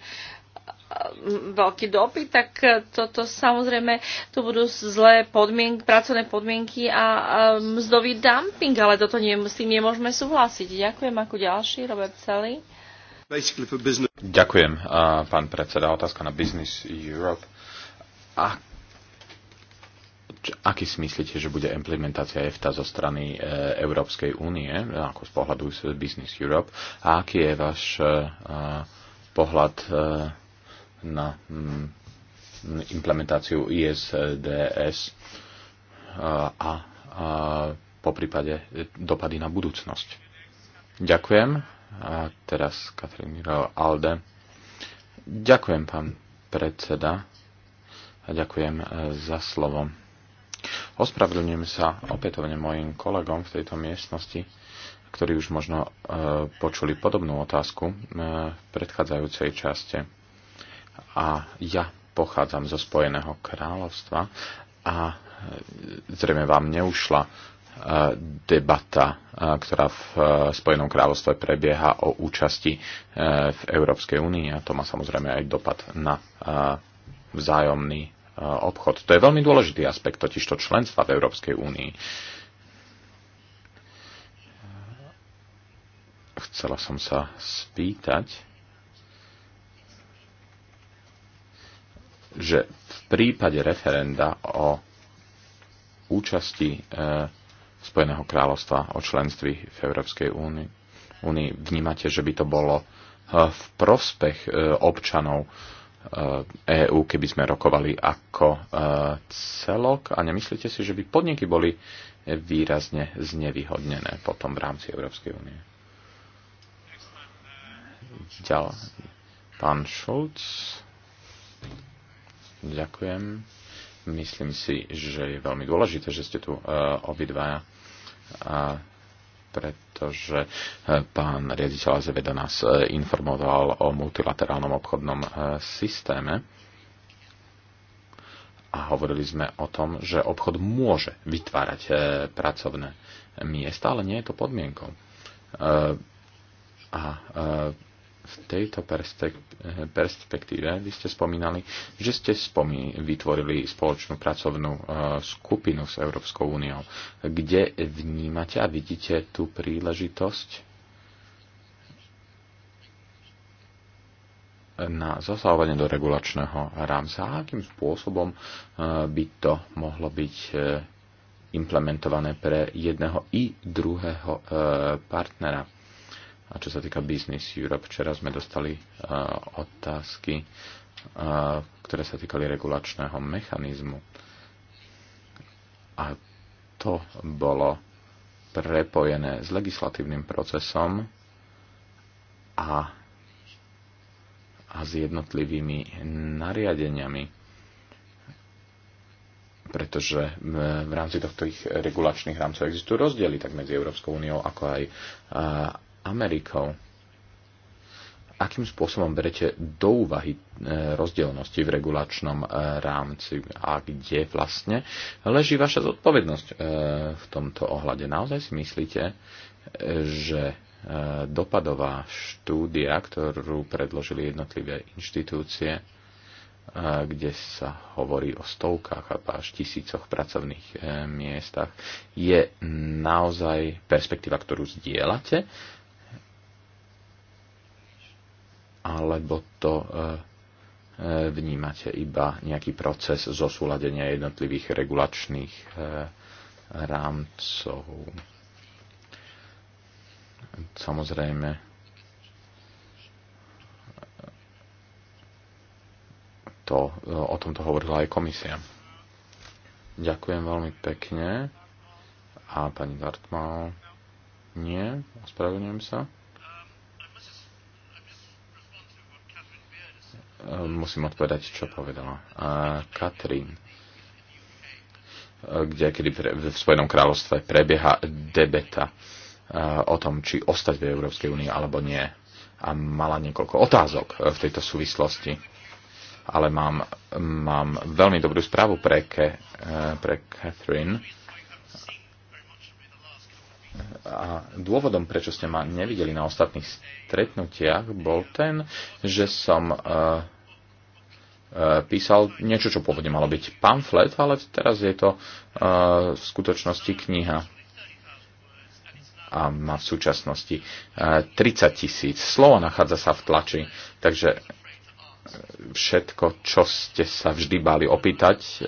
veľký dopyt, tak eh, toto samozrejme tu budú zlé podmienky, pracovné podmienky a mzdový dumping, ale toto nie, s tým nemôžeme súhlasiť. Ďakujem ako ďalší, Robert Celý. Ďakujem, pán predseda. Otázka na Business Europe. A aký si myslíte, že bude implementácia EFTA zo strany e, Európskej únie, ako z pohľadu Business Europe? A aký je váš e, e, pohľad na implementáciu ISDS a, a po prípade dopady na budúcnosť? Ďakujem. A teraz Katrin Alde. Ďakujem, pán predseda. A ďakujem e, za slovo. Ospravedlňujem sa opätovne mojim kolegom v tejto miestnosti, ktorí už možno e, počuli podobnú otázku e, v predchádzajúcej časti A ja pochádzam zo Spojeného kráľovstva a zrejme vám neušla debata, ktorá v Spojenom kráľovstve prebieha o účasti e, v Európskej únii a to má samozrejme aj dopad na e, vzájomný e, obchod. To je veľmi dôležitý aspekt totižto členstva v Európskej únii. Chcela som sa spýtať, že v prípade referenda o účasti Spojeného kráľovstva o členství v Európskej únii. Únii vnímate, že by to bolo e, v prospech e, občanov EÚ, e keby sme rokovali ako celok a nemyslíte si, že by podniky boli výrazne znevýhodnené potom v rámci Európskej únie? Ďalej. Pán Šulc. Ďakujem. Myslím si, že je veľmi dôležité, že ste tu uh, obidvaja a pretože eh, pán riaditeľ Azeveda nás eh, informoval o multilaterálnom obchodnom eh, systéme a hovorili sme o tom, že obchod môže vytvárať pracovné miesta, ale nie je to podmienkou. A v tejto eh, perspektíve vy ste spomínali, že ste spomí- vytvorili spoločnú pracovnú eh, skupinu s Európskou úniou. Kde vnímate a vidíte tú príležitosť na zasahovanie do regulačného rámca a akým spôsobom eh, by to mohlo byť implementované pre jedného i druhého partnera a čo sa týka Business Europe, včera sme dostali e, otázky, e, ktoré sa týkali regulačného mechanizmu. A to bolo prepojené s legislatívnym procesom a, a s jednotlivými nariadeniami pretože v rámci tohto ich regulačných rámcov existujú rozdiely tak medzi Európskou úniou ako aj e, Amerikou. Akým spôsobom berete do úvahy e, rozdielnosti v regulačnom e, rámci a kde vlastne leží vaša zodpovednosť e, v tomto ohľade? Naozaj si myslíte, že dopadová štúdia, ktorú predložili jednotlivé inštitúcie, kde sa hovorí o stovkách a až tisícoch pracovných miestach, je naozaj perspektíva, ktorú zdieľate alebo to e, e, vnímate iba nejaký proces zosúladenia jednotlivých regulačných e, rámcov. Samozrejme, to, o tomto hovorila aj komisia. Ďakujem veľmi pekne. A pani Dartmau, nie, ospravedlňujem sa. musím odpovedať, čo povedala. Katrin kde kedy pre, v Spojenom kráľovstve prebieha debeta e, o tom, či ostať v Európskej únii alebo nie. A mala niekoľko otázok e, v tejto súvislosti. Ale mám, mám veľmi dobrú správu pre, Ke, e, pre Catherine. A dôvodom, prečo ste ma nevideli na ostatných stretnutiach, bol ten, že som uh, E, písal niečo, čo pôvodne malo byť pamflet, ale teraz je to e, v skutočnosti kniha a má v súčasnosti 30 e, tisíc. Slovo nachádza sa v tlači, takže všetko, čo ste sa vždy báli opýtať,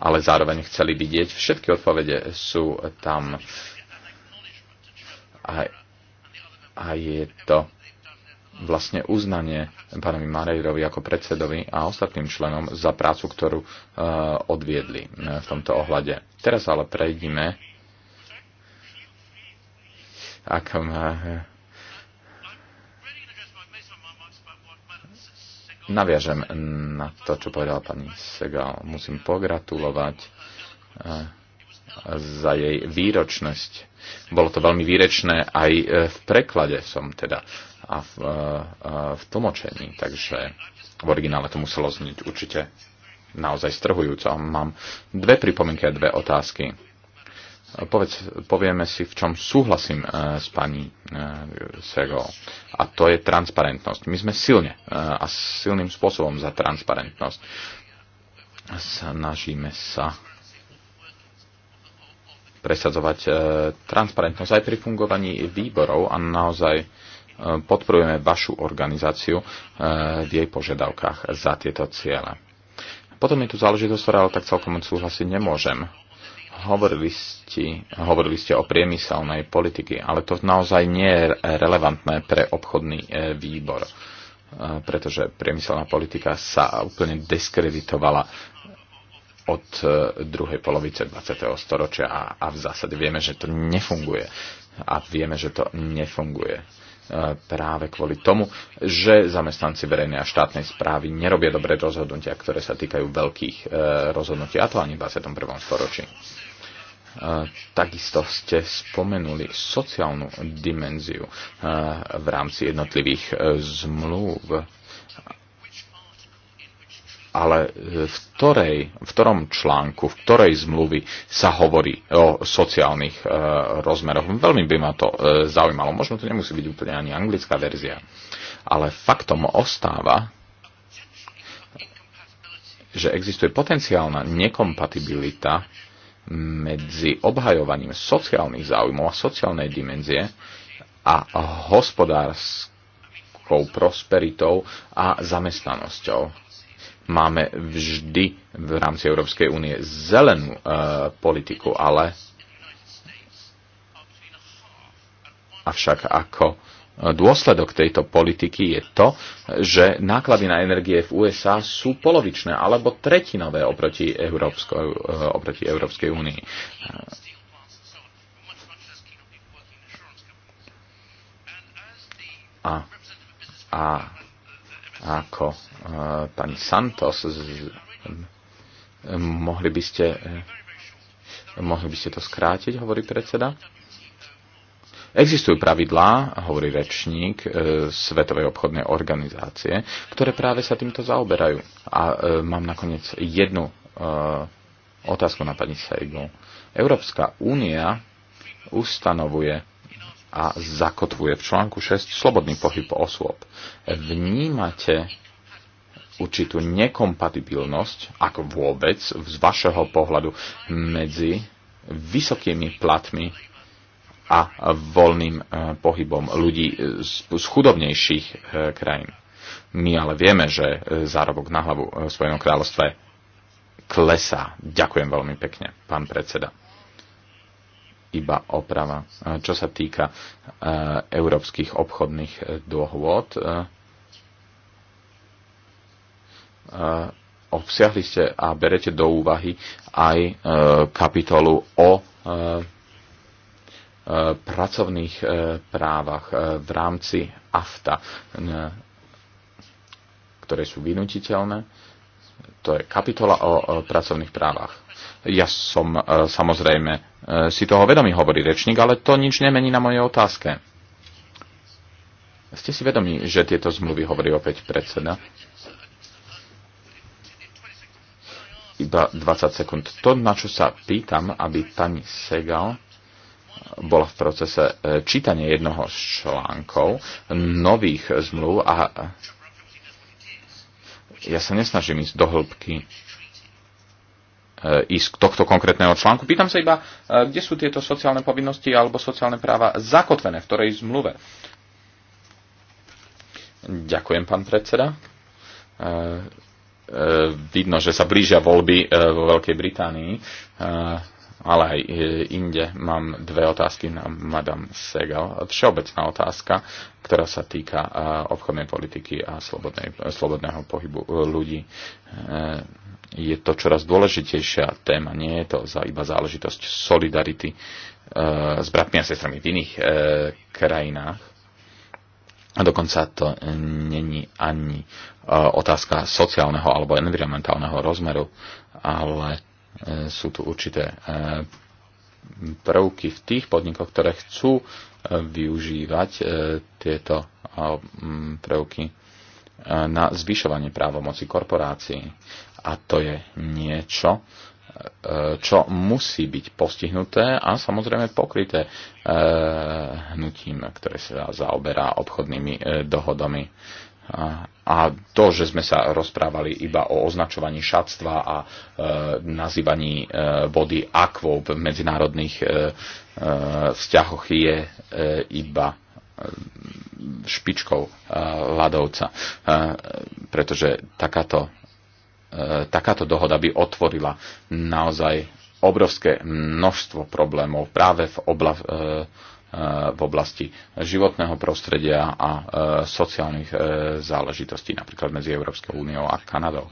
ale zároveň chceli vidieť, všetky odpovede sú tam. A, a je to vlastne uznanie pánovi Marejrovi ako predsedovi a ostatným členom za prácu, ktorú e, odviedli e, v tomto ohľade. Teraz ale prejdime ak e, naviažem na to, čo povedala pani Segal. Musím pogratulovať za jej výročnosť. Bolo to veľmi výrečné, aj v preklade som teda a v, a e, e, v tlmočení. Takže v originále to muselo zniť určite naozaj strhujúco. Mám dve pripomienky a dve otázky. Povedz, povieme si, v čom súhlasím e, s pani e, Sego. A to je transparentnosť. My sme silne e, a silným spôsobom za transparentnosť. Snažíme sa presadzovať e, transparentnosť aj pri fungovaní výborov a naozaj e, podporujeme vašu organizáciu eh, v jej požiadavkách za tieto ciele. Potom je tu záležitosť, ktorá ale tak celkom súhlasiť nemôžem. Hovorili ste, hovorili ste o priemyselnej politiky, ale to naozaj nie je relevantné pre obchodný eh, výbor, eh, pretože priemyselná politika sa úplne diskreditovala od druhej polovice 20. storočia a, a v zásade vieme, že to nefunguje. A vieme, že to nefunguje. E, práve kvôli tomu, že zamestnanci verejnej a štátnej správy nerobia dobré rozhodnutia, ktoré sa týkajú veľkých e, rozhodnutí, a to ani v 21. storočí. E, takisto ste spomenuli sociálnu dimenziu v rámci jednotlivých zmluv ale e, v, ktorej, v ktorom článku, v ktorej zmluvy sa hovorí o sociálnych e, rozmeroch. Veľmi by ma to e, zaujímalo. Možno to nemusí byť úplne ani anglická verzia. Ale faktom ostáva, že existuje potenciálna nekompatibilita medzi obhajovaním sociálnych záujmov a sociálnej dimenzie a hospodárskou prosperitou a zamestnanosťou máme vždy v rámci Európskej únie zelenú e, politiku, ale avšak ako dôsledok tejto politiky je to, že náklady na energie v USA sú polovičné alebo tretinové oproti, Európsko, e, oproti Európskej únii. A, a ako e, pani Santos. Mohli by ste, e, mohli by ste to skrátiť, hovorí predseda. Existujú pravidlá, hovorí rečník e, Svetovej obchodnej organizácie, ktoré práve sa týmto zaoberajú. A e, mám nakoniec jednu e, otázku na pani Sejgu. Európska únia ustanovuje a zakotvuje v článku 6 slobodný pohyb osôb. Vnímate určitú nekompatibilnosť, ako vôbec z vašeho pohľadu, medzi vysokými platmi a voľným e, pohybom ľudí z chudobnejších e, krajín. My ale vieme, že e, zárobok na hlavu v kráľovstva kráľovstve klesá. Ďakujem veľmi pekne, pán predseda iba oprava. Eh, čo sa týka eh, európskych obchodných eh, dôvod obsiahli ste a berete do úvahy aj kapitolu o pracovných právach v rámci AFTA, ktoré sú vynutiteľné. To je kapitola o pracovných právach. Ja som samozrejme E, si toho vedomí, hovorí rečník, ale to nič nemení na mojej otázke. Ste si vedomí, že tieto zmluvy hovorí opäť predseda? Iba 20 sekúnd. To, na čo sa pýtam, aby pani Segal bola v procese e, čítania jednoho z článkov nových zmluv a ja sa nesnažím ísť do hĺbky E, ísť tohto konkrétneho článku. Pýtam sa iba, e, kde sú tieto sociálne povinnosti alebo sociálne práva zakotvené, v ktorej zmluve. Ďakujem, pán predseda. E, vidno, že sa blížia voľby vo Veľkej Británii, ale aj inde mám dve otázky na Madame Segal. Všeobecná otázka, ktorá sa týka obchodnej politiky a slobodného pohybu ľudí je to čoraz dôležitejšia téma. Nie je to za iba záležitosť solidarity e, s bratmi a sestrami v iných e, krajinách. A dokonca to není ani e, otázka sociálneho alebo environmentálneho rozmeru, ale e, sú tu určité e, prvky v tých podnikoch, ktoré chcú e, využívať e, tieto e, prvky e, na zvyšovanie právomoci korporácií. A to je niečo, e, čo musí byť postihnuté a samozrejme pokryté e, hnutím, ktoré sa zaoberá obchodnými e, dohodami. A to, že sme sa rozprávali iba o označovaní šatstva a nazývaní vody akvou v medzinárodných vzťahoch, je iba špičkou ľadovca. Pretože takáto E, takáto dohoda by otvorila naozaj obrovské množstvo problémov práve v, obla, e, e, v oblasti životného prostredia a sociálnych záležitostí, napríklad medzi Európskou úniou a Kanadou.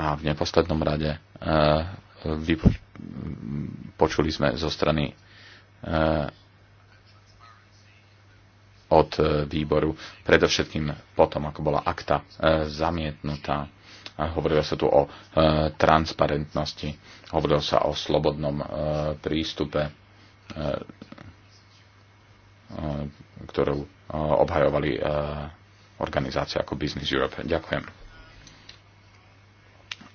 A v neposlednom rade počuli sme zo strany od výboru, predovšetkým potom, ako bola akta zamietnutá Hovorilo sa tu o e, transparentnosti, hovorilo sa o slobodnom e, prístupe, e, e, ktorú e, obhajovali e, organizácie ako Business Europe. Ďakujem.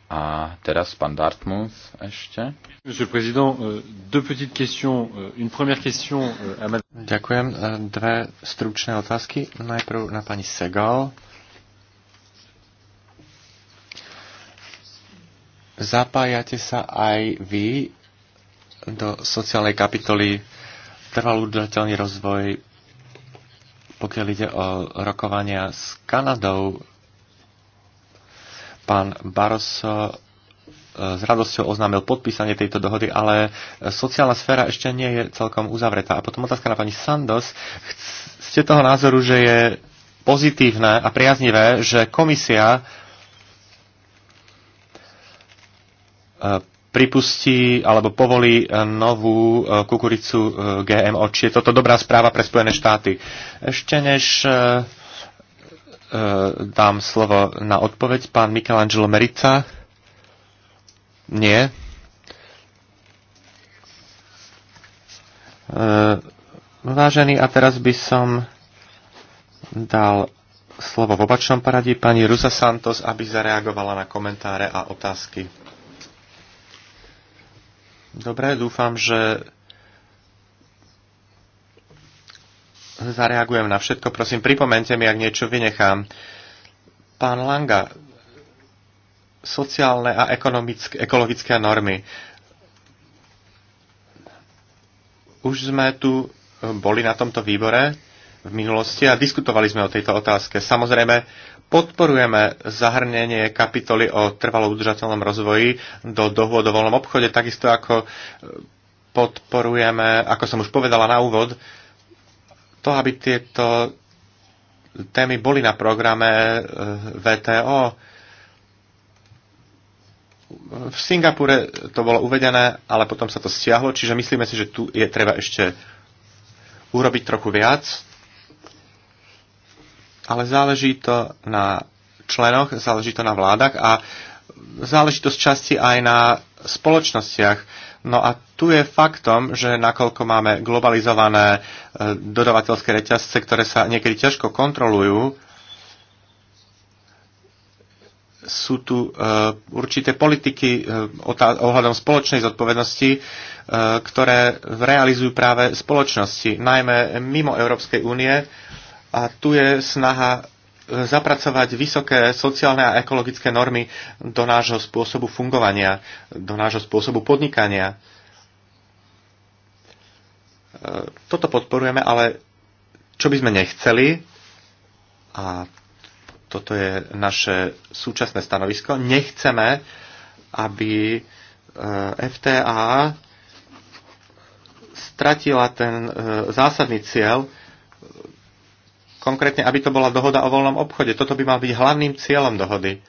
A teraz pán Dartmouth ešte. Monsieur le Président, e, deux petites questions. E, une première question e, à Ďakujem. Dve stručné otázky. Najprv na pani Segal. zapájate sa aj vy do sociálnej kapitoly Trval udržateľný rozvoj, pokiaľ ide o rokovania s Kanadou. Pán Barroso e, s radosťou oznámil podpísanie tejto dohody, ale sociálna sféra ešte nie je celkom uzavretá. A potom otázka na pani Sandos. Ste toho názoru, že je pozitívne a priaznivé, že komisia E, pripustí alebo povolí e, novú e, kukuricu GMO. Či je toto dobrá správa pre Spojené štáty? Ešte než dám slovo na odpoveď, pán Michelangelo Merica. Nie. Vážený, a teraz by som dal slovo v obačnom poradí pani Rusa Santos, aby zareagovala na komentáre a otázky. Dobre, dúfam, že zareagujem na všetko. Prosím, pripomente mi, ak niečo vynechám. Pán Langa, sociálne a ekologické normy. Už sme tu eh, boli na tomto výbore v minulosti a diskutovali sme o tejto otázke. Samozrejme, Podporujeme zahrnenie kapitoly o trvalo udržateľnom rozvoji do dohôd o voľnom obchode, takisto ako e, podporujeme, ako som už povedala na úvod, to, aby tieto témy boli na programe e, VTO. V Singapúre to bolo uvedené, ale potom sa to stiahlo, čiže myslíme si, že tu je treba ešte urobiť trochu viac ale záleží to na členoch, záleží to na vládach a záleží to z časti aj na spoločnostiach. No a tu je faktom, že nakoľko máme globalizované e, dodavateľské reťazce, ktoré sa niekedy ťažko kontrolujú, sú tu e, určité politiky e, ohľadom spoločnej zodpovednosti, ktoré realizujú práve spoločnosti, najmä mimo Európskej únie, a tu je snaha e, zapracovať vysoké sociálne a ekologické normy do nášho spôsobu fungovania, do nášho spôsobu podnikania. E, toto podporujeme, ale čo by sme nechceli, a toto je naše súčasné stanovisko, nechceme, aby e, FTA stratila ten zásadný cieľ, konkrétne, aby to bola dohoda o voľnom obchode. Toto by mal byť hlavným cieľom dohody.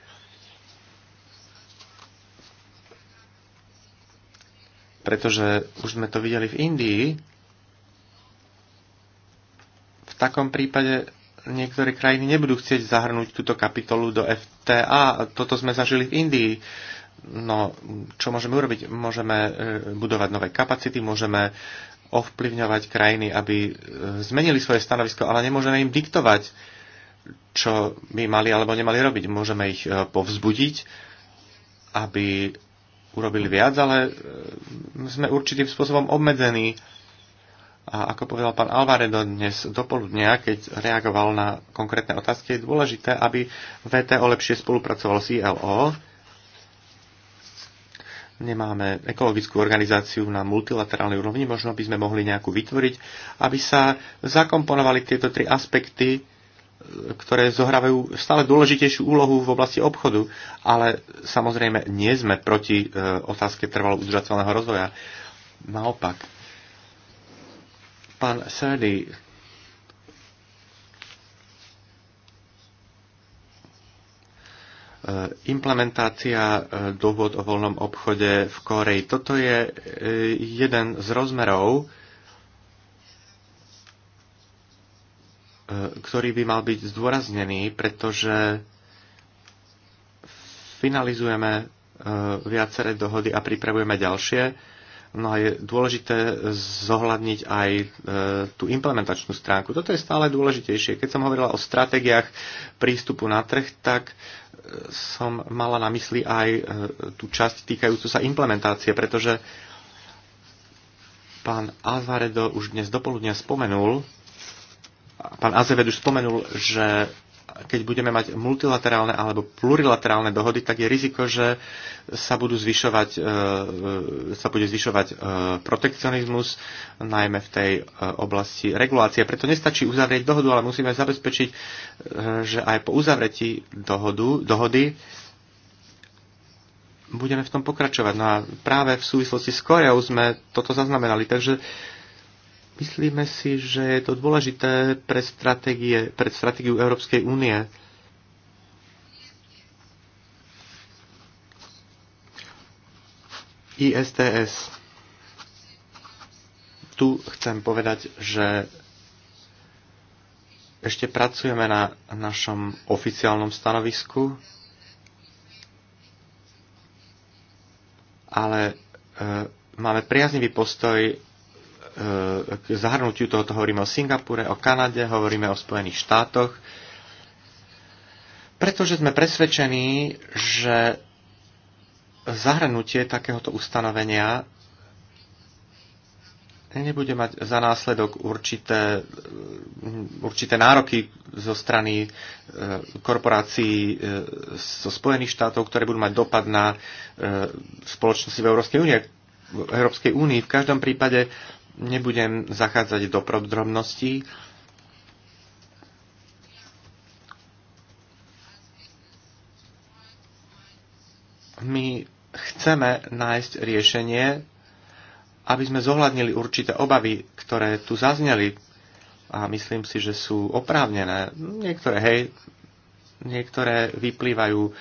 Pretože už sme to videli v Indii. V takom prípade niektoré krajiny nebudú chcieť zahrnúť túto kapitolu do FTA. Toto sme zažili v Indii. No, čo môžeme urobiť? Môžeme e, budovať nové kapacity, môžeme ovplyvňovať krajiny, aby e, zmenili svoje stanovisko, ale nemôžeme im diktovať, čo by mali alebo nemali robiť. Môžeme ich e, povzbudiť, aby urobili viac, ale e, sme určitým spôsobom obmedzení. A ako povedal pán Alvaredo dnes dopoludnia, keď reagoval na konkrétne otázky, je dôležité, aby VTO lepšie spolupracovalo s ILO, nemáme ekologickú organizáciu na multilaterálnej úrovni, možno by sme mohli nejakú vytvoriť, aby sa zakomponovali tieto tri aspekty, e, ktoré zohrávajú stále dôležitejšiu úlohu v oblasti obchodu, ale samozrejme nie sme proti e, otázke trvalo udržateľného rozvoja. Naopak, pán Serdy E, implementácia e, dohod o voľnom obchode v Koreji. Toto je e, jeden z rozmerov, ktorý by mal byť zdôraznený, pretože finalizujeme viaceré dohody a pripravujeme ďalšie No a je dôležité zohľadniť aj e, tú implementačnú stránku. Toto je stále dôležitejšie. Keď som hovorila o stratégiách prístupu na trh, tak e, som mala na mysli aj e, tú časť týkajúcu sa implementácie, pretože pán Alvaredo už dnes dopoludne spomenul, pán Azeved už spomenul, že keď budeme mať multilaterálne alebo plurilaterálne dohody, tak je riziko, že sa, budú zvyšovať, e, e, sa bude zvyšovať e, protekcionizmus, najmä v tej oblasti regulácie. Preto nestačí uzavrieť dohodu, ale musíme zabezpečiť, že aj po uzavretí dohodu, dohody budeme v tom pokračovať. No a práve v súvislosti s Koreou sme toto zaznamenali. Takže Myslíme si, že je to dôležité pre, stratégie, pre stratégiu Európskej únie. ISTS. Tu chcem povedať, že ešte pracujeme na našom oficiálnom stanovisku, ale e, máme priaznivý postoj k zahrnutiu tohoto hovoríme o Singapure, o Kanade, hovoríme o Spojených štátoch, pretože sme presvedčení, že zahrnutie takéhoto ustanovenia nebude mať za následok určité, určité nároky zo strany e, korporácií e, zo Spojených štátov, ktoré budú mať dopad na e, spoločnosti v Európskej únie. V Európskej únii. V každom prípade Nebudem zachádzať do podrobností. My chceme nájsť riešenie, aby sme zohľadnili určité obavy, ktoré tu zazneli a myslím si, že sú oprávnené. Niektoré, hej, niektoré vyplývajú e,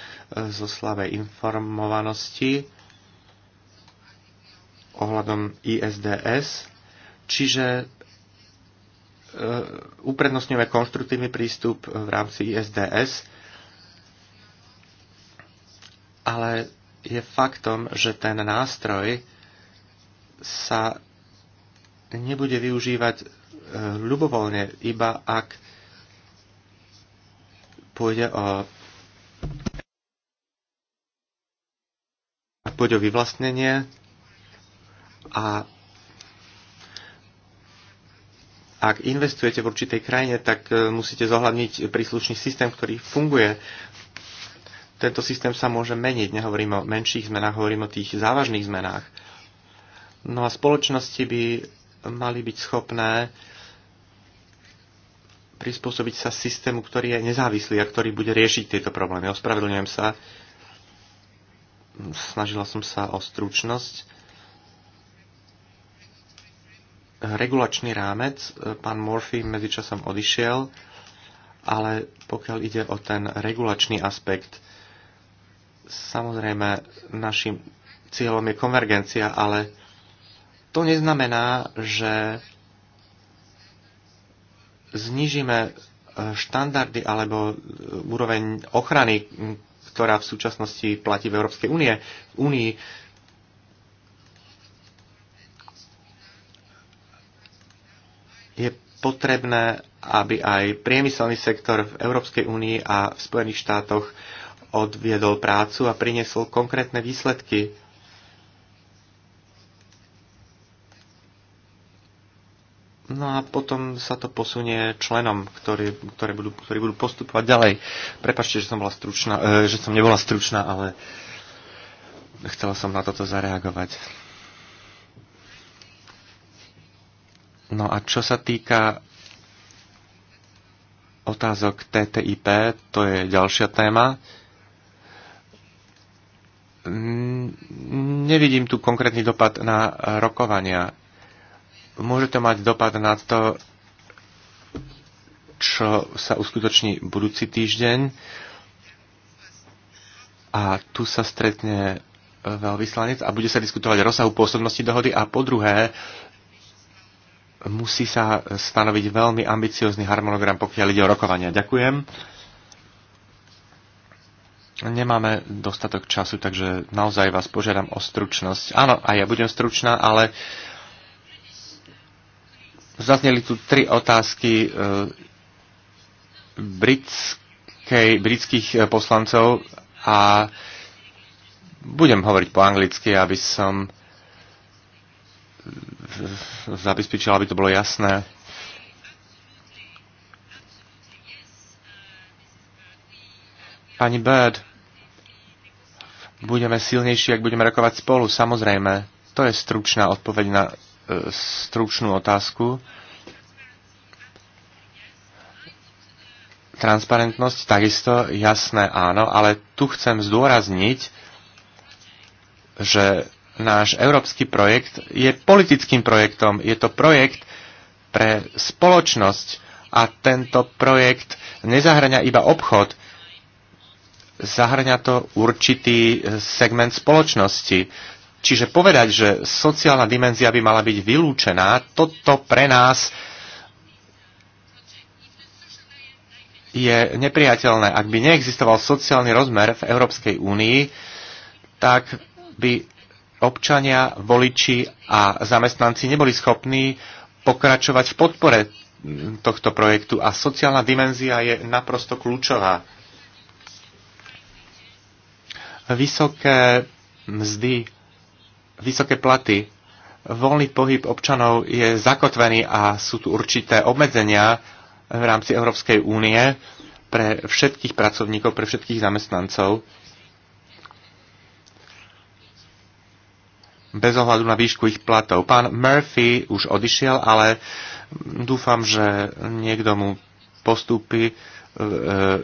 zo slavej informovanosti ohľadom ISDS. Čiže e, uprednostňujeme konštruktívny prístup v rámci ISDS, ale je faktom, že ten nástroj sa nebude využívať e, ľubovoľne, iba ak pôjde o pôjde o vyvlastnenie a ak investujete v určitej krajine, tak e, musíte zohľadniť príslušný systém, ktorý funguje. Tento systém sa môže meniť, nehovorím o menších zmenách, hovorím o tých závažných zmenách. No a spoločnosti by mali byť schopné prispôsobiť sa systému, ktorý je nezávislý a ktorý bude riešiť tieto problémy. Ospravedlňujem sa. Snažila som sa o stručnosť regulačný rámec. E, pán Murphy medzičasom odišiel, ale pokiaľ ide o ten regulačný aspekt, samozrejme našim cieľom je konvergencia, ale to neznamená, že znižíme e, štandardy alebo e, úroveň ochrany, ktorá v súčasnosti platí v Európskej únie. V únii Je potrebné, aby aj priemyselný sektor v Európskej únii a v Spojených štátoch odviedol prácu a priniesol konkrétne výsledky. No a potom sa to posunie členom, ktorí, ktorí, budú, ktorí budú postupovať ďalej. Prepačte, že som, bola stručná, e, že som nebola stručná, ale chcela som na toto zareagovať. No a čo sa týka otázok TTIP, to je ďalšia téma. Mm, nevidím tu konkrétny dopad na rokovania. Môže to mať dopad na to, čo sa uskutoční budúci týždeň. A tu sa stretne veľvyslanec a bude sa diskutovať rozsahu pôsobnosti dohody a po druhé musí sa stanoviť veľmi ambiciózny harmonogram, pokiaľ ide o rokovania. Ďakujem. Nemáme dostatok času, takže naozaj vás požiadam o stručnosť. Áno, aj ja budem stručná, ale zazneli tu tri otázky e, britskej, britských e, poslancov a budem hovoriť po anglicky, aby som zabezpečila, aby to bolo jasné. Pani Bird, budeme silnejší, ak budeme rokovať spolu, samozrejme. To je stručná odpoveď na e, stručnú otázku. Transparentnosť, takisto jasné áno, ale tu chcem zdôrazniť, že náš európsky projekt je politickým projektom. Je to projekt pre spoločnosť a tento projekt nezahrania iba obchod, zahrania to určitý e, segment spoločnosti. Čiže povedať, že sociálna dimenzia by mala byť vylúčená, toto pre nás je nepriateľné. Ak by neexistoval sociálny rozmer v Európskej únii, tak by občania, voliči a zamestnanci neboli schopní pokračovať v podpore tohto projektu a sociálna dimenzia je naprosto kľúčová. Vysoké mzdy, vysoké platy, voľný pohyb občanov je zakotvený a sú tu určité obmedzenia v rámci Európskej únie pre všetkých pracovníkov, pre všetkých zamestnancov bez ohľadu na výšku ich platov. Pán Murphy už odišiel, ale dúfam, že niekto mu postúpi e,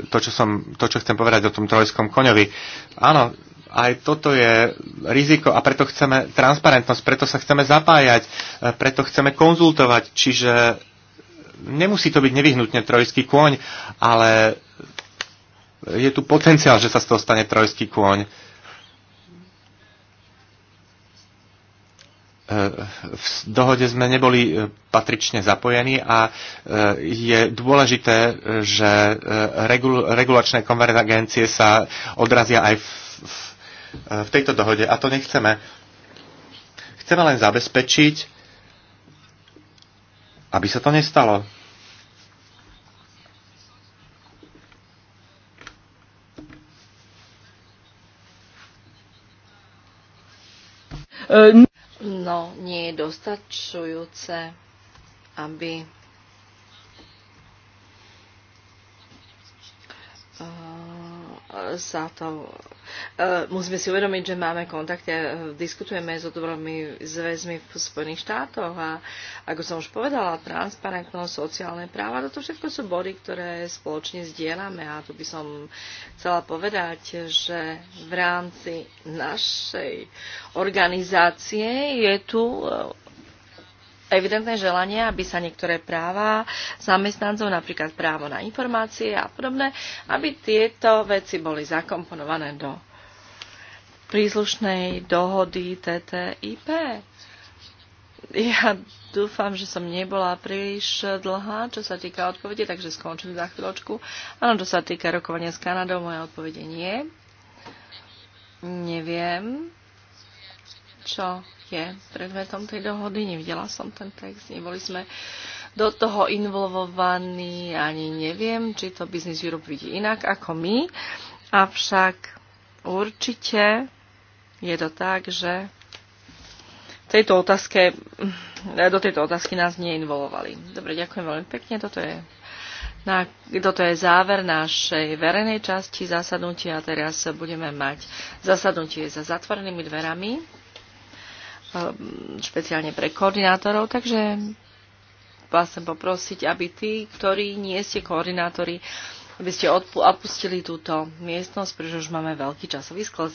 to, čo, som, to, čo chcem povedať o tom trojskom koňovi. Áno, aj toto je riziko a preto chceme transparentnosť, preto sa chceme zapájať, e, preto chceme konzultovať, čiže nemusí to byť nevyhnutne trojský kôň, ale je tu potenciál, že sa z toho stane trojský kôň. Eh, v dohode sme neboli eh, patrične zapojení a eh, je dôležité, že regulačné konvergencie sa odrazia aj v, v, v tejto dohode a to nechceme. Chceme len zabezpečiť, aby sa to nestalo. Uh, No, nie je dostačujúce, aby uh, sa to... E, musíme si uvedomiť, že máme kontakty a diskutujeme s odborovými zväzmi v Spojených štátoch a ako som už povedala, transparentnosť, sociálne práva, toto všetko sú body, ktoré spoločne zdieľame a tu by som chcela povedať, že v rámci našej organizácie je tu e, evidentné želanie, aby sa niektoré práva zamestnancov, napríklad právo na informácie a podobné, aby tieto veci boli zakomponované do príslušnej dohody TTIP. Ja dúfam, že som nebola príliš dlhá, čo sa týka odpovede, takže skončím za chvíľočku. Áno, čo sa týka rokovania s Kanadou, moja odpovede nie. Neviem. Čo? je predmetom tej dohody. Nevidela som ten text, neboli sme do toho involvovaní, ani neviem, či to Business Europe vidí inak ako my. Avšak určite je to tak, že tejto otázke, do tejto otázky nás neinvolovali. Dobre, ďakujem veľmi pekne. Toto je na, toto je záver našej verejnej časti zasadnutia. Teraz budeme mať zasadnutie za zatvorenými dverami. Ehm, špeciálne pre koordinátorov, takže vás chcem poprosiť, aby tí, ktorí nie ste koordinátori, aby ste opustili túto miestnosť, pretože už máme veľký časový skles.